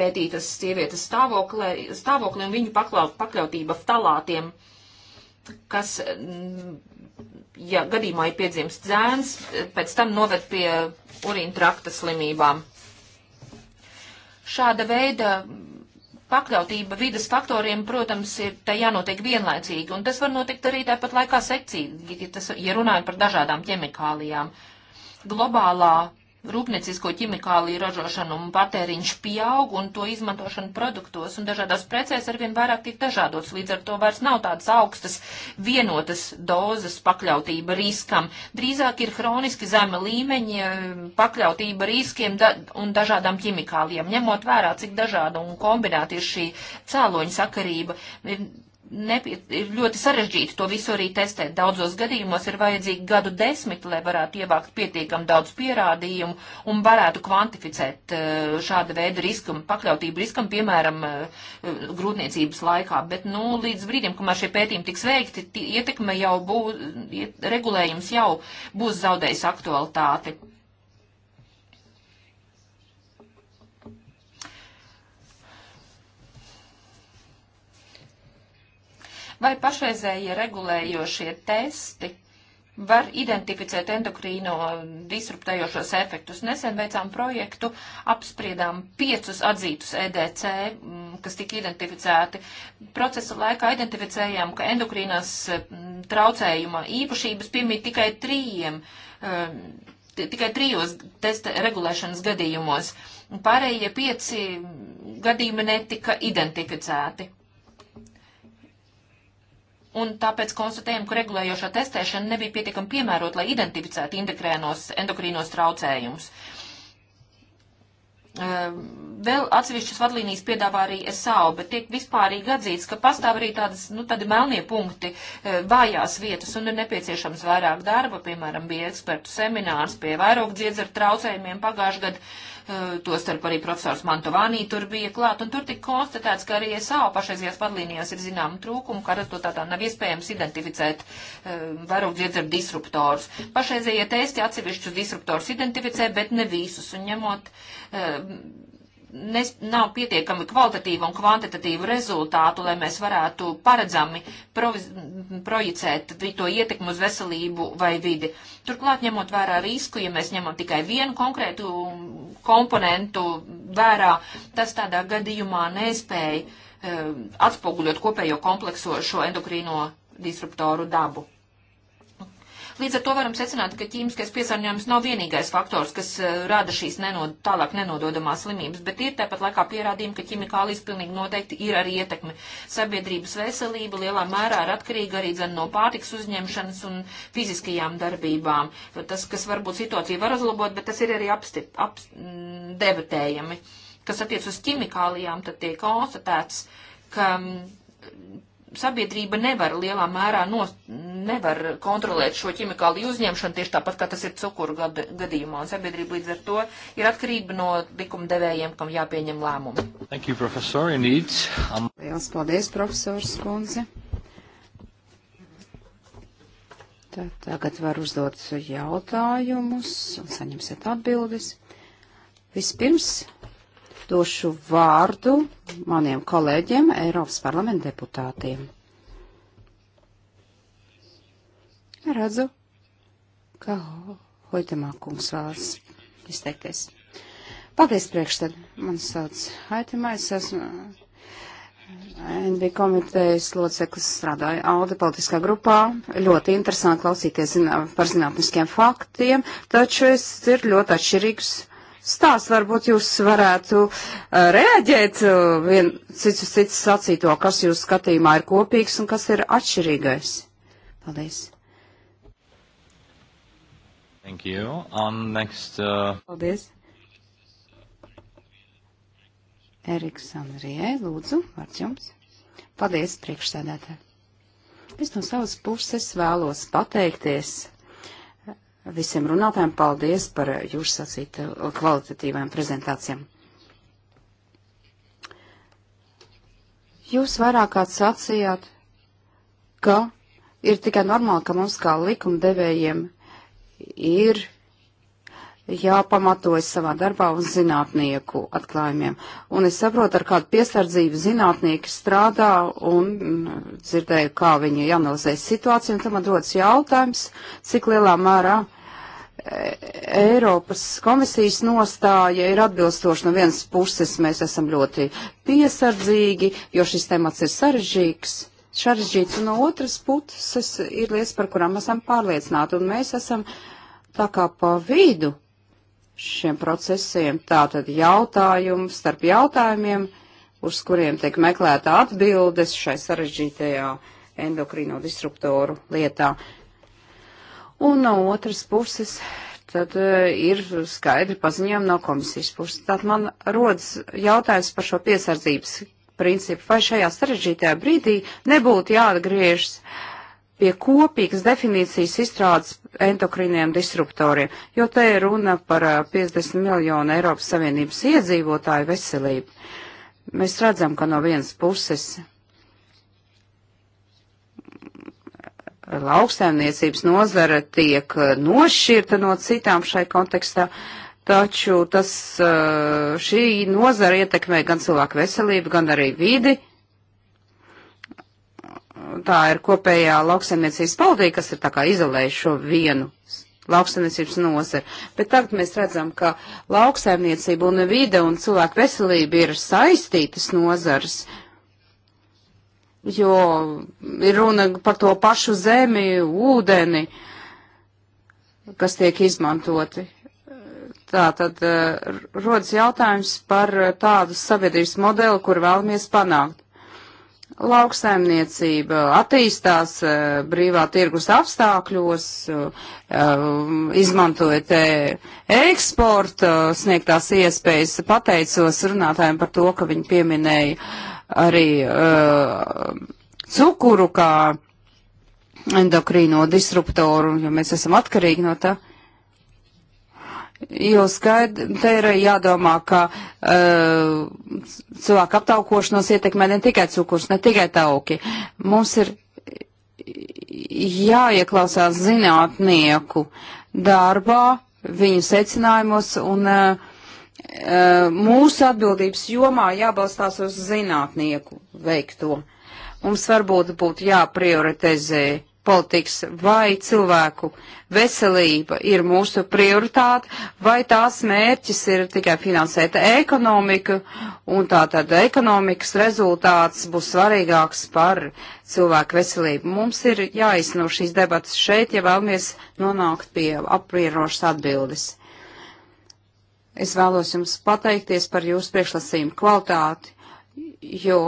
pētītas sievietes stāvokli, stāvokli un viņu paklau, pakļautība ftalātiem, kas. Mm, ja gadījumā ir piedzimst zēns, pēc tam noved pie urīna trakta slimībām. Šāda veida pakļautība vidas faktoriem, protams, ir tā jānotiek vienlaicīgi, un tas var notikt arī tāpat laikā sekcīgi, ja, tas, ja runājam par dažādām ķemikālijām. Globālā rūpniecisko ķimikāliju ražošanu un patēriņš pieaug un to izmantošanu produktos un dažādās precēs arvien vairāk tiek dažādots. Līdz ar to vairs nav tādas augstas vienotas dozes pakļautība riskam. Drīzāk ir hroniski zema līmeņa eh, pakļautība riskiem da un dažādām ķimikālijām. Ņemot vērā, cik dažāda un kombinēta ir šī cēloņa sakarība, ir nepie, ir ļoti sarežģīti to visu arī testēt. Daudzos gadījumos ir vajadzīgi gadu desmit, lai varētu ievākt pietiekam daudz pierādījumu un varētu kvantificēt eh, šāda veida riskam, pakļautību riskam, piemēram, eh, grūtniecības laikā. Bet, nu, līdz brīdim, kamēr šie pētījumi tiks veikti, ietekme jau būs, regulējums jau būs zaudējis aktualitāti. vai pašreizējie regulējošie testi var identificēt endokrīno disruptējošos efektus. Nesen veicām projektu, apspriedām piecus atzītus EDC, mm, kas tika identificēti. Procesa laikā identificējām, ka endokrīnās mm, traucējuma īpašības piemīt tikai trījiem, mm, tikai trijos testa regulēšanas gadījumos. Pārējie pieci gadījumi netika identificēti un tāpēc konstatējam, ka regulējošā testēšana nebija pietiekami piemērot, lai identificētu endokrīnos traucējumus. Ehm, vēl atsevišķas vadlīnijas piedāvā arī SAO, bet tiek vispārīgi atzīts, ka pastāv arī tādas, nu, tādi melnie punkti, ehm, vājās vietas un ir nepieciešams vairāk darba, piemēram, bija ekspertu seminārs pie vairāk dziedzera traucējumiem pagājušajā gadā Eh, tostarp arī profesors Mantovānī tur bija klāt, un tur tika konstatēts, ka arī SAO pašreizajās vadlīnijās ir zināma trūkuma, ka ar to tādā nav iespējams identificēt eh, vairogdziedzeru disruptorus. Pašreizējie testi atsevišķus disruptorus identificē, bet ne visus, un ņemot eh, nes, nav pietiekami kvalitatīvu un kvantitatīvu rezultātu, lai mēs varētu paredzami proviz, projicēt to ietekmu uz veselību vai vidi. Turklāt, ņemot vērā risku, ja mēs ņemam tikai vienu konkrētu komponentu vērā, tas tādā gadījumā nespēja uh, eh, atspoguļot kopējo komplekso šo endokrīno disruptoru dabu. Līdz ar to varam secināt, ka ķīmiskais piesārņojums nav vienīgais faktors, kas eh, rada šīs nenod, tālāk nenododamās slimības, bet ir tāpat laikā pierādījumi, ka ķimikālijas pilnīgi noteikti ir arī ietekme. Sabiedrības veselība lielā mērā ir atkarīga arī dzen, no pārtiks uzņemšanas un fiziskajām darbībām. Tas, kas varbūt situāciju var uzlabot, bet tas ir arī apstip, ap, mm, debatējami. Kas attiec uz ķimikālijām, tad tiek konstatēts, ka mm, sabiedrība nevar lielā mērā no, nevar kontrolēt šo ķimikālu uzņemšanu, tieši tāpat kā tas ir cukuru gad, gadījumā. Un sabiedrība līdz ar to ir atkarība no likumdevējiem, kam jāpieņem lēmumi. Thank you, professor. Indeed. Um... Liels paldies, profesors Kunze. Tā, tagad var uzdot jautājumus un saņemsiet atbildes. Vispirms došu vārdu maniem kolēģiem, Eiropas parlamenta deputātiem. Redzu, ka Hoitamā kungs vēlas izteikties. Paldies priekšstad. Man sauc Haitamā, es esmu eh, NB komitejas loceklis strādāja Alde politiskā grupā. Ļoti interesanti klausīties par zinātniskiem faktiem, taču es dzirdu ļoti atšķirīgus stāsts. Varbūt jūs varētu uh, reaģēt uh, vien cits uz cits sacīto, kas jūs skatījumā ir kopīgs un kas ir atšķirīgais. Paldies. Thank you. Um, next, uh... Paldies. Eriks Andrijai, lūdzu, vārds jums. Paldies, priekšsēdētāji. Es no savas puses vēlos pateikties visiem runātājiem. Paldies par jūsu sacītu kvalitatīvām prezentācijām. Jūs vairāk kāds sacījāt, ka ir tikai normāli, ka mums kā likumdevējiem ir jāpamatojas savā darbā uz zinātnieku atklājumiem. Un es saprotu, ar kādu piesardzību zinātnieki strādā un dzirdēju, kā viņi analizē situāciju, un tam man rodas jautājums, cik lielā mērā Eiropas komisijas nostāja ir atbilstoša no vienas puses. Mēs esam ļoti piesardzīgi, jo šis temats ir sarežģīgs. Šaržģīts no otras puses ir lietas, par kurām esam pārliecināti, un mēs esam tā kā pa vidu šiem procesiem. Tātad jautājumi starp jautājumiem, uz kuriem tiek meklēta atbildes šai sarežģītajā endokrino disruptoru lietā. Un no otras puses, tad uh, ir skaidri paziņojumi no komisijas puses. Tad man rodas jautājums par šo piesardzības principu, vai šajā sarežģītajā brīdī nebūtu jāatgriežas pie kopīgas definīcijas izstrādes endokriniem disruptoriem, jo te ir runa par 50 eh, miljonu Eiropas Savienības iedzīvotāju veselību. Mēs redzam, ka no vienas puses lauksaimniecības nozara tiek uh, nošķirta no citām šai kontekstā, taču tas, uh, šī nozara ietekmē gan cilvēku veselību, gan arī vidi. Tā ir kopējā lauksaimniecības politika, kas ir tā kā izolējuši šo vienu lauksaimniecības nozari. Bet tagad mēs redzam, ka lauksaimniecība un vide un cilvēku veselība ir saistītas nozaras. Uh, jo ir runa par to pašu zemi, ūdeni, kas tiek izmantoti. Tā tad eh, rodas jautājums par tādu sabiedrības modeli, kur vēlamies panākt. Lauksaimniecība attīstās eh, brīvā tirgus apstākļos, eh, izmantojot eksporta sniegtās iespējas. Pateicos runātājiem par to, ka viņi pieminēja arī uh, cukuru kā endokrīno disruptoru, jo mēs esam atkarīgi no tā. Jo skaidri, te ir jādomā, ka uh, cilvēku aptaukošanos ietekmē ne tikai cukurs, ne tikai tauki. Mums ir jāieklausās zinātnieku darbā, viņu secinājumos un uh, Eh, mūsu atbildības jomā jābalstās uz zinātnieku veikto. Mums varbūt būtu jāprioritizē politikas vai cilvēku veselība ir mūsu prioritāte, vai tās mērķis ir tikai finansēt ekonomiku, un tā tad ekonomikas rezultāts būs svarīgāks par cilvēku veselību. Mums ir jāizsno šīs debatas šeit, ja vēlamies nonākt pie apvienošas atbildes. Es vēlos jums pateikties par jūsu priekšlasījumu kvalitāti, jo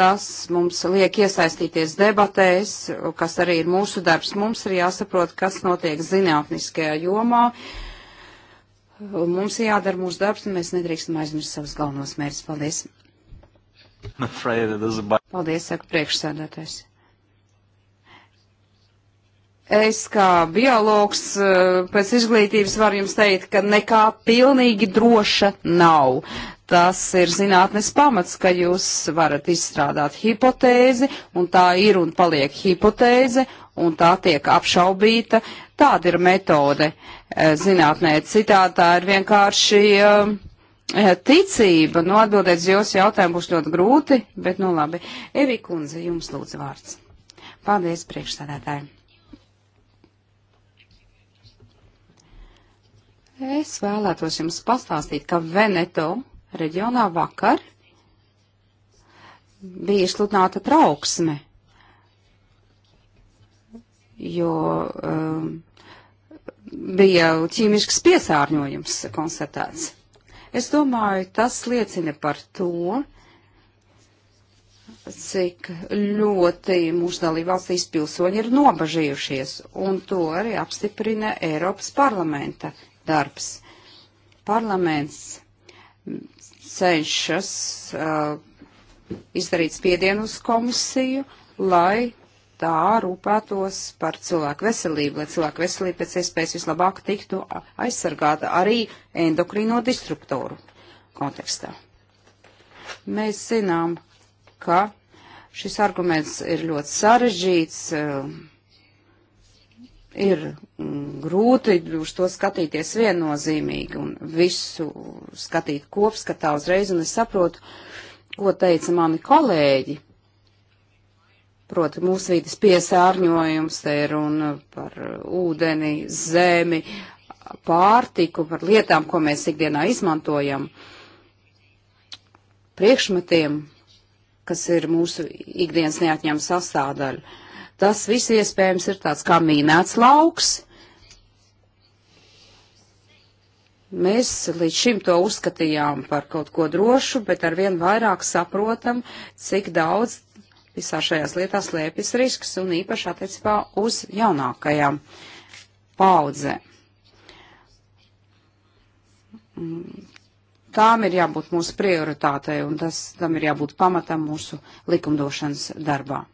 tas mums liek iesaistīties debatēs, kas arī ir mūsu darbs. Mums ir jāsaprot, kas notiek zinātniskajā jomā. Mums ir jādara mūsu darbs, un mēs nedrīkstam aizmirst savus galvenos mērķus. Paldies! Paldies, saka priekšsēdētājs. Es kā biologs eh, pēc izglītības varu jums teikt, ka nekā pilnīgi droša nav. Tas ir zinātnes pamats, ka jūs varat izstrādāt hipotēzi, un tā ir un paliek hipotēze, un tā tiek apšaubīta. Tāda ir metode eh, zinātnē. Citādi tā ir vienkārši eh, ticība. Nu, atbildēt uz jūsu jautājumu būs ļoti grūti, bet nu labi. Evi Kunze, jums lūdzu vārds. Paldies priekšsēdētājiem. Es vēlētos jums pastāstīt, ka Veneto reģionā vakar bija izsludināta trauksme, jo um, bija ķīmisks piesārņojums konstatēts. Es domāju, tas liecina par to, cik ļoti mūsu dalībvalstīs pilsoņi ir nobažījušies, un to arī apstiprina Eiropas parlamenta darbs. Parlaments cenšas uh, izdarīt spiedienu uz komisiju, lai tā rūpētos par cilvēku veselību, lai cilvēku veselība pēc iespējas vislabāk tiktu aizsargāta arī endokrīno disruptoru kontekstā. Mēs zinām, ka šis arguments ir ļoti sarežģīts. Uh, ir mm, grūti uz to skatīties viennozīmīgi un visu skatīt kopskatā uzreiz, un es saprotu, ko teica mani kolēģi. Proti, mūsu vidas piesārņojums te ir un par ūdeni, zemi, pārtiku, par lietām, ko mēs ikdienā izmantojam, priekšmetiem, kas ir mūsu ikdienas neatņem sastādaļa Tas viss iespējams ir tāds kā mīnēts lauks. Mēs līdz šim to uzskatījām par kaut ko drošu, bet arvien vairāk saprotam, cik daudz visā šajās lietās liepjas risks un īpaši attiecībā uz jaunākajām paudzēm. Tām ir jābūt mūsu prioritātei un tas, tam ir jābūt pamatam mūsu likumdošanas darbā.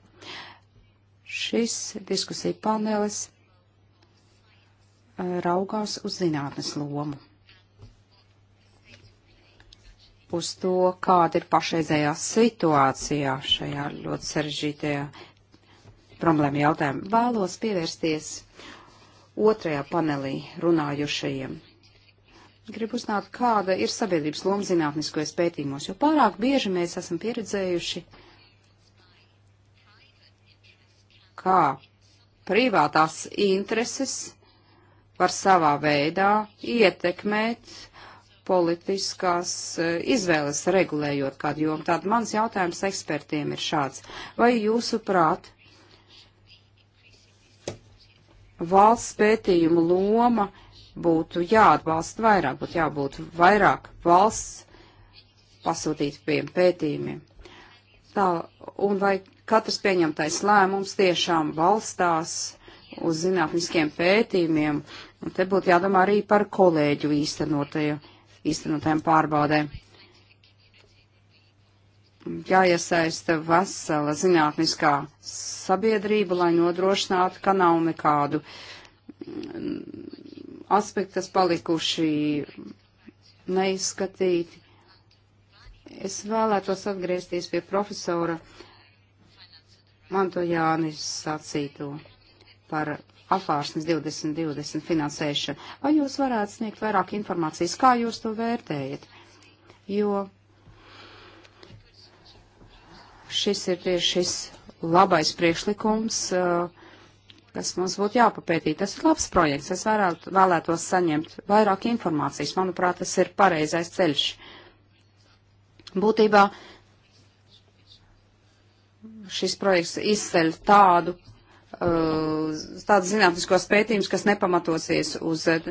Šis diskusija panelis eh, raugās uz zinātnes lomu, uz to, kāda ir pašreizējā situācijā šajā ļoti sarežģītajā problēma jautājumā. Vēlos pievērsties otrajā panelī runājušajiem. Gribu uzzināt, kāda ir sabiedrības loma zinātniskajos pētījumos, jo pārāk bieži mēs esam pieredzējuši uh, kā privātās intereses var savā veidā ietekmēt politiskās eh, izvēles regulējot kādu jomu. Tātad mans jautājums ekspertiem ir šāds. Vai jūsuprāt valsts pētījumu loma būtu jāatbalsta vairāk, būtu jābūt vairāk valsts pasūtīt pie pētījumiem? Tā, un vai katrs pieņemtais lēmums tiešām balstās uz zinātniskiem pētījumiem, un te būtu jādomā arī par kolēģu īstenotajiem pārbaudēm. Jāiesaista vesela zinātniskā sabiedrība, lai nodrošinātu, ka nav nekādu mm, aspektu, kas palikuši neizskatīti. Es vēlētos atgriezties pie profesora uh, Manto Jānis sacīto par apvārsnes 2020 finansēšanu. Vai jūs varētu sniegt vairāk informācijas, kā jūs to vērtējat? Jo šis ir tieši šis labais priekšlikums, eh, kas mums būtu jāpapētīt. Tas ir labs projekts. Es varētu, vēlētos saņemt vairāk informācijas. Manuprāt, tas ir pareizais ceļš. Būtībā šis projekts izceļ tādu, uh, tādu zinātniskos pētījumus, kas nepamatosies uz uh,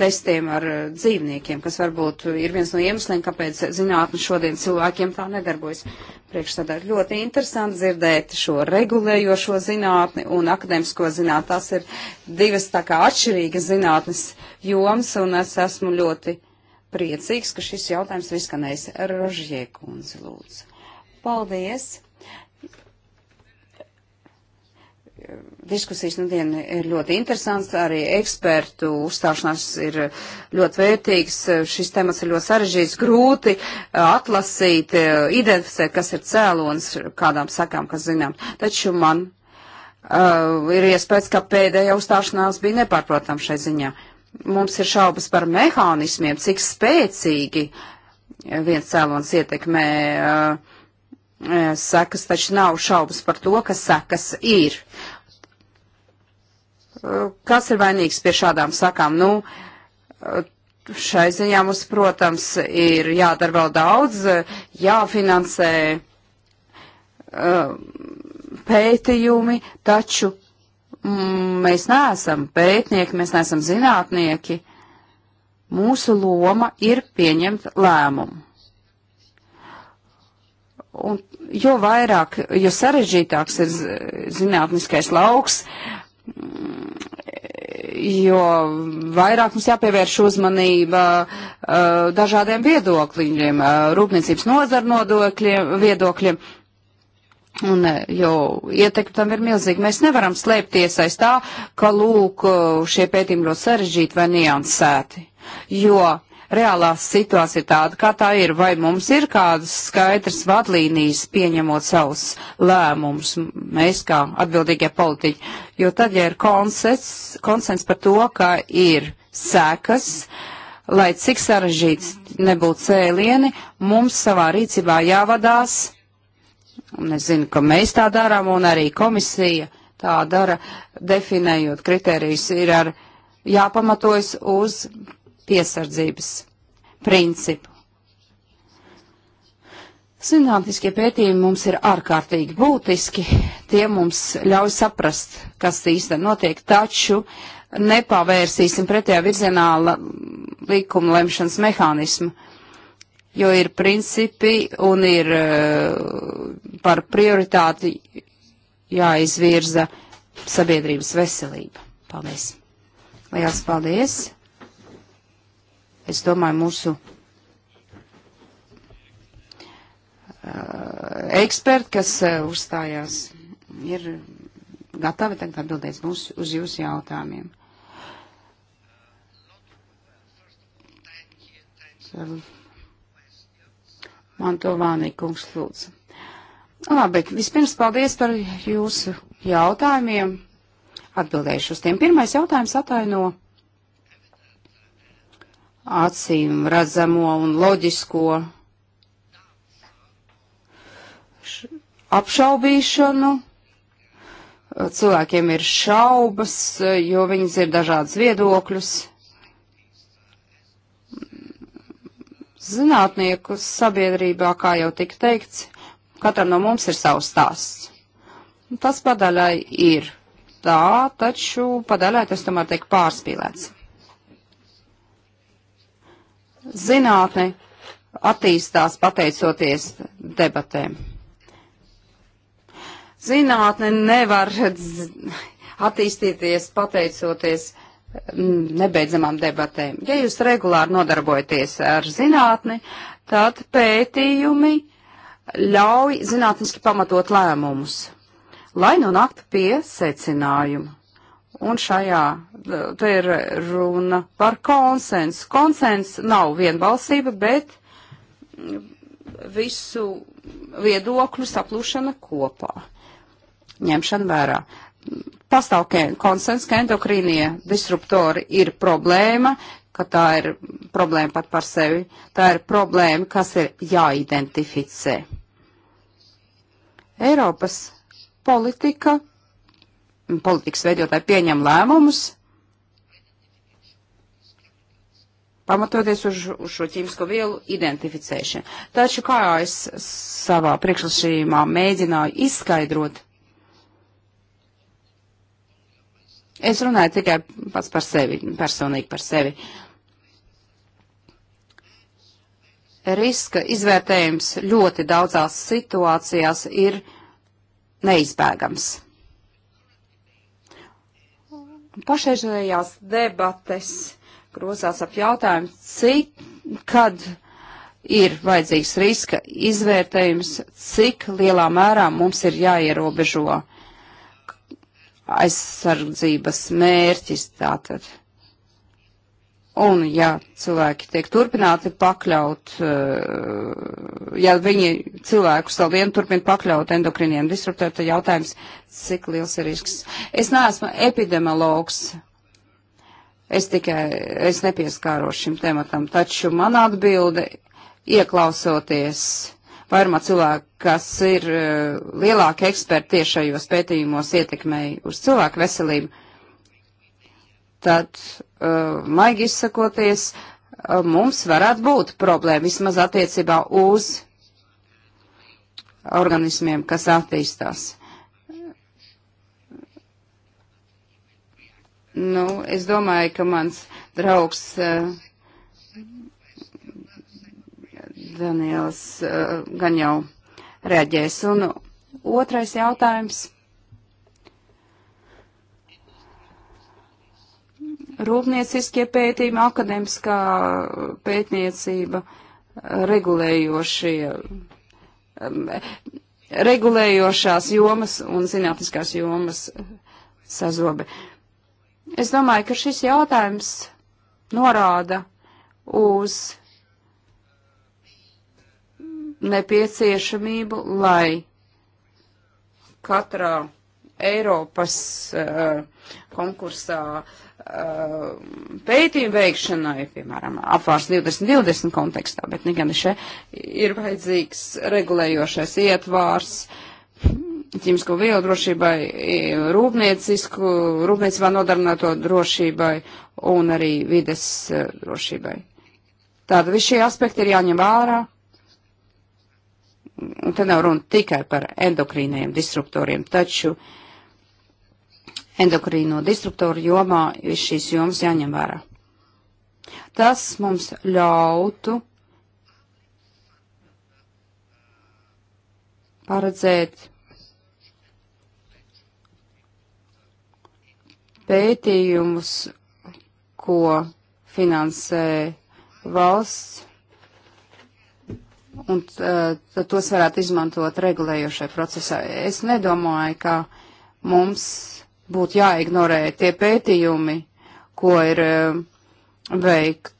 testiem ar uh, dzīvniekiem, kas varbūt ir viens no iemesliem, kāpēc zinātne šodien cilvēkiem tā nedarbojas. Priekšstādā ļoti interesanti dzirdēt šo regulējošo zinātni un akademisko zinātni. Tās ir divas tā kā atšķirīgas zinātnes joms, un es esmu ļoti priecīgs, ka šis jautājums viskanēs. Rožie kundze, lūdzu. Paldies! diskusijas nu diena ir ļoti interesants, arī ekspertu uzstāšanās ir ļoti vērtīgs, šis temats ir ļoti sarežģīts, grūti eh, atlasīt, eh, identificēt, kas ir cēlonis, kādām sakām, kas zinām. Taču man uh, ir iespējas, ka pēdējā uzstāšanās bija nepārprotam šai ziņā. Mums ir šaubas par mehānismiem, cik spēcīgi viens cēlonis ietekmē uh, sekas, taču nav šaubas par to, ka sekas ir. Kas ir vainīgs pie šādām sakām? Nu, šai ziņā mums, protams, ir jādara vēl daudz, jāfinansē eh, pētījumi, taču mm, mēs neesam pētnieki, mēs neesam zinātnieki. Mūsu loma ir pieņemt lēmumu. Un jo vairāk, jo sarežģītāks ir zinātniskais lauks, jo vairāk mums jāpievērš uzmanība uh, dažādiem viedokļiem, uh, rūpniecības nozara nodokļiem, viedokļiem. Un, uh, jo ietekmi tam ir milzīgi. Mēs nevaram slēpties aiz tā, ka lūk, šie pētījumi ļoti sarežģīti vai niansēti. Jo uh, reālā situācija tāda, kā tā ir, vai mums ir kādas skaidras vadlīnijas pieņemot savus lēmumus, mēs kā atbildīgie politiķi, jo tad, ja ir konsens, konsens par to, ka ir sekas, lai cik sarežģīts nebūtu cēlieni, mums savā rīcībā jāvadās, un es zinu, ka mēs tā darām, un arī komisija tā dara, definējot kriterijus, ir ar jāpamatojas uz piesardzības principu. Zinātniskie pētījumi mums ir ārkārtīgi būtiski, tie mums ļauj saprast, kas īsti notiek, taču nepavērsīsim pretējā virzienā likuma lemšanas mehānismu, jo ir principi un ir eh, par prioritāti jāizvirza sabiedrības veselība. Paldies! Liels paldies! Es domāju, mūsu eksperti, kas uzstājās, ir gatavi tagad atbildēt mūsu, uz jūsu jautājumiem. Man to vānīgi kungs lūdzu. Labi, vispirms paldies par jūsu jautājumiem. Atbildēšu uz tiem. Pirmais jautājums ataino acīm redzamo un loģisko apšaubīšanu. Cilvēkiem ir šaubas, jo viņas ir dažādas viedokļus. Zinātnieku sabiedrībā, kā jau tika teikts, katram no mums ir savs stāsts. Tas padaļai ir tā, taču padaļai tas tomēr tiek pārspīlēts zinātne attīstās pateicoties debatēm. Zinātne nevar attīstīties pateicoties mm, nebeidzamām debatēm. Ja jūs regulāri nodarbojaties ar zinātni, tad pētījumi ļauj zinātniski pamatot lēmumus, lai nonāktu pie secinājumu. Un šajā te ir runa par konsensu. Konsens nav vienbalsība, bet visu viedokļu saplūšana kopā. Ņemšana vērā. Pastāv konsens, ka endokrīnie disruptori ir problēma, ka tā ir problēma pat par sevi. Tā ir problēma, kas ir jāidentificē. Eiropas politika politikas veidotāji pieņem lēmumus, pamatoties uz, uz šo ķīmisko vielu identificēšanu. Taču kā es savā priekšlasījumā mēģināju izskaidrot, es runāju tikai pats par sevi, personīgi par sevi. Riska izvērtējums ļoti daudzās situācijās ir neizbēgams pašreizējās debates grozās ap jautājumu, cik, kad ir vajadzīgs riska izvērtējums, cik lielā mērā mums ir jāierobežo aizsardzības mērķis tātad. Un ja cilvēki tiek turpināti pakļaut, eh, ja viņi cilvēkus vēl vien turpina pakļaut endokriniem disruptoriem, tad jautājums, cik liels ir risks. Es neesmu epidemiologs, es tikai, es nepieskāros šim tematam, taču man atbilde, ieklausoties vairumā cilvēku, kas ir eh, lielāki eksperti tiešajos pētījumos ietekmēji uz cilvēku veselību tad, uh, maigi izsakoties, uh, mums varētu būt problēma vismaz attiecībā uz organismiem, kas attīstās. Nu, es domāju, ka mans draugs uh, Daniels uh, gan jau reaģēs. Un otrais jautājums rūpnieciskie pētījumi, akademiskā pētniecība, regulējošie, um, regulējošās jomas un zinātniskās jomas sazobe. Es domāju, ka šis jautājums norāda uz nepieciešamību, lai katrā Eiropas uh, konkursā uh, eh, pētījumu veikšanai, piemēram, apvārs 2020 kontekstā, bet negan še ir vajadzīgs regulējošais ietvārs ķīmisko vielu drošībai, rūpniecisku, rūpniecībā nodarbināto drošībai un arī vides eh, drošībai. Tātad visi šie aspekti ir jāņem vērā. Un te nav runa tikai par endokrīniem disruptoriem, taču uh, endokrīno disruptoru jomā šīs jomas jāņem vērā. Tas mums ļautu paredzēt pētījumus, ko finansē valsts, un uh, tos varētu izmantot regulējošai procesā. Es nedomāju, ka mums būtu jāignorē tie pētījumi, ko ir eh, veik,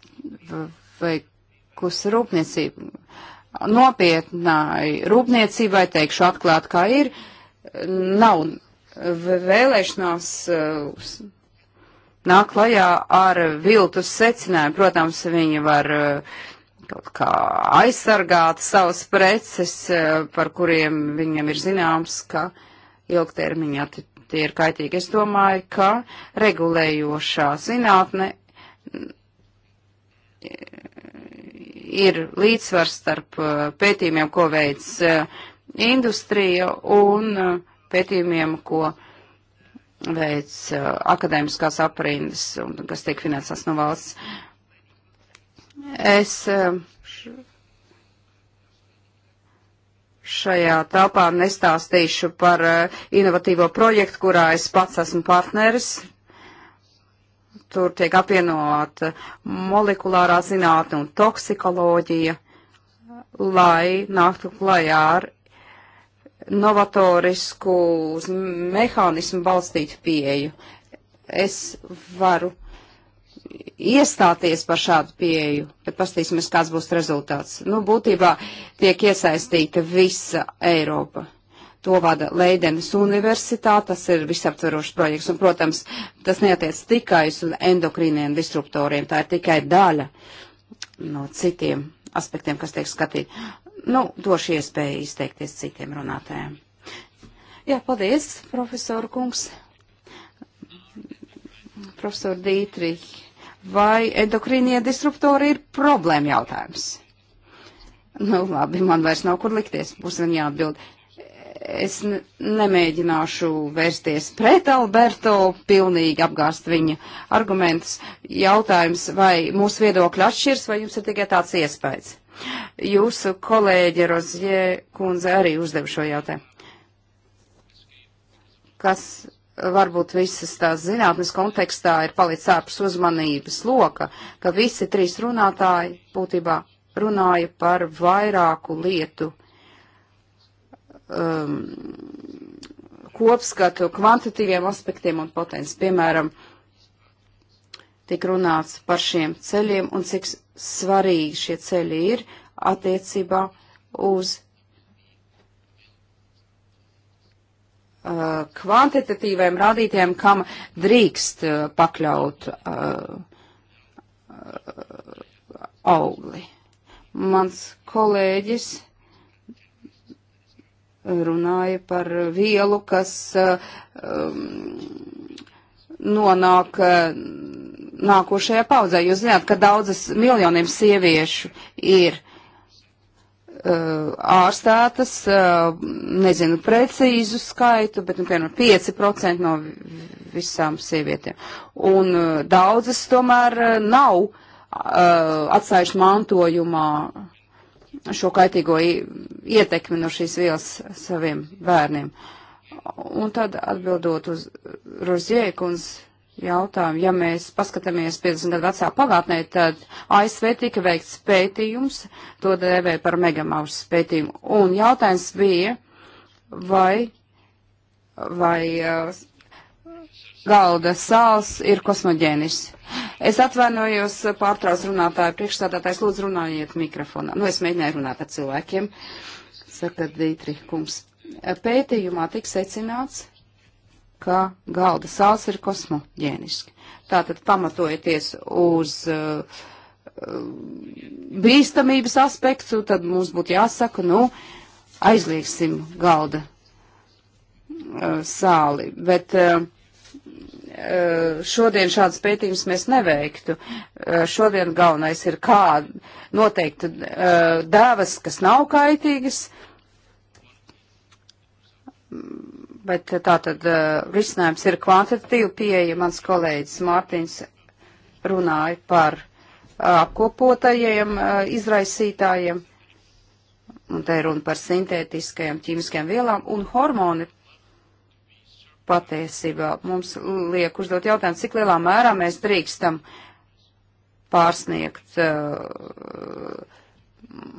veikusi rūpniecība. Nopietnai rūpniecībai, teikšu atklāt, kā ir, nav vēlēšanās eh, nāk klajā ar viltus secinājumu. Protams, viņi var eh, kaut kā aizsargāt savas preces, par kuriem viņam ir zināms, ka ilgtermiņā tie ir kaitīgi. Es domāju, ka regulējošā zinātne ir līdzsvars starp uh, pētījumiem, ko veic uh, industrija un uh, pētījumiem, ko veic akadēmiskās aprindas un kas tiek finansēts no valsts. Es uh, šajā telpā nestāstīšu par uh, inovatīvo projektu, kurā es pats esmu partneris. Tur tiek apvienot molekulārā zinātne un toksikoloģija, lai nāktu klajā ar novatorisku uz mehānismu balstītu pieeju. Es varu iestāties par šādu pieeju, bet pastīsimies, kāds būs rezultāts. Nu, būtībā tiek iesaistīta visa Eiropa. To vada Leidenes universitāte, tas ir visaptverošs projekts, un, protams, tas neatiec tikai uz endokrīniem disruptoriem, tā ir tikai daļa no citiem aspektiem, kas tiek skatīti. Nu, došu iespēju izteikties citiem runātājiem. Jā, paldies, profesoru kungs. Profesor Dītrih vai endokrīnie disruptori ir problēma jautājums? Nu, labi, man vairs nav kur likties, būs vien jāatbild. Es ne nemēģināšu vērsties pret Alberto, pilnīgi apgāst viņa argumentus. Jautājums, vai mūsu viedokļi atšķirs, vai jums ir tikai tāds iespējas? Jūsu kolēģe Rozie kundze arī uzdev šo jautājumu. Kas varbūt visas tās zinātnes kontekstā ir palicis ārpus uzmanības loka, ka visi trīs runātāji būtībā runāja par vairāku lietu um, kopskatu, kvantitīviem aspektiem un potenci. Piemēram, tik runāts par šiem ceļiem un cik svarīgi šie ceļi ir attiecībā uz Uh, kvantitatīviem rādītājiem, kam drīkst uh, pakļaut uh, augli. Mans kolēģis runāja par vielu, kas um, nonāk nākošajā paudzē. Jūs zināt, ka daudzas miljoniem sieviešu ir uh, Eh, ārstētas, eh, nezinu precīzu skaitu, bet, nu, piemēram, 5% no visām sievietēm. Un eh, daudzas tomēr nav atstājuši mantojumā šo kaitīgo ietekmi no šīs vielas saviem bērniem. Un tad atbildot uz Roziekundzes jautājumu. Ja mēs paskatāmies 50 gadu vecā pagātnē, tad ASV tika veikts pētījums, to dēvē par megamausu pētījumu. Un jautājums bija, vai, vai uh, galda sāls ir kosmoģēnis. Es atvainojos pārtrauc runātāju priekšstādātājs, lūdzu runājiet mikrofonā. Nu, es mēģināju runāt ar cilvēkiem, saka Dītri kungs. Pētījumā tik secināts, ka galda sāls ir kosmoģēniski. Tātad pamatojoties uz uh, bīstamības aspektu, tad mums būtu jāsaka, nu, aizliegsim galda uh, sāli. Bet uh, uh šodien šādas pētījumus mēs neveiktu. Uh, šodien galvenais ir kā noteikti uh, dēvas, kas nav kaitīgas, Bet eh, tā tad uh, eh, risinājums ir kvantitatīva pieeja. Mans kolēģis Mārtiņš runāja par eh, apkopotajiem uh, uh, izraisītājiem, un te ir runa par sintētiskajām ķīmiskajām vielām, un hormoni patiesībā mums liek uzdot jautājumu, cik lielā mērā mēs drīkstam pārsniegt uh,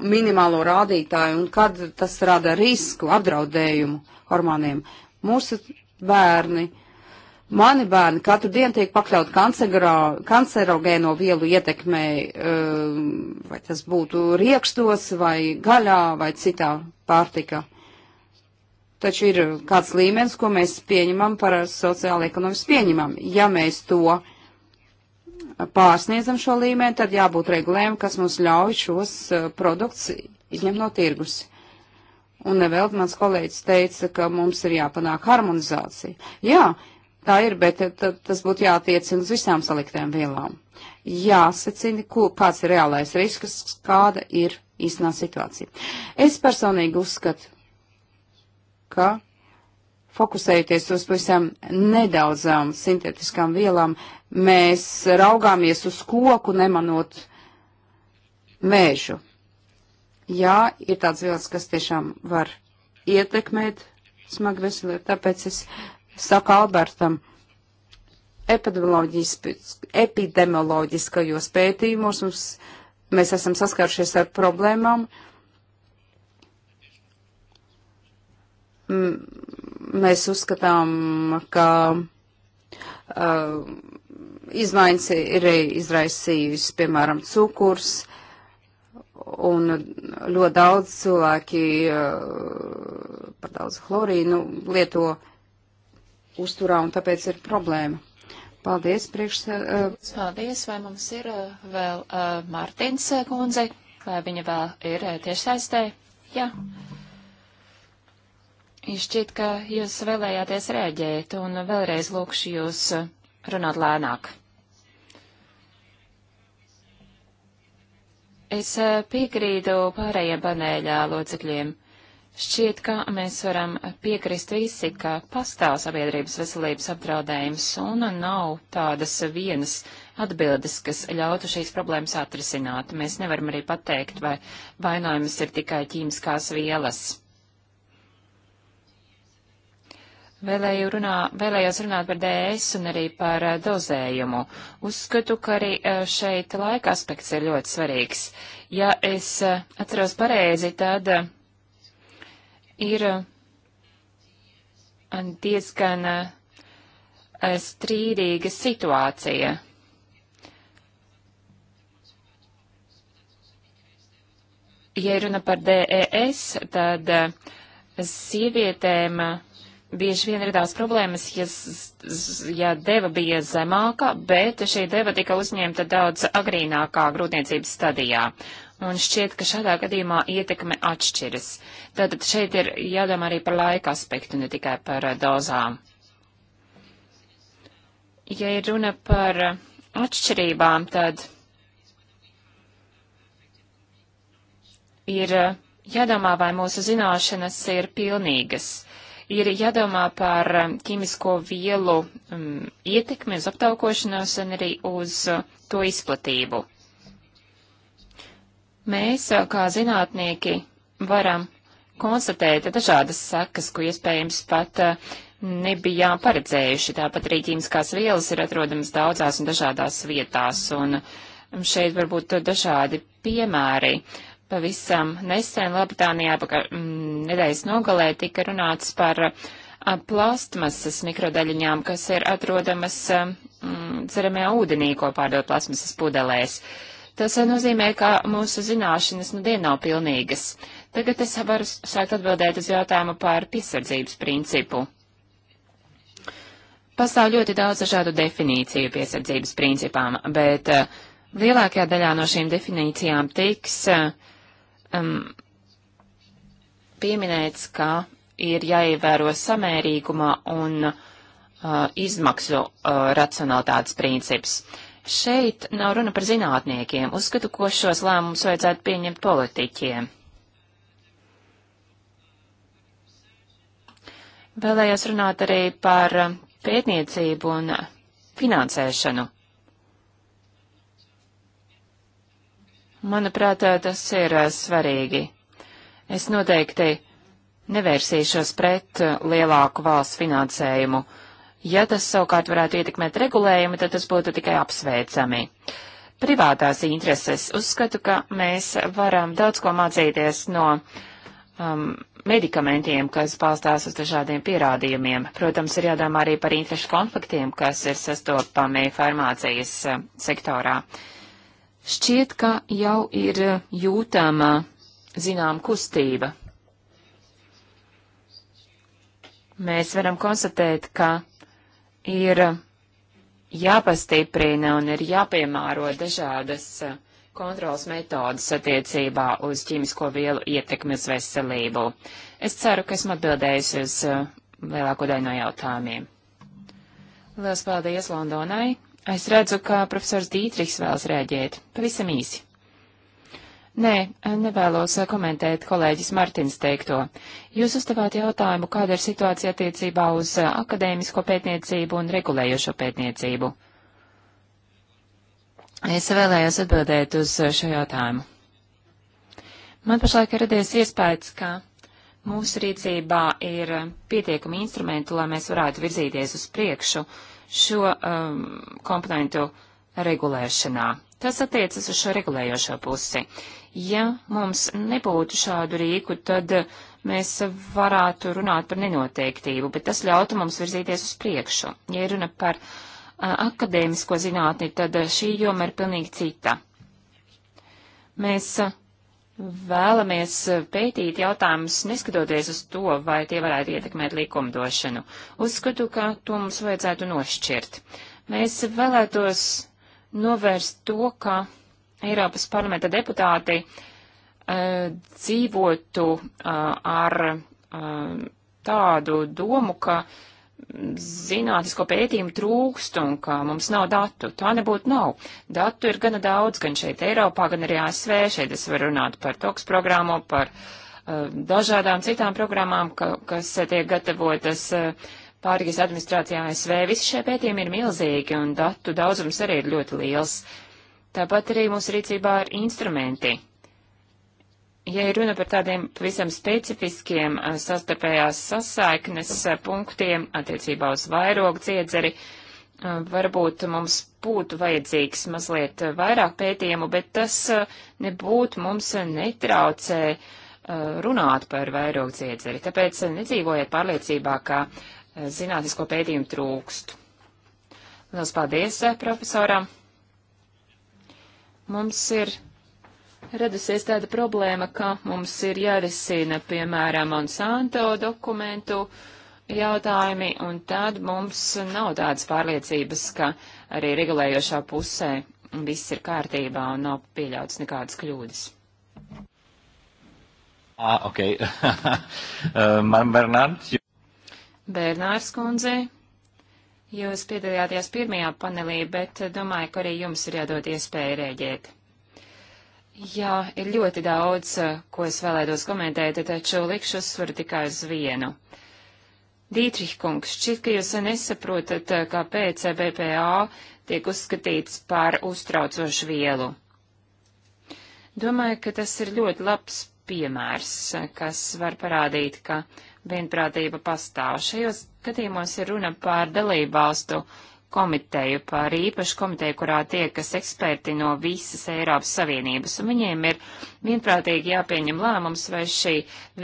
minimālo rādītāju un kad tas rada risku apdraudējumu hormoniem. Uh, Mūsu bērni, mani bērni katru dienu tiek pakļaut kancerogēno vielu ietekmē, um, vai tas būtu riekstos, vai gaļā, vai citā pārtika. Taču ir kāds līmenis, ko mēs pieņemam par sociāli ekonomiski pieņemam. Ja mēs to pārsniedzam šo līmeni, tad jābūt regulējumam, kas mums ļauj šos uh, produktus izņemt no tirgus. Un nevēl mans kolēģis teica, ka mums ir jāpanāk harmonizācija. Jā, tā ir, bet tas būtu jātiecina uz visām saliktēm vielām. Jāsacina, kāds ir reālais risks, kāda ir īstenā situācija. Es personīgi uzskatu, ka fokusējoties uz pavisam nedaudzām sintētiskām vielām, mēs raugāmies uz koku, nemanot mēžu. Jā, ir tāds vielas, kas tiešām var ietekmēt smagu veselību, tāpēc es saku Albertam, epidemioloģiskajos pētījumos mums, mēs esam saskāršies ar problēmām. M mēs uzskatām, ka uh, izmaiņas ir izraisījusi, piemēram, cukurs, uh, Un ļoti daudz cilvēki eh, par daudz chlorīnu lieto uzturā, un tāpēc ir problēma. Paldies, priekšsēdētājs. Eh, Paldies, vai mums ir eh, vēl uh, Mārtiņas kundze, vai viņa vēl ir tiešsaistē? Jā. Šķiet, ka jūs vēlējāties rēģēt, un vēlreiz lūkšu jūs runāt lēnāk. Es eh, piekrītu pārējiem panēļā locekļiem. Šķiet, ka mēs varam piekrist visi, ka pastāv sabiedrības veselības apdraudējums un nav tādas vienas atbildes, kas ļautu šīs problēmas atrisināt. Mēs nevaram arī pateikt, vai vainojums ir tikai ķīmiskās vielas. Vēlēju runā, vēlējos runāt par DS un arī par eh, dozējumu. Uzskatu, ka arī eh, šeit laika aspekts ir ļoti svarīgs. Ja es eh, atceros pareizi, tad ir diezgan strīdīga situācija. Ja runa par DES, tad sievietēm bieži vien radās problēmas, ja, ja deva bija zemāka, bet šī deva tika uzņemta daudz agrīnākā grūtniecības stadijā. Un šķiet, ka šādā gadījumā ietekme atšķiras. Tātad šeit ir jādomā arī par laika aspektu, ne tikai par eh, dozām. Ja ir runa par atšķirībām, tad ir eh, jādomā, vai mūsu zināšanas ir pilnīgas. Uh, ir jādomā par um, ķīmisko vielu um, ietekmi uz aptaukošanos un arī uz uh, to izplatību. Mēs, uh, kā zinātnieki, varam konstatēt dažādas sakas, ko iespējams pat uh, nebijām paredzējuši. Tāpat arī ķīmiskās vielas ir atrodamas daudzās un dažādās vietās, un um, šeit varbūt dažādi piemēri. Uh, Pavisam nesen Lielbritānijā mm, nedēļas nogalē tika runāts par a, plastmasas mikrodaļiņām, kas ir atrodamas mm, ceramajā ūdenī, ko pārdod plastmasas pudelēs. Tas a, nozīmē, ka mūsu zināšanas nu dien nav pilnīgas. Tagad es varu sākt atbildēt uz jautājumu par piesardzības principu. Pastāv ļoti daudz dažādu definīciju piesardzības principām, bet a, lielākajā daļā no šīm definīcijām tiks uh, um, pieminēts, ka ir jāievēro samērīguma un uh, izmaksu uh, racionalitātes princips. Šeit nav runa par zinātniekiem. Uzskatu, ko šos lēmumus vajadzētu pieņemt politiķiem. Vēlējos runāt arī par pētniecību un finansēšanu. Manuprāt, tas ir svarīgi. Es noteikti nevērsīšos pret lielāku valsts finansējumu. Ja tas savukārt varētu ietekmēt regulējumu, tad tas būtu tikai apsveicami. Privātās intereses. Uzskatu, ka mēs varam daudz ko mācīties no um, medikamentiem, kas balstās uz dažādiem pierādījumiem. Protams, ir jādomā arī par interešu konfliktiem, kas ir sastopami farmācijas sektorā. Uh, Šķiet, ka jau ir eh, jūtama zinām kustība. Mēs varam konstatēt, ka ir jāpastiprina un ir jāpiemēro dažādas eh, kontrols metodas attiecībā uz ķīmisko vielu ietekmi uz veselību. Es ceru, ka esmu atbildējusi uz eh, lielāko daļu no jautājumiem. Lielas paldies Londonai! Es redzu, ka profesors Dītriks vēlas rēģēt. Pavisam īsi. Nē, nevēlos komentēt kolēģis Martins teikto. Jūs uzdevāt jautājumu, kāda ir situācija attiecībā uz akadēmisko pētniecību un regulējošo pētniecību. Es vēlējos atbildēt uz šo jautājumu. Man pašlaik ir radies iespējas, ka mūsu rīcībā ir pietiekami instrumenti, lai mēs varētu virzīties uz priekšu šo um, komponentu regulēšanā. Tas attiecas uz šo regulējošo pusi. Ja mums nebūtu šādu rīku, tad mēs varētu runāt par nenoteiktību, bet tas ļautu mums virzīties uz priekšu. Ja runa par uh, akadēmisko zinātni, tad šī joma ir pilnīgi cita. Mēs uh, Vēlamies eh, pētīt jautājumus, neskatoties uz to, vai tie varētu ietekmēt likumdošanu. Uzskatu, ka to mums vajadzētu nošķirt. Mēs vēlētos novērst to, ka Eiropas parlamenta deputāti uh, dzīvotu uh, ar uh, tādu domu, ka uh, zinātnisko pētījumu trūkst un ka mums nav datu. Tā nebūtu nav. Datu ir gana daudz, gan šeit Eiropā, gan arī ASV. Šeit es varu runāt par TOKS programmu, par uh, dažādām citām programmām, ka, kas tiek gatavotas uh, pārīgas administrācijā ASV. Visi šie pētījumi ir milzīgi un datu daudzums arī ir ļoti liels. Tāpat arī mūsu rīcībā ir instrumenti. Ja ir runa par tādiem pavisam specifiskiem eh, sastarpējās sasaiknes eh, punktiem attiecībā uz vairogu dziedzeri, eh, varbūt mums būtu vajadzīgs mazliet vairāk pētījumu, bet tas nebūtu mums netraucē runāt par vairogu dziedzeri. Tāpēc nedzīvojiet pārliecībā, ka zinātnisko pētījumu trūkst. Lielas paldies profesoram! Mums ir radusies tāda problēma, ka mums ir jārisina, piemēram, Monsanto dokumentu jautājumi, un tad mums nav tādas pārliecības, ka arī regulējošā pusē viss ir kārtībā un nav pieļauts nekādas kļūdas. Ah, ok. Man Bernārds. Jū... Bernārs kundze, jūs piedalījāties pirmajā panelī, bet uh, domāju, ka arī jums ir jādod iespēja rēģēt. Jā, ir ļoti daudz, eh, ko es vēlētos komentēt, taču likšu uzsvaru tikai uz vienu. Dītrihkungs, šķiet, ka jūs nesaprotat, eh, kāpēc BPA tiek uzskatīts par uztraucošu vielu. Domāju, ka tas ir ļoti labs piemērs, eh, kas var parādīt, ka vienprātība pastāv. Šajos gadījumos ir runa par dalībvalstu komiteju, par īpašu komiteju, kurā tiekas eksperti no visas Eiropas Savienības, un viņiem ir vienprātīgi jāpieņem lēmums, vai šī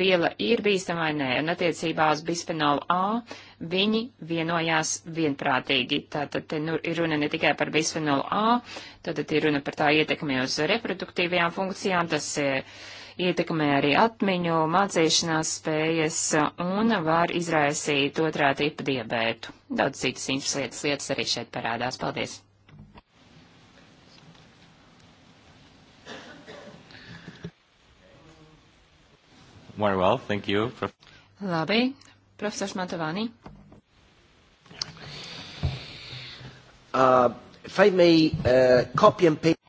viela ir bīstama vai nē, un attiecībā uz bisfenolu A viņi vienojās vienprātīgi. Tātad te nu, ir runa ne tikai par bisfenolu A, tātad ir runa par tā ietekmi uz reproduktīvajām funkcijām, tas ir ietekmē arī atmiņu, mācīšanās spējas un var izraisīt otrā tipa diabētu. Daudz citas interesantas lietas, lietas arī šeit parādās. Paldies! Very well, thank you. Prof. Labi, profesors Mantovani. Uh, if I may uh, copy and paste.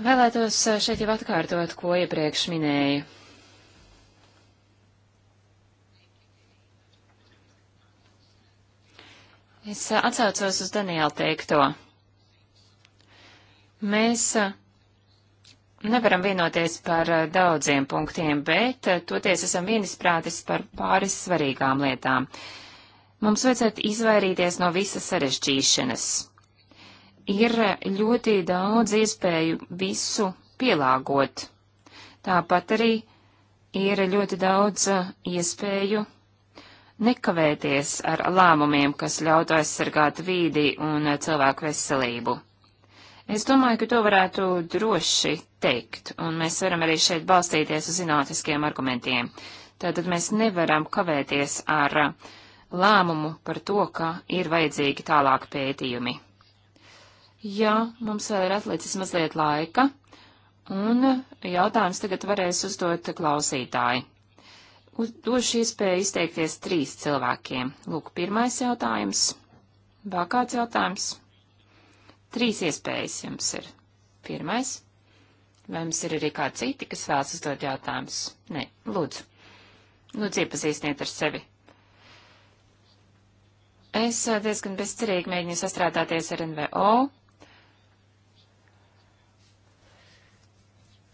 Vēlētos eh, šeit jau atkārtot, ko iepriekš minēju. Es eh, atsaucos uz Daniela teikto. Mēs eh, nevaram vienoties par daudziem punktiem, bet toties esam vienisprātis par pāris svarīgām lietām. Mums vajadzētu izvairīties no visas sarežģīšanas ir ļoti daudz iespēju visu pielāgot. Tāpat arī ir ļoti daudz uh, iespēju nekavēties ar lēmumiem, kas ļautu aizsargāt vīdi un uh, cilvēku veselību. Es domāju, ka to varētu droši teikt, un mēs varam arī šeit balstīties uz zinātniskiem argumentiem. Tātad mēs nevaram kavēties ar uh, lēmumu par to, ka ir vajadzīgi tālāk pētījumi. Jā, mums vēl ir atlicis mazliet laika, un jautājums tagad varēs uzdot klausītāji. Uz, došu iespēju izteikties trīs cilvēkiem. Lūk, pirmais jautājums. Vēl kāds jautājums? Trīs iespējas jums ir. Pirmais. Vai jums ir arī kādi citi, kas vēlas uzdot jautājumus? Nē, lūdzu. Lūdzu, iepazīstiniet ar sevi. Es eh, diezgan bezcerīgi mēģinu sastrādāties ar NVO,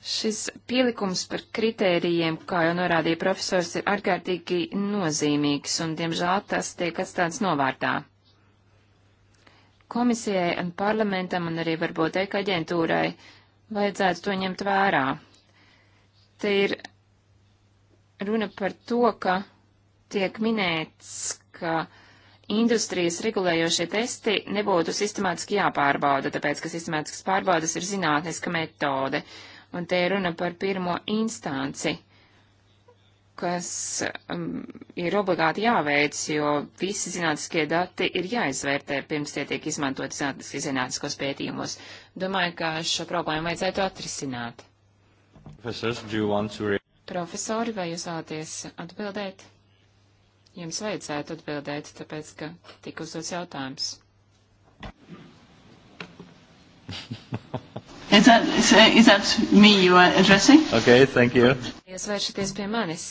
Šis pielikums par kritērijiem, kā jau norādīja profesors, ir ārkārtīgi nozīmīgs, un, diemžēl, tas tiek atstāts novārtā. Komisijai un parlamentam un arī varbūt eka aģentūrai vajadzētu to ņemt vērā. Te ir runa par to, ka tiek minēts, ka industrijas regulējošie testi nebūtu sistemātiski jāpārbauda, tāpēc, ka sistemātiskas pārbaudas ir zinātniska metode. Uh, un te ir runa par pirmo instanci, kas um, ir obligāti jāveic, jo visi zinātniskie dati ir jāizvērtē, pirms tie tiek izmantoti zinātniski zinātniskos pētījumos. Domāju, ka šo problēmu vajadzētu atrisināt. Professors, do you want to... Profesori, vai jūs vēlaties atbildēt? Jums vajadzētu atbildēt, tāpēc, ka tika uzdots jautājums. Is that, is that me you are addressing? Okay, thank you. Jūs vēršaties pie manis.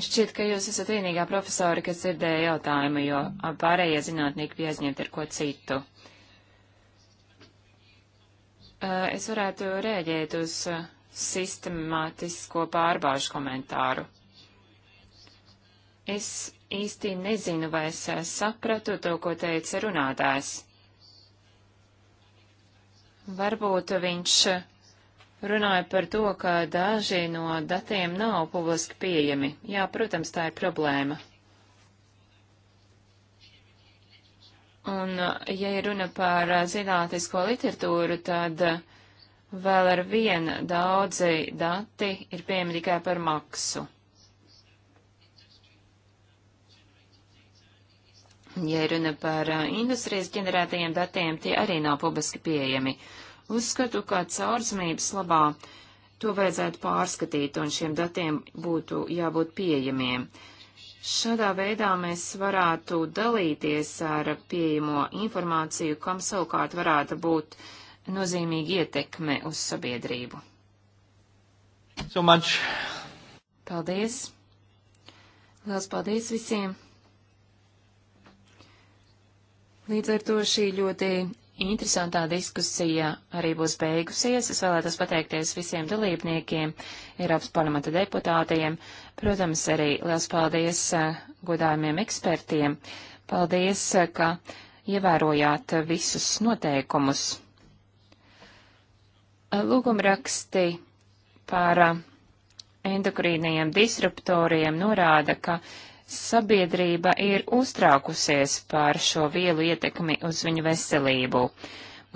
Šķiet, ka jūs esat vienīgā profesori, kas dzirdēja jautājumu, jo pārējie zinātnieki bija aizņemti ar ko citu. Uh, es varētu rēģēt uz uh, sistemātisko pārbaužu komentāru. Es īsti nezinu, vai es eh, sapratu to, ko teica runātājs. Varbūt viņš eh, runāja par to, ka daži no datiem nav publiski pieejami. Jā, protams, tā ir problēma. Un, eh, ja ir runa par zinātnisko literatūru, tad vēl ar vienu daudzi dati ir pieejami tikai par maksu. Ja runa par industrijas ģenerētajiem datiem, tie arī nav publiski pieejami. Uzskatu, ka caursmības labā to vajadzētu pārskatīt un šiem datiem būtu jābūt pieejamiem. Šādā veidā mēs varētu dalīties ar pieejamo informāciju, kam savukārt varētu būt nozīmīga ietekme uz sabiedrību. So much. Paldies! Lielas paldies visiem! Līdz ar to šī ļoti interesantā diskusija arī būs beigusies. Es vēlētos pateikties visiem dalībniekiem, Eiropas parlamenta deputātiem, protams, arī liels paldies eh, godājumiem ekspertiem. Paldies, eh, ka ievērojāt visus noteikumus. Eh, lūgumraksti par endokrīnajiem disruptoriem norāda, ka Sabiedrība ir uztraukusies par šo vielu ietekmi uz viņu veselību.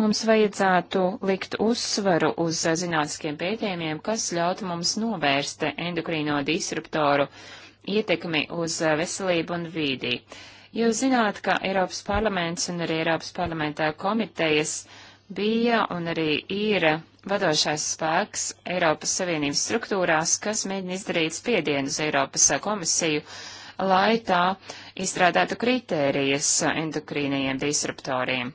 Mums vajadzētu likt uzsvaru uz zinātniskiem pētījumiem, kas ļautu mums novērst endokrīno disruptoru ietekmi uz veselību un vīdi. Jūs zināt, ka Eiropas parlaments un arī Eiropas parlamentā komitejas bija un arī ir vadošais spēks Eiropas Savienības struktūrās, kas mēģina izdarīt spiedienu uz Eiropas komisiju, uh, lai tā izstrādātu kritērijas endokrīnajiem disruptoriem.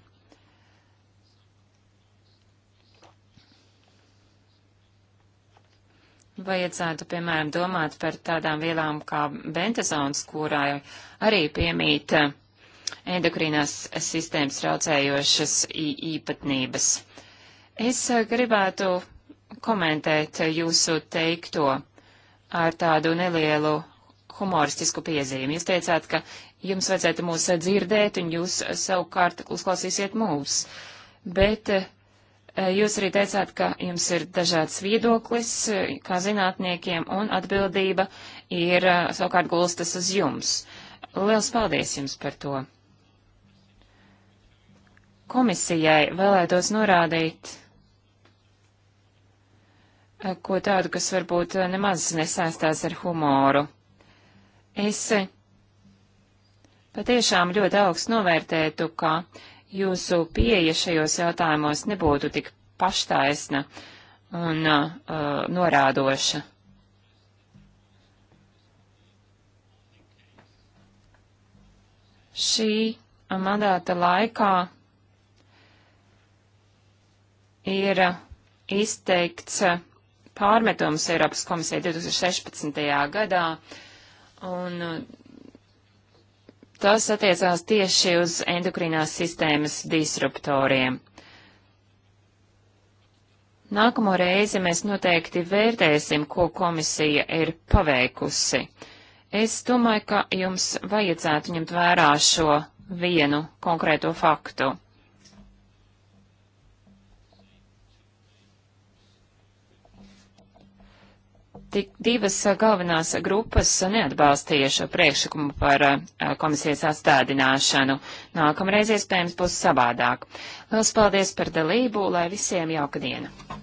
Vajadzētu, piemēram, domāt par tādām vielām kā bentazons, kurai arī piemīt endokrīnās sistēmas traucējošas īpatnības. Es gribētu komentēt jūsu teikto ar tādu nelielu humoristisku piezīmi. Jūs teicāt, ka jums vajadzētu mūs dzirdēt, un jūs savukārt uzklausīsiet mūs. Bet eh, jūs arī teicāt, ka jums ir dažāds viedoklis, eh, kā zinātniekiem, un atbildība ir eh, savukārt gulstas uz jums. Liels paldies jums par to! Komisijai vēlētos norādīt ko tādu, kas varbūt nemaz nesaistās ar humoru. Es patiešām ļoti augstu novērtētu, ka jūsu pieeja šajos jautājumos nebūtu tik paštaisna un uh, norādoša. Šī mandāta laikā ir izteikts pārmetums Eiropas komisijai 2016. gadā Un uh, tas attiecās tieši uz endokrinās sistēmas disruptoriem. Nākamo reizi mēs noteikti vērtēsim, ko komisija ir paveikusi. Es domāju, ka jums vajadzētu ņemt vērā šo vienu konkrēto faktu. Tik divas galvenās grupas neatbalstīja šo priekšlikumu par komisijas atstādināšanu. Nākamreiz iespējams būs savādāk. Lielas paldies par dalību, lai visiem jauka diena!